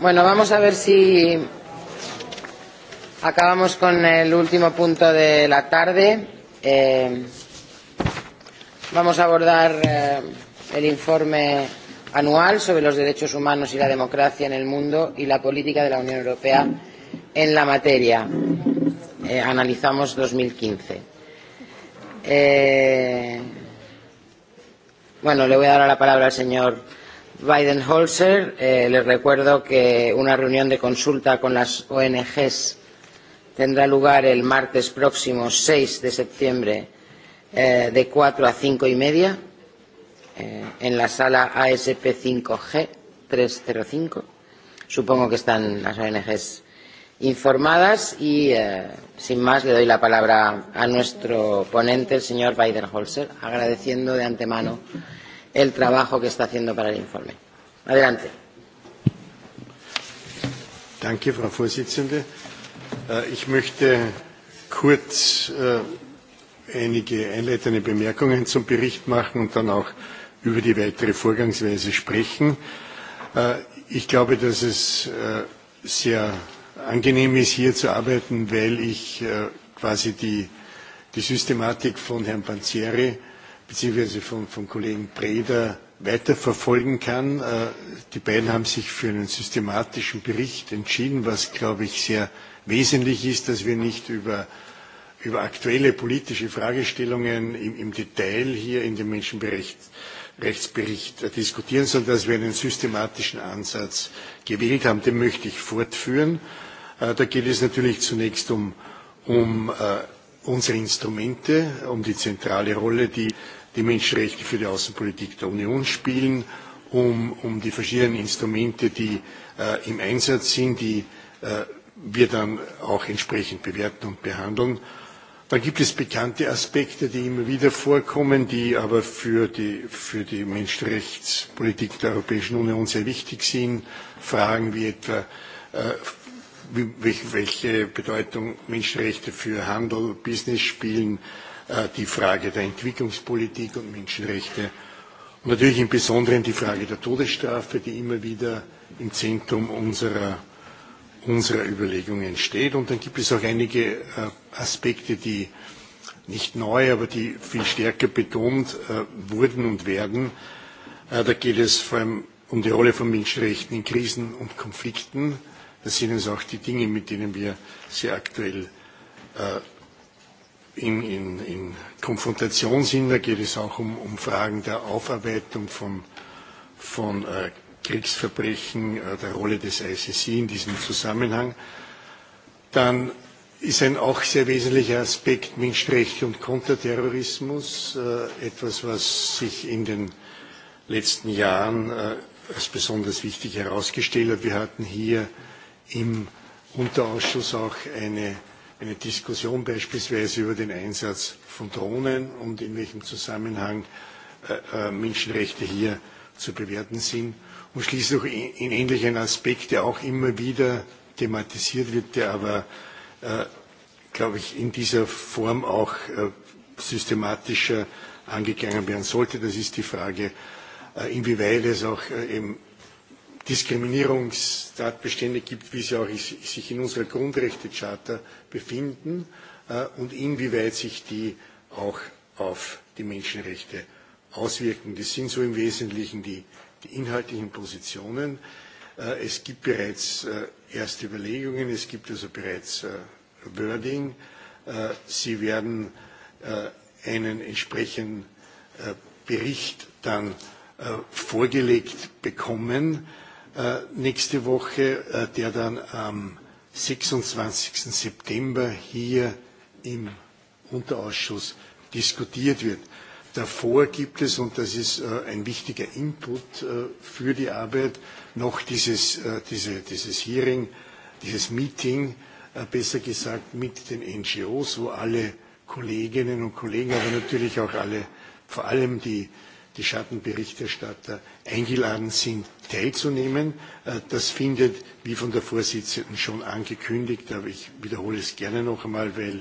Bueno, vamos a ver si acabamos con el último punto de la tarde. Eh, vamos a abordar eh, el informe anual sobre los derechos humanos y la democracia en el mundo y la política de la Unión Europea en la materia. Eh, analizamos 2015. Eh, bueno, le voy a dar la palabra al señor Weidenholzer. Eh, les recuerdo que una reunión de consulta con las ONG tendrá lugar el martes próximo 6 de septiembre eh, de 4 a 5 y media eh, en la sala ASP 5G 305. Supongo que están las ONG informadas y eh, sin más le doy la palabra a nuestro ponente, el señor Weidenholzer, agradeciendo de antemano el trabajo que está haciendo para el informe. Adelante. Danke, Frau Vorsitzende. Äh, ich möchte kurz äh, einige einleitende Bemerkungen zum Bericht machen und dann auch über die weitere Vorgangsweise sprechen. Äh, ich glaube, dass es sehr angenehm ist, hier zu arbeiten, weil ich quasi die, die Systematik von Herrn Panzeri beziehungsweise vom, vom Kollegen Preda weiterverfolgen kann. Äh, die beiden haben sich für einen systematischen Bericht entschieden, was, glaube ich, sehr wesentlich ist, dass wir nicht über, über aktuelle politische Fragestellungen im, im Detail hier in dem Menschenrechtsbericht äh, diskutieren, sondern dass wir einen systematischen Ansatz gewählt haben. Den möchte ich fortführen. Äh, da geht es natürlich zunächst um, um unsere Instrumente, um die zentrale Rolle, die die Menschenrechte für die Außenpolitik der Union spielen, um, um die verschiedenen Instrumente, die äh, im Einsatz sind, die äh, wir dann auch entsprechend bewerten und behandeln. Dann gibt es bekannte Aspekte, die immer wieder vorkommen, die aber für die, für die Menschenrechtspolitik der Europäischen Union sehr wichtig sind. Fragen wie etwa, äh, welche Bedeutung Menschenrechte für Handel, Business spielen, Eh, die Frage der Entwicklungspolitik und Menschenrechte und natürlich im Besonderen die Frage der Todesstrafe, die immer wieder im Zentrum unserer, unserer Überlegungen steht. Und dann gibt es auch einige äh, Aspekte, die nicht neu, aber die viel stärker betont äh, wurden und werden. Äh, da geht es vor allem um die Rolle von Menschenrechten in Krisen und Konflikten. Das sind also auch die Dinge, mit denen wir sehr aktuell in, in, in Konfrontation sind. Da geht es auch um, um Fragen der Aufarbeitung von, von äh, Kriegsverbrechen, äh, der Rolle des ICC in diesem Zusammenhang. Dann ist ein auch sehr wesentlicher Aspekt Menschenrechte und Konterterrorismus, äh, etwas, was sich in den letzten Jahren äh, als besonders wichtig herausgestellt hat. Wir hatten hier im Unterausschuss auch eine eine Diskussion beispielsweise über den Einsatz von Drohnen und in welchem Zusammenhang äh, äh Menschenrechte hier zu bewerten sind. Und schließlich auch in ähnlichen Aspekt, der auch immer wieder thematisiert wird, der aber, äh, glaube ich, in dieser Form auch äh, systematischer angegangen werden sollte. Das ist die Frage, äh, inwieweit es auch äh, eben Diskriminierungstatbestände gibt, wie sie auch sich in unserer Grundrechtecharta befinden äh, und inwieweit sich die auch auf die Menschenrechte auswirken. Das sind so im Wesentlichen die, die inhaltlichen Positionen. Äh, es gibt bereits äh, erste Überlegungen, es gibt also bereits Wording. Sie werden einen entsprechenden Bericht dann vorgelegt bekommen. Äh, nächste Woche, äh, der dann am 26. September hier im Unterausschuss diskutiert wird. Davor gibt es, und das ist äh, ein wichtiger Input für die Arbeit, noch dieses, diese, dieses Hearing, dieses Meeting, besser gesagt mit den NGOs, wo alle Kolleginnen und Kollegen, aber natürlich auch alle, vor allem die die Schattenberichterstatter eingeladen sind, teilzunehmen. Äh, das findet, wie von der Vorsitzenden schon angekündigt, aber ich wiederhole es gerne noch einmal, weil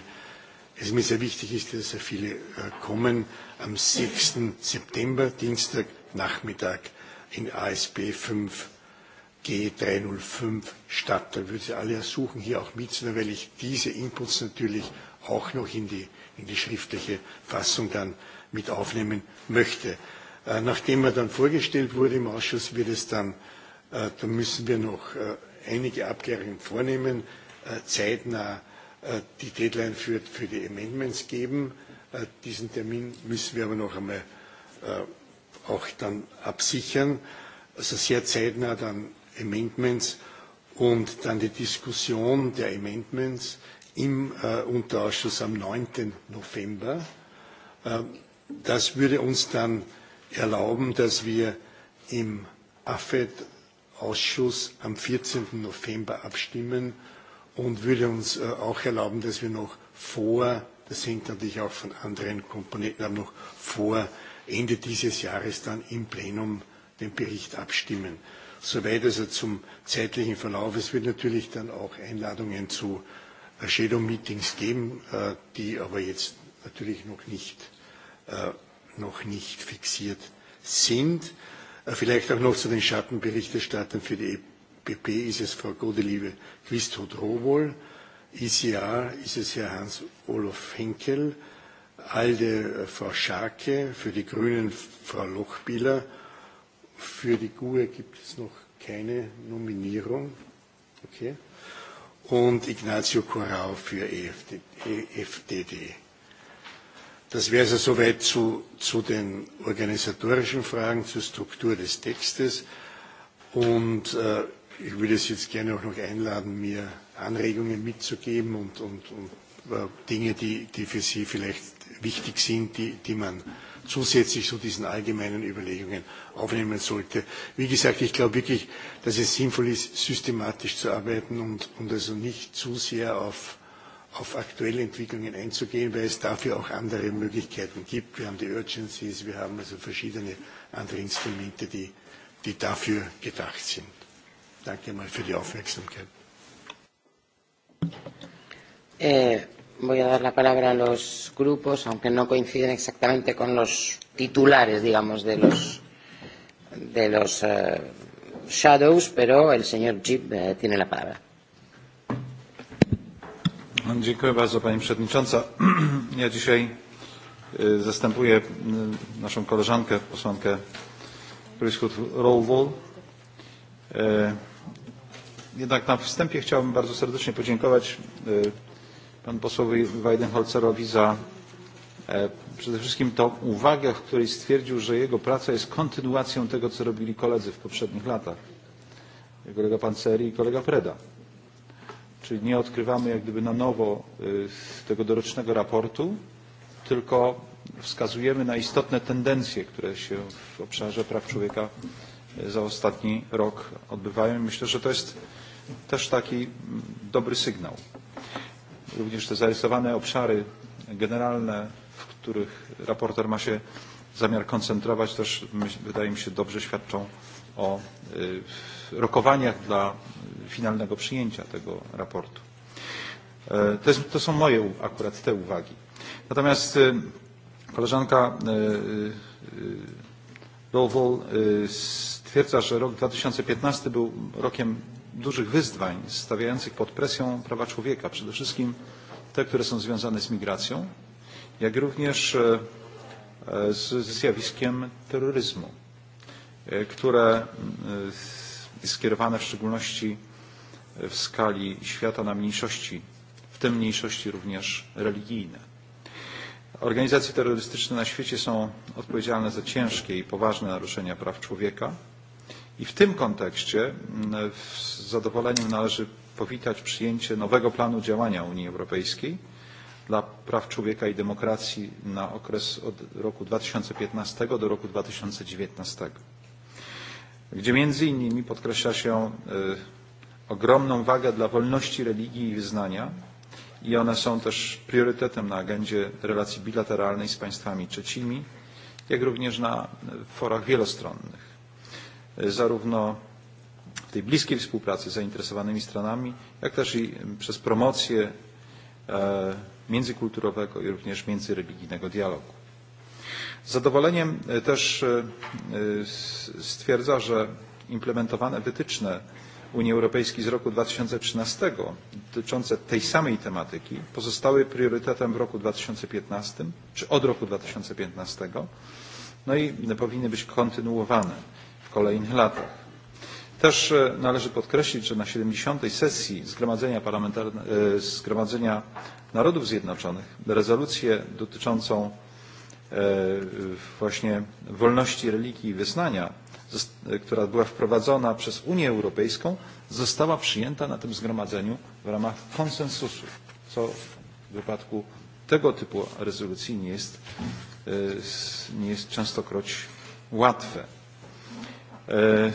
es mir sehr wichtig ist, dass sehr viele äh, kommen, am 6. September, Dienstag, Nachmittag in ASB 5 G305 statt. Da würde ich alle ersuchen, hier auch mitzunehmen, weil ich diese Inputs natürlich auch noch in die, in die schriftliche Fassung dann mit aufnehmen möchte. Äh, nachdem er dann vorgestellt wurde im Ausschuss, wird es dann, äh, da müssen wir noch äh, einige Abklärungen vornehmen, zeitnah die Deadline für, die Amendments geben. Diesen Termin müssen wir aber noch einmal auch dann absichern. Also sehr zeitnah dann Amendments und dann die Diskussion der Amendments im äh, Unterausschuss am 9. November. Ähm, das würde uns dann erlauben, dass wir im AFED-Ausschuss am 14. November abstimmen und würde uns äh, auch erlauben, dass wir noch vor, das hängt natürlich auch von anderen Komponenten ab, noch vor Ende dieses Jahres dann im Plenum den Bericht abstimmen. Soweit also zum zeitlichen Verlauf. Es wird natürlich dann auch Einladungen zu äh, Shadow Meetings geben, äh, die aber jetzt natürlich noch nicht noch nicht fixiert sind. Äh, vielleicht auch noch zu den Schattenberichterstattern für die EPP ist es Frau Godeliebe Christo Rowohl, ICR ist es Herr Hans Olof Henkel, ALDE äh, Frau Scharke, für die Grünen Frau Lochbieler, Für die GUE gibt es noch keine Nominierung. Okay. Und Ignacio Corrao für EFDD. Das wäre also soweit zu, zu den organisatorischen Fragen, zur Struktur des Textes. Und äh, ich würde es jetzt gerne auch noch einladen, mir Anregungen mitzugeben und, und, und äh, Dinge, die, die für Sie vielleicht wichtig sind, die, die man zusätzlich zu diesen allgemeinen Überlegungen aufnehmen sollte. Wie gesagt, ich glaube wirklich, dass es sinnvoll ist, systematisch zu arbeiten und, und also nicht zu sehr auf auf aktuelle Entwicklungen einzugehen, weil es dafür auch andere Möglichkeiten gibt. Wir haben die Urgencies, wir haben also verschiedene andere Instrumente, die, die dafür gedacht sind. Danke mal für die Aufmerksamkeit. Eh, voy a dar la palabra a los grupos, aunque no coinciden exactamente con los titulares, digamos, de los, de los uh, shadows, pero el señor Jeep uh, eh, tiene la palabra. Dziękuję bardzo Pani Przewodnicząca. Ja dzisiaj zastępuję naszą koleżankę, posłankę Priskut Rowell. Jednak na wstępie chciałbym bardzo serdecznie podziękować panu posłowi Weidenholzerowi za e, przede wszystkim tą uwagę, w której stwierdził, że jego praca jest kontynuacją tego, co robili koledzy w poprzednich latach. Kolega Panceri i kolega Preda Czyli nie odkrywamy jak gdyby na nowo tego dorocznego raportu, tylko wskazujemy na istotne tendencje, które się w obszarze praw człowieka za ostatni rok odbywają. Myślę, że to jest też taki dobry sygnał. Również te zarysowane obszary generalne, w których raporter ma się zamiar koncentrować, też wydaje mi się dobrze świadczą o rokowaniach dla finalnego przyjęcia tego raportu. E, to, to są moje akurat te uwagi. Natomiast e, koleżanka e, Lowell stwierdza, że rok 2015 był rokiem dużych wyzwań stawiających pod presją prawa człowieka, przede wszystkim te, które są związane z migracją, jak również ze zjawiskiem terroryzmu, które skierowane w szczególności e, w skali świata na mniejszości, w tym mniejszości również religijne. Organizacje terrorystyczne na świecie są odpowiedzialne za ciężkie i poważne naruszenia praw człowieka i w tym kontekście z zadowoleniem należy powitać przyjęcie nowego planu działania Unii Europejskiej dla praw człowieka i demokracji na okres od roku 2015 do roku 2019 gdzie między innymi podkreśla się e, ogromną wagę dla wolności religii i wyznania i one są też priorytetem na agendzie relacji bilateralnej z państwami trzecimi, jak również na forach wielostronnych. E, zarówno w tej bliskiej współpracy z zainteresowanymi stronami, jak też i przez promocję e, międzykulturowego i również międzyreligijnego dialogu. Z zadowoleniem e, też e, e, stwierdza, że implementowane wytyczne Unii Europejskiej z roku 2013 dotyczące tej samej tematyki pozostały priorytetem w roku 2015 czy od roku 2015 no i powinny być kontynuowane w kolejnych latach. Też należy podkreślić, że na 70. sesji Zgromadzenia, Zgromadzenia Narodów Zjednoczonych rezolucję dotyczącą E, właśnie wolności religii i wyznania, która była wprowadzona przez Unię Europejską, została przyjęta na tym zgromadzeniu w ramach konsensusu, co w wypadku tego typu rezolucji nie jest, e, nie jest częstokroć łatwe. E,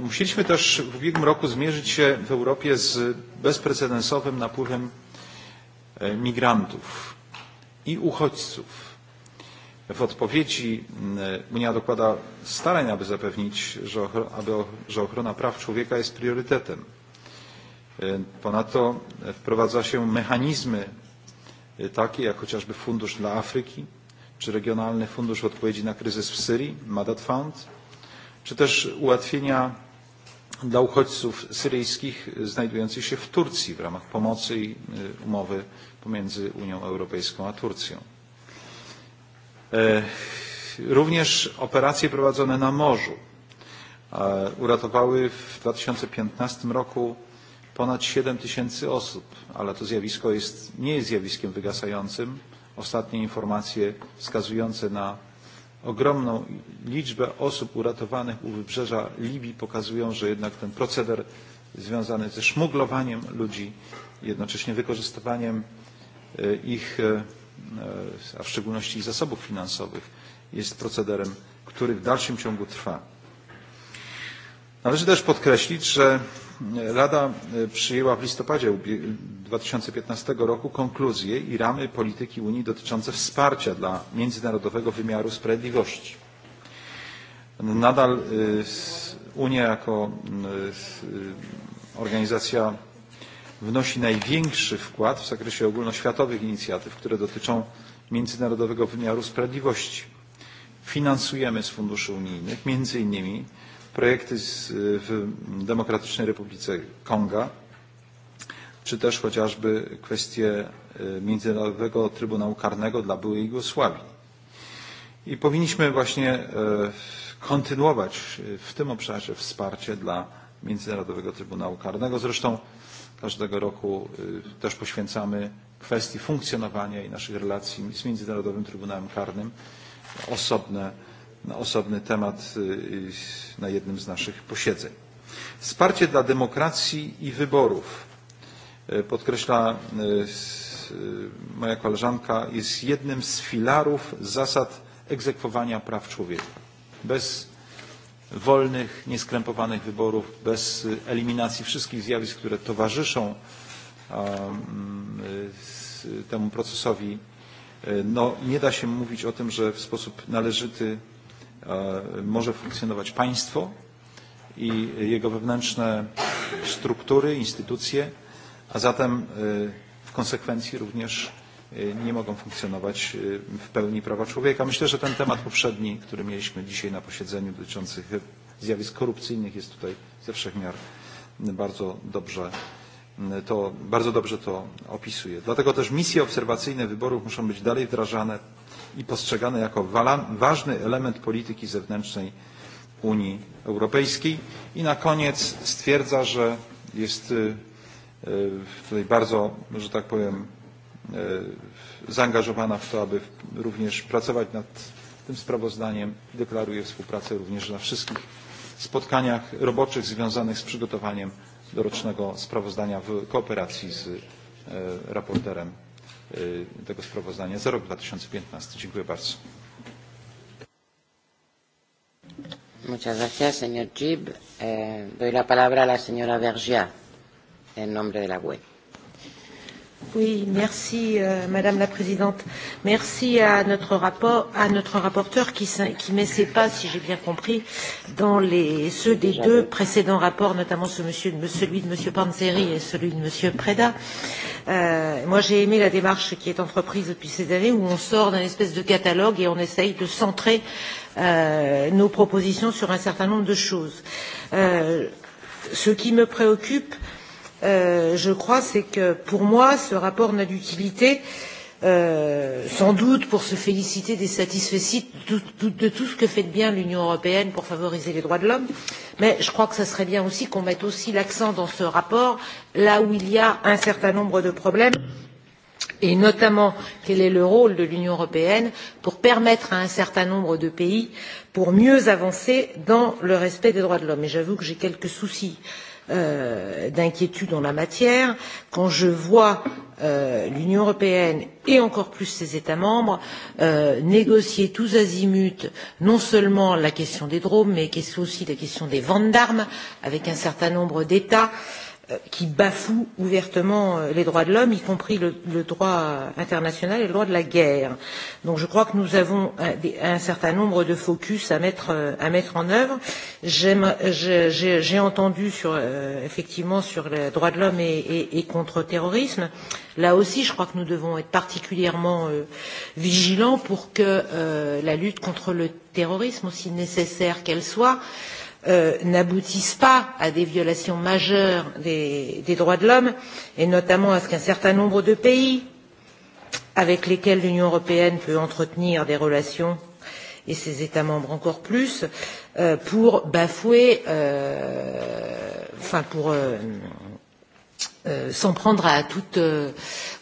musieliśmy też w ubiegłym roku zmierzyć się w Europie z bezprecedensowym napływem migrantów i uchodźców W odpowiedzi mm, Unia dokłada starań, aby zapewnić, że ochrona, aby, że ochrona praw człowieka jest priorytetem. Ponadto wprowadza się mechanizmy takie jak chociażby Fundusz dla Afryki, czy Regionalny Fundusz Odpowiedzi na Kryzys w Syrii, Madad Fund, czy też ułatwienia dla uchodźców syryjskich znajdujących się w Turcji w ramach pomocy i umowy pomiędzy Unią Europejską a Turcją. E, również operacje prowadzone na morzu e, uratowały w 2015 roku ponad 7 tysięcy osób, ale to zjawisko jest, nie jest zjawiskiem wygasającym. Ostatnie informacje wskazujące na ogromną liczbę osób uratowanych u wybrzeża Libii pokazują, że jednak ten proceder związany ze szmuglowaniem ludzi, jednocześnie wykorzystywaniem e, ich E, a w szczególności zasobów finansowych, jest procederem, który w dalszym ciągu trwa. Należy też podkreślić, że Rada e, przyjęła w listopadzie 2015 roku konkluzje i ramy polityki Unii dotyczące wsparcia dla międzynarodowego wymiaru sprawiedliwości. Nadal e, Unia jako organizacja wnosi największy wkład w zakresie ogólnoświatowych inicjatyw, które dotyczą międzynarodowego wymiaru sprawiedliwości. Finansujemy z funduszy unijnych między innymi projekty z, w Demokratycznej Republice Konga, czy też chociażby kwestie Międzynarodowego Trybunału Karnego dla byłej Jugosławii. I powinniśmy właśnie e, kontynuować w tym obszarze wsparcie dla Międzynarodowego Trybunału Karnego. Zresztą każdego roku też poświęcamy kwestii funkcjonowania i naszych relacji z Międzynarodowym Trybunałem Karnym. Osobne, osobny temat na jednym z naszych posiedzeń. Wsparcie dla demokracji i wyborów, podkreśla moja koleżanka, jest jednym z filarów zasad egzekwowania praw człowieka. Bez wolnych, nieskrępowanych wyborów, bez eliminacji wszystkich zjawisk, które towarzyszą um, temu procesowi, no, nie da się mówić o tym, że w sposób należyty e, może funkcjonować państwo i jego wewnętrzne struktury, instytucje, a zatem e, w konsekwencji również E, nie mogą funkcjonować e, w pełni prawa człowieka. Myślę, że ten temat poprzedni, który mieliśmy dzisiaj na posiedzeniu dotyczących zjawisk korupcyjnych jest tutaj ze wszech miar bardzo dobrze to bardzo dobrze to opisuje. Dlatego też misje obserwacyjne wyborów muszą być dalej wdrażane i postrzegane jako ważny element polityki zewnętrznej Unii Europejskiej. I na koniec stwierdza, że jest e, tutaj bardzo, że tak powiem, E, zaangażowana w to, aby również pracować nad tym sprawozdaniem. Deklaruję współpracę również na wszystkich spotkaniach roboczych związanych z przygotowaniem dorocznego sprawozdania w kooperacji z e, raporterem e, tego sprawozdania za rok 2015. Dziękuję bardzo. Muchas gracias, señor Chib. Eh, doy la palabra a la señora Vergia, en nombre de la web. Oui, merci euh, Madame la Présidente. Merci à notre, rapport, à notre rapporteur qui, qui met ses pas, si j'ai bien compris, dans les, ceux des deux précédents rapports, notamment ce monsieur, celui de M. Panzeri et celui de M. Preda. Euh, moi, j'ai aimé la démarche qui est entreprise depuis ces années où on sort d'un espèce de catalogue et on essaye de centrer euh, nos propositions sur un certain nombre de choses. Euh, ce qui me préoccupe, Euh, je crois, c'est que pour moi, ce rapport n'a d'utilité euh, sans doute pour se féliciter des satisfaits de, tout ce que fait de bien l'Union européenne pour favoriser les droits de l'homme, mais je crois que ce serait bien aussi qu'on mette aussi l'accent dans ce rapport là où il y a un certain nombre de problèmes et notamment quel est le rôle de l'union européenne pour permettre à un certain nombre de pays pour mieux avancer dans le respect des droits de l'homme et j'avoue que j'ai quelques soucis Euh, d'inquiétude en la matière quand je vois euh, l'union européenne et encore plus ses états membres euh, négocier tous azimuts non seulement la question des drones mais aussi la question des ventes d'armes avec un certain nombre d'états Euh, qui bafoue ouvertement euh, les droits de l'homme, y compris le, droit euh, international et le droit de la guerre. Donc je crois que nous avons un, certain nombre de focus à mettre, à mettre en œuvre. J'ai entendu sur, effectivement sur les droits de l'homme et, et, contre le terrorisme. Là aussi, je crois que nous devons être particulièrement vigilants pour que la lutte contre le terrorisme, aussi nécessaire qu'elle soit, Euh, n'aboutissent pas à des violations majeures des, des droits de l'homme et notamment à ce qu'un certain nombre de pays avec lesquels l'union européenne peut entretenir des relations et ses états membres encore plus euh, pour bafouer euh, enfin pour s'en prendre à toute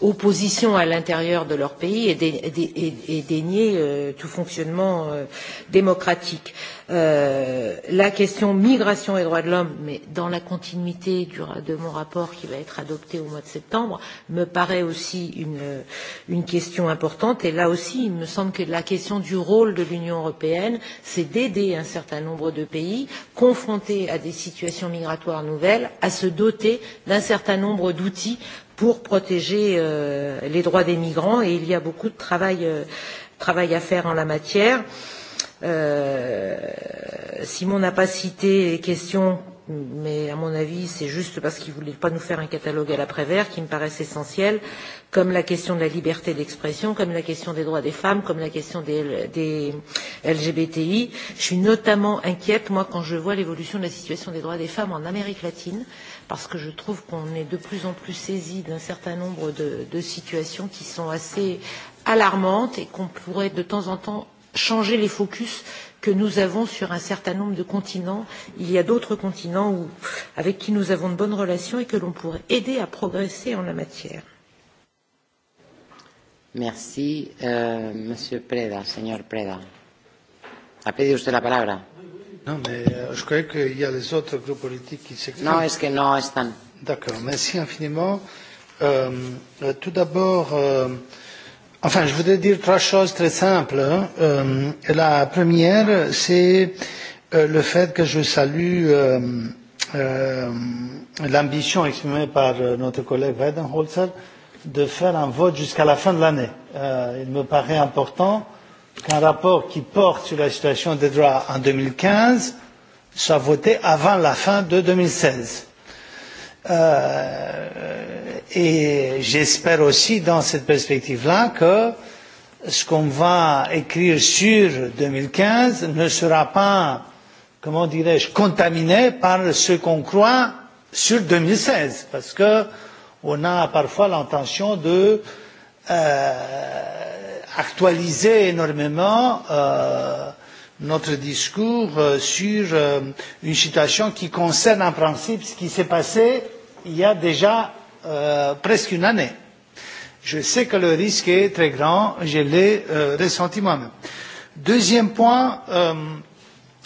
opposition à l'intérieur de leur pays et, dé, et dénier tout fonctionnement démocratique. Euh, la question migration et droits de l'homme, mais dans la continuité du, de mon rapport qui va être adopté au mois de septembre, me paraît aussi une, euh, une question importante. Et là aussi, il me semble que la question du rôle de l'Union européenne, c'est d'aider un certain nombre de pays confrontés à des situations migratoires nouvelles à se doter d'un certain nombre d'outils pour protéger euh, les droits des migrants et il y a beaucoup de travail, travail à faire en la matière. Euh, Simon n'a pas cité les questions, mais à mon avis, c'est juste parce qu'il ne voulait pas nous faire un catalogue à l'après-vert qui me paraissent essentiel, comme la question de la liberté d'expression, comme la question des droits des femmes, comme la question des, des LGBTI. Je suis notamment inquiète, moi, quand je vois l'évolution de la situation des droits des femmes en Amérique latine, parce que je trouve qu'on est de plus en plus saisi d'un certain nombre de, de situations qui sont assez alarmantes et qu'on pourrait de temps en temps changer les focus que nous avons sur un certain nombre de continents. Il y a d'autres continents où, avec qui nous avons de bonnes relations et que l'on pourrait aider à progresser en la matière. Merci, euh, Monsieur Preda, señor Preda. A pedido usted la palabra? No, mais euh, je croyais qu'il y a les autres groupes politiques qui s'expriment. Non, est-ce que non, están. D'accord, merci infiniment. Euh, tout d'abord, euh, Enfin, je voudrais dire trois choses très simples. Euh, la première, c'est euh, le fait que je salue euh, euh l'ambition exprimée par euh, notre collègue Weidenholzer de faire un vote jusqu'à la fin de l'année. Euh, il me paraît important qu'un rapport qui porte sur la situation des droits en 2015 soit voté avant la fin de 2016 Euh, et j'espère aussi dans cette perspective-là que ce qu'on va écrire sur 2015 ne sera pas, comment dirais-je, contaminé par ce qu'on croit sur 2016. Parce que on a parfois l'intention de euh, actualiser énormément euh, notre discours euh, sur euh, une situation qui concerne en principe ce qui s'est passé il y a déjà euh, presque une année. Je sais que le risque est très grand, je l'ai euh, ressenti moi-même. Deuxième point,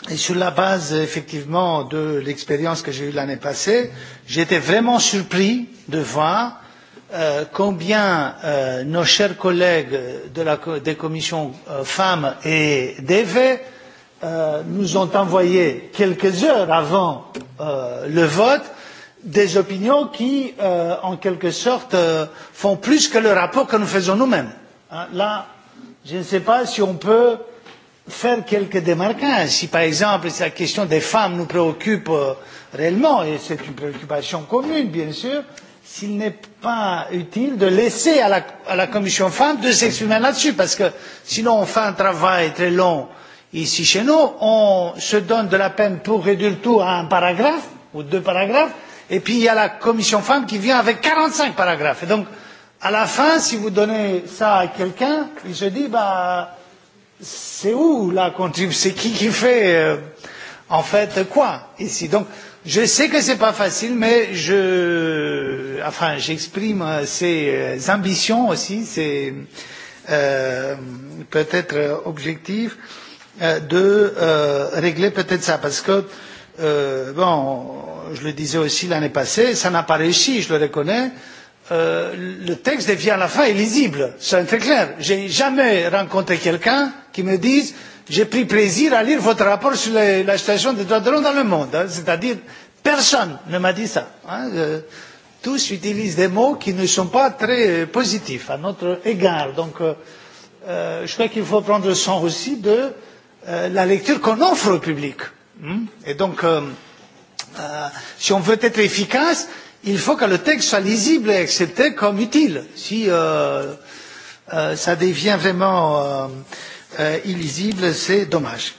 et sur la base effectivement de l'expérience que j'ai eue l'année passée, j'étais vraiment surpris de voir combien nos chers collègues de la, des commissions femmes et DV Euh, nous ont envoyé quelques heures avant euh, le vote des opinions qui euh, en quelque sorte euh, font plus que le rapport que nous faisons nous-mêmes hein là je ne sais pas si on peut faire quelques démarquages si par exemple la question des femmes nous préoccupe euh, réellement et c'est une préoccupation commune bien sûr s'il n'est pas utile de laisser à la, à la commission femmes de s'exprimer là-dessus parce que sinon on fait un travail très long si chez nous, on se donne de la peine pour réduire tout à un paragraphe ou deux paragraphes, et puis il y a la commission femme qui vient avec 45 paragraphes. Et donc, à la fin, si vous donnez ça à quelqu'un, il se dit, bah, c'est où la contribution C'est qui qui fait euh, en fait quoi ici Donc, je sais que ce n'est pas facile, mais je, enfin, j'exprime euh, ces euh, ambitions aussi, ces euh, peut-être objectifs Euh, de euh, régler peut-être ça parce que euh, bon je le disais aussi l'année passée ça n'a pas réussi je le reconnais le texte devient à la fin illisible c'est très clair j'ai jamais rencontré quelqu'un qui me dise j'ai pris plaisir à lire votre rapport sur les, la situation des droits de l'homme dans le monde c'est-à-dire personne ne m'a dit ça hein, euh, tous utilisent des mots qui ne sont pas très positifs à notre égard donc euh, je crois qu'il faut prendre sens aussi de Euh, la lecture qu'on offre au public. Hmm? Et donc, euh, euh, si on veut être efficace, il faut que le texte soit lisible et accepté comme utile. Si ça devient vraiment illisible, c'est dommage.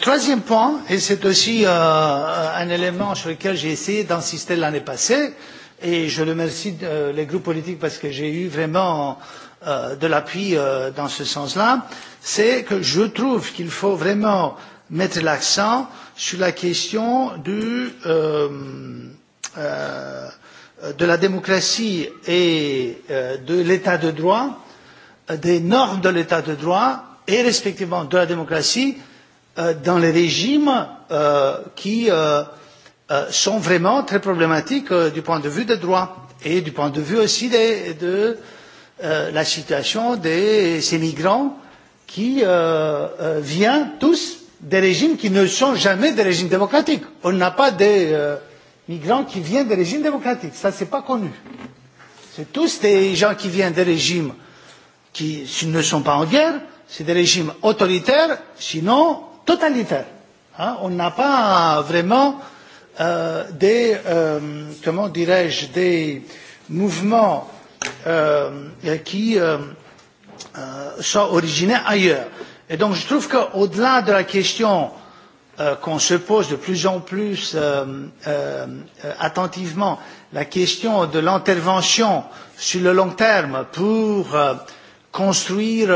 Troisième point, et c'est aussi un élément sur lequel j'ai essayé d'insister l'année passée, et je remercie les groupes politiques parce que j'ai eu vraiment Euh, de l'appui euh, dans ce sens-là, c'est que je trouve qu'il faut vraiment mettre l'accent sur la question du, euh, euh, de la démocratie et euh, de l'état de droit, des normes de l'état de droit et respectivement de la démocratie euh, dans les régimes qui sont vraiment très problématiques du point de vue des droits et du point de vue aussi des, de Euh, la situation de ces migrants qui euh, euh, viennent tous des régimes qui ne sont jamais des régimes démocratiques. On n'a pas des migrants qui viennent des régimes démocratiques, ça c'est pas connu. C'est tous des gens qui viennent des régimes qui ne sont pas en guerre, c'est des régimes autoritaires, sinon totalitaires. Hein? On n'a pas vraiment euh, des, euh, comment dirais-je, des mouvements Euh, qui euh, euh, soit originaire ailleurs. Et donc je trouve qu'au delà de la question qu'on se pose de plus en plus attentivement la question de l'intervention sur le long terme pour construire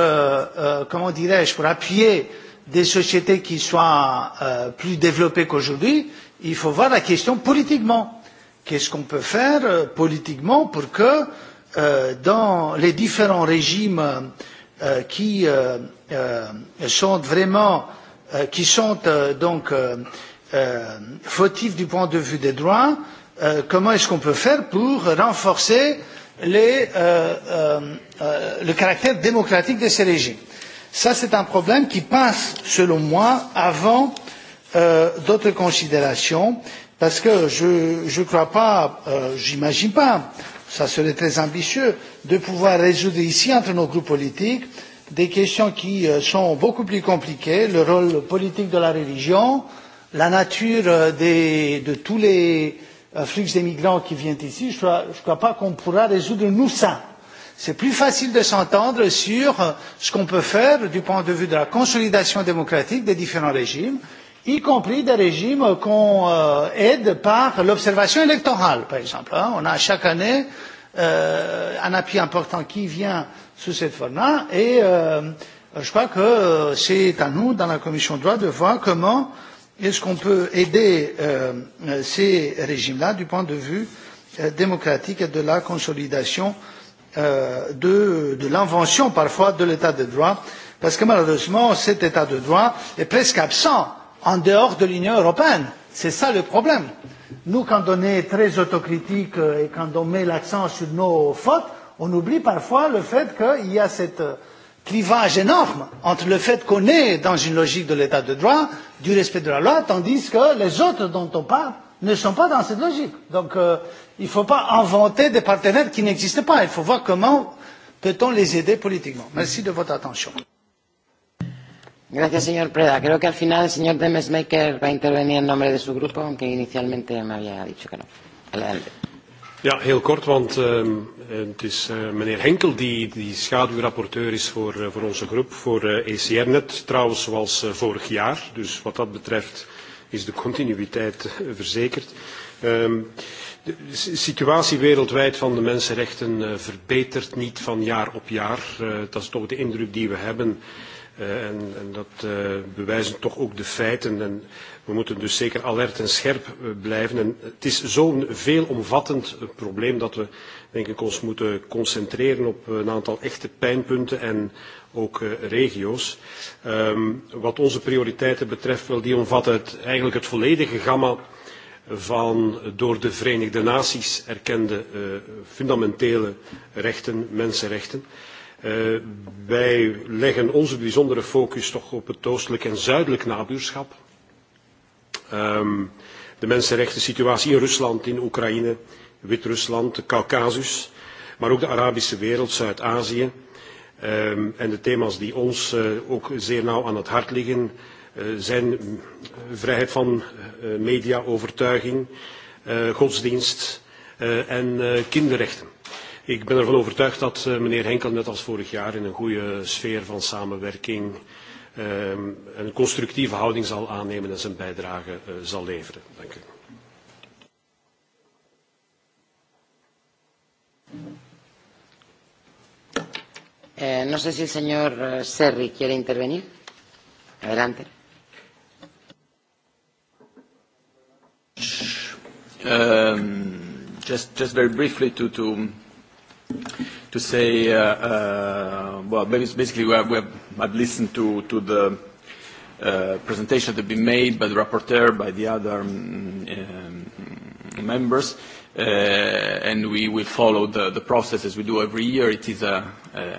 comment dirais je pour appuyer des sociétés qui soient plus développées qu'aujourd'hui il faut voir la question politiquement qu'est ce qu'on peut faire politiquement pour que Euh, dans les différents régimes euh, euh, qui sont vraiment qui sont donc fautifs du point de vue des droits comment est ce qu'on peut faire pour renforcer les, le caractère démocratique de ces régimes? c'est un problème qui passe selon moi avant d'autres considérations parce que je ne crois pas euh, j'imagine pas ça serait très ambitieux de pouvoir résoudre ici entre nos groupes politiques des questions qui euh, sont beaucoup plus compliquées le rôle politique de la religion la nature euh, des, de tous les euh, flux des migrants qui viennent ici je ne crois, crois pas qu'on pourra résoudre nous ça. c'est plus facile de s'entendre sur ce qu'on peut faire du point de vue de la consolidation démocratique des différents régimes y compris des régimes qu'on euh, aide par l'observation électorale, par exemple. Hein. On a chaque année euh, un appui important qui vient sous cette forme-là et euh, je crois que euh, c'est à nous, dans la Commission de droit, de voir comment est-ce qu'on peut aider euh, ces régimes-là du point de vue euh, démocratique et de la consolidation de, de l'invention parfois de l'état de droit parce que malheureusement cet état de droit est presque absent en dehors de l'Union européenne. C'est ça le problème. Nous, quand on est très autocritique euh, et quand on met l'accent sur nos fautes, on oublie parfois le fait qu'il y a cette euh, clivage énorme entre le fait qu'on est dans une logique de l'état de droit, du respect de la loi, tandis que les autres dont on parle ne sont pas dans cette logique. Donc euh, il ne faut pas inventer des partenaires qui n'existent pas. Il faut voir comment peut-on les aider politiquement. Merci de votre attention. Gracias, señor Preda. Creo que al final el señor Demesmaker va a intervenir en nombre de su grupo, aunque inicialmente me había dicho que no. Adelante. Ja, heel kort, want uh, het is uh, meneer Henkel die, die schaduwrapporteur is voor, uh, voor onze groep, voor ECR-net, eh, trouwens zoals vorig jaar. Dus wat dat betreft is de continuïteit verzekerd. Ehm, de situatie wereldwijd van de mensenrechten verbetert niet van jaar op jaar. Dat is toch de indruk die we hebben Eh, en, en dat eh, bewijzen toch ook de feiten. En we moeten dus zeker alert en scherp eh, blijven. En het is zo'n veelomvattend probleem dat we denk ik, ons moeten concentreren op een aantal echte pijnpunten en ook regio's. Um, wat onze prioriteiten betreft, wel, die omvatten het, eigenlijk het volledige gamma van door de Verenigde Naties erkende uh, fundamentele rechten, mensenrechten. Eh, wij leggen onze bijzondere focus toch op het oostelijk en zuidelijk nabuurschap. Um, de mensenrechten situatie in Rusland, in Oekraïne, Wit-Rusland, de Caucasus, maar ook de Arabische wereld, Zuid-Azië. Um, en de thema's die ons uh, ook zeer nauw aan het hart liggen uh, zijn vrijheid van media, overtuiging, godsdienst en kinderrechten. Ik ben ervan overtuigd dat eh, meneer Henkel net als vorig jaar in een goede sfeer van samenwerking ehm, een constructieve houding zal aannemen en zijn bijdrage eh, zal leveren. Dank u. Eh, no sé si el señor eh, Serri quiere intervenir. Adelante. Um, just, just very briefly to, to to say, uh, uh, well, basically, we have, we have, I've listened to, to the uh, presentation that have been made by the rapporteur, by the other um, um, members, uh, and we will follow the, the process as we do every year. It is a, a,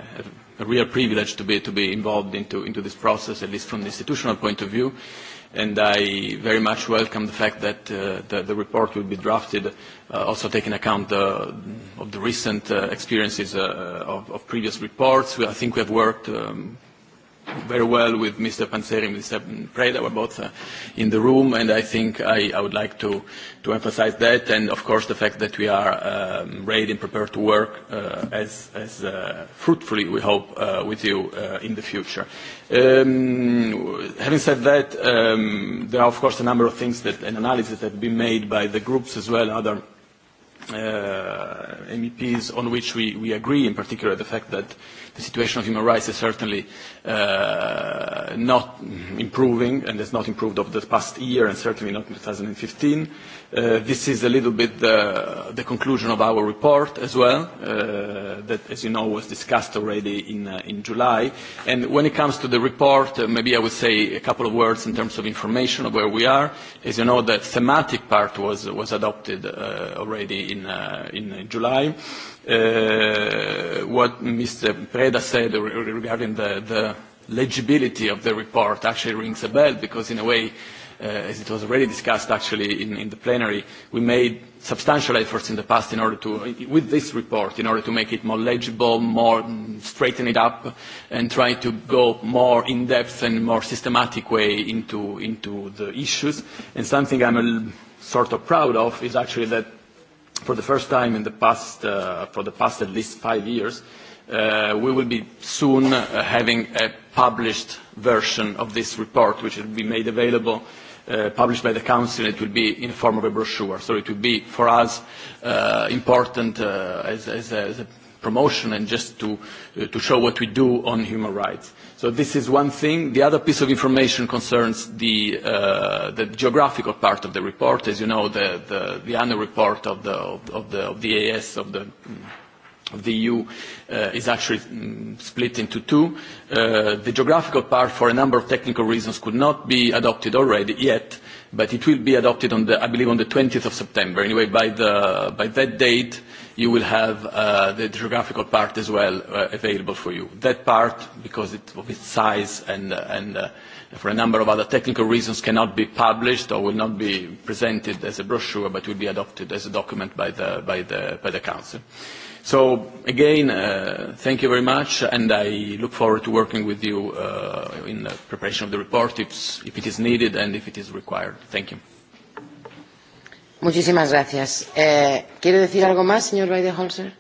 a real privilege to be, to be involved into, into this process, at least from the institutional point of view and I very much welcome the fact that uh, the, the report will be drafted uh, also taking account uh, of the recent uh, experiences uh, of, of previous reports. I think we have worked um, very well with Mr. Panseri and Mr. Preda. We're both uh, in the room, and I think I, I would like to, to emphasize that, and of course the fact that we are um, ready and prepared to work uh, as, as uh, fruitfully, we hope, uh, with you uh, in the future. Um, having said that, um, there are of course a number of things that, and analysis that have been made by the groups as well, other uh, MEPs, on which we, we agree, in particular the fact that the situation of human rights is certainly uh, not improving and has not improved over the past year and certainly not in 2015. Uh, this is a little bit uh, the conclusion of our report as well, uh, that, as you know, was discussed already in, uh, in July. And when it comes to the report, maybe I would say a couple of words in terms of information of where we are. As you know, the thematic part was, was adopted already in, in July. What Mr. Preda said regarding the, the legibility of the report actually rings a bell, because in a way, uh, as it was already discussed actually in, in the plenary, we made substantial efforts in the past in order to, with this report, in order to make it more legible, more straighten it up, and try to go more in depth and more systematic way into, into the issues. And something I'm a, sort of proud of is actually that for the first time in the past, uh, for the past at least five years, uh, we will be soon uh, having a published version of this report, which will be made available Uh, published by the Council. It will be in the form of a brochure. So it will be for us uh, important uh, as, as, a, as a promotion and just to, uh, to show what we do on human rights. So this is one thing. The other piece of information concerns the, uh, the geographical part of the report. As you know, the, the, the annual report of the, of, the, of the AS, of the of the EU uh, is actually mm, split into two. Uh, the geographical part, for a number of technical reasons, could not be adopted already yet, but it will be adopted, on the, I believe, on the 20th of September. Anyway, by, the, by that date, you will have uh, the geographical part as well uh, available for you. That part, because it, of its size and, uh, and uh, for a number of other technical reasons, cannot be published or will not be presented as a brochure, but will be adopted as a document by the, by the, by the Council. So again, uh, thank you very much, and I look forward to working with you uh, in the preparation of the report if, if it is needed and if it is required. Thank you. Muchísimas gracias. Eh, ¿Quiere decir algo más, señor Weideholzer?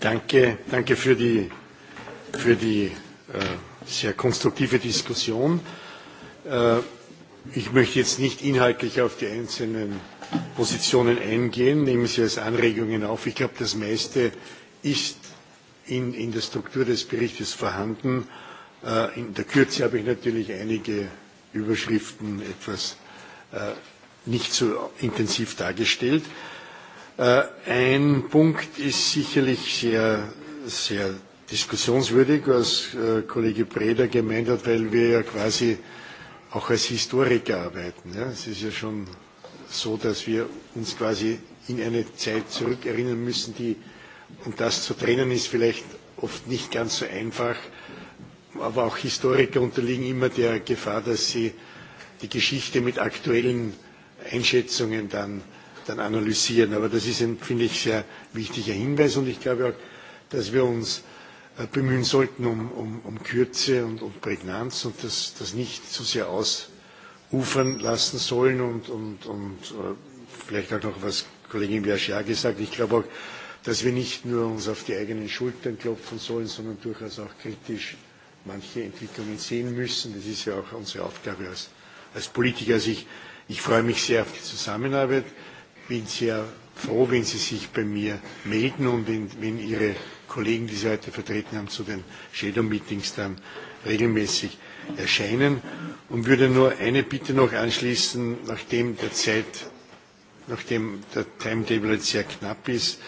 Danke, danke für die, für uh, die sehr konstruktive Diskussion. Äh, ich möchte jetzt nicht inhaltlich auf die einzelnen Positionen eingehen. Nehmen Sie als Anregungen auf. Ich glaube, das meiste ist in, in der Struktur des Berichtes vorhanden. Äh, in der Kürze habe ich natürlich einige Überschriften etwas äh, nicht so intensiv dargestellt. Äh, ein Punkt ist sicherlich sehr, sehr diskussionswürdig, was äh, Kollege Preda gemeint hat, weil wir ja quasi auch als Historiker arbeiten. Ja? Es ist ja schon so, dass wir uns quasi in eine Zeit zurückerinnern müssen, die, und um das zu trennen ist vielleicht oft nicht ganz so einfach, aber auch Historiker unterliegen immer der Gefahr, dass sie die Geschichte mit aktuellen Einschätzungen dann, dann analysieren. Aber das ist ein, finde ich, sehr wichtiger Hinweis und ich glaube auch, dass wir uns äh, bemühen sollten um, um, um Kürze und um Prägnanz und das, das nicht zu so sehr aus ufern lassen sollen und, und, und äh, vielleicht auch noch was Kollegin Biaschar gesagt. Ich glaube auch, dass wir nicht nur uns auf die eigenen Schultern klopfen sollen, sondern durchaus auch kritisch manche Entwicklungen sehen müssen. Das ist ja auch unsere Aufgabe als, als Politiker. Also ich, ich freue mich sehr auf die Zusammenarbeit, bin sehr froh, wenn Sie sich bei mir melden und wenn, wenn Ihre Kollegen, die Sie heute vertreten haben, zu den Shadow Meetings dann regelmäßig erscheinen und würde nur eine Bitte noch anschließen, nachdem der Zeit, nachdem der Timetable jetzt sehr knapp ist,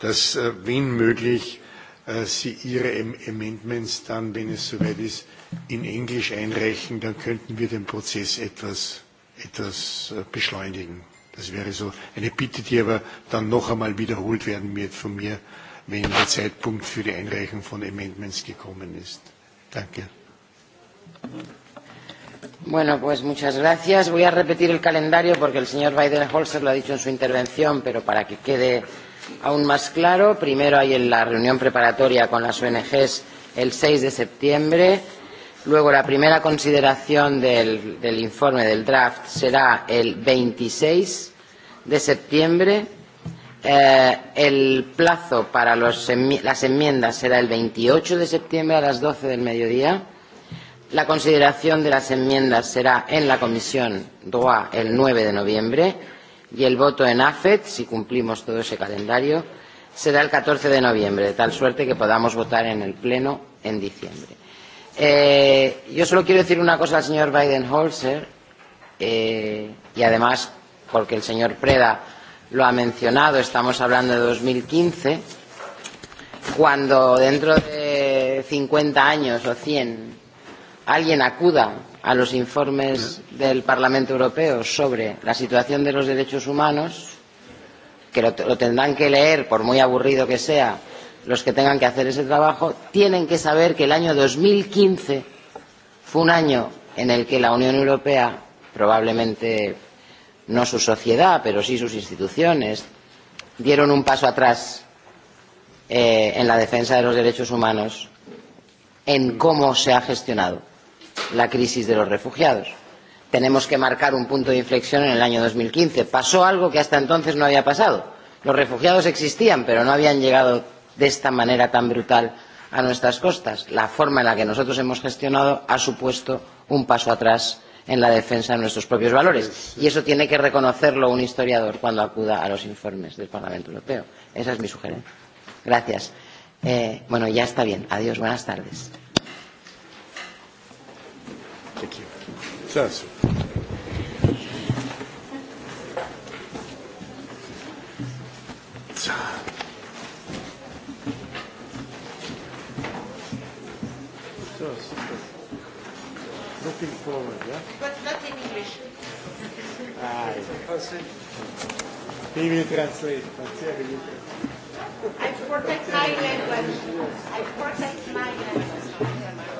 dass, äh, wenn möglich, äh, Sie Ihre Amendments dann, wenn es soweit ist, in Englisch einreichen, dann könnten wir den Prozess etwas, etwas äh, beschleunigen. Das wäre so eine Bitte, die aber dann noch einmal wiederholt werden wird von mir, wenn der Zeitpunkt für die Einreichung von Amendments gekommen ist. Danke. Bueno, pues muchas gracias. Voy a repetir el calendario porque el señor biden lo ha dicho en su intervención, pero para que quede aún más claro, primero hay la reunión preparatoria con las ONGs el 6 de septiembre. Luego la primera consideración del, informe del draft será el 26 de septiembre. Eh, el plazo para las enmiendas será el 28 de septiembre a las 12 del mediodía La consideración de las enmiendas será en la comisión DOA el 9 de noviembre y el voto en AFET, si cumplimos todo ese calendario, será el 14 de noviembre, de tal suerte que podamos votar en el Pleno en diciembre. Eh, yo solo quiero decir una cosa al señor Biden-Holzer eh, y además porque el señor Preda lo ha mencionado, estamos hablando de 2015, cuando dentro de 50 años o 100 alguien acuda a los informes del Parlamento Europeo sobre la situación de los derechos humanos, que lo, tendrán que leer, por muy aburrido que sea, los que tengan que hacer ese trabajo, tienen que saber que el año 2015 fue un año en el que la Unión Europea, probablemente no su sociedad, pero sí sus instituciones, dieron un paso atrás eh, en la defensa de los derechos humanos en mm. cómo se ha gestionado la crisis de los refugiados. Tenemos que marcar un punto de inflexión en el año 2015. Pasó algo que hasta entonces no había pasado. Los refugiados existían, pero no habían llegado de esta manera tan brutal a nuestras costas. La forma en la que nosotros hemos gestionado ha supuesto un paso atrás en la defensa de nuestros propios valores. Y eso tiene que reconocerlo un historiador cuando acuda a los informes del Parlamento Europeo. Esa es mi sugerencia. Gracias. Eh, bueno, ya está bien. Adiós. Buenas tardes. Thank you. forward, But not in English. translate. I protect my language. I my language.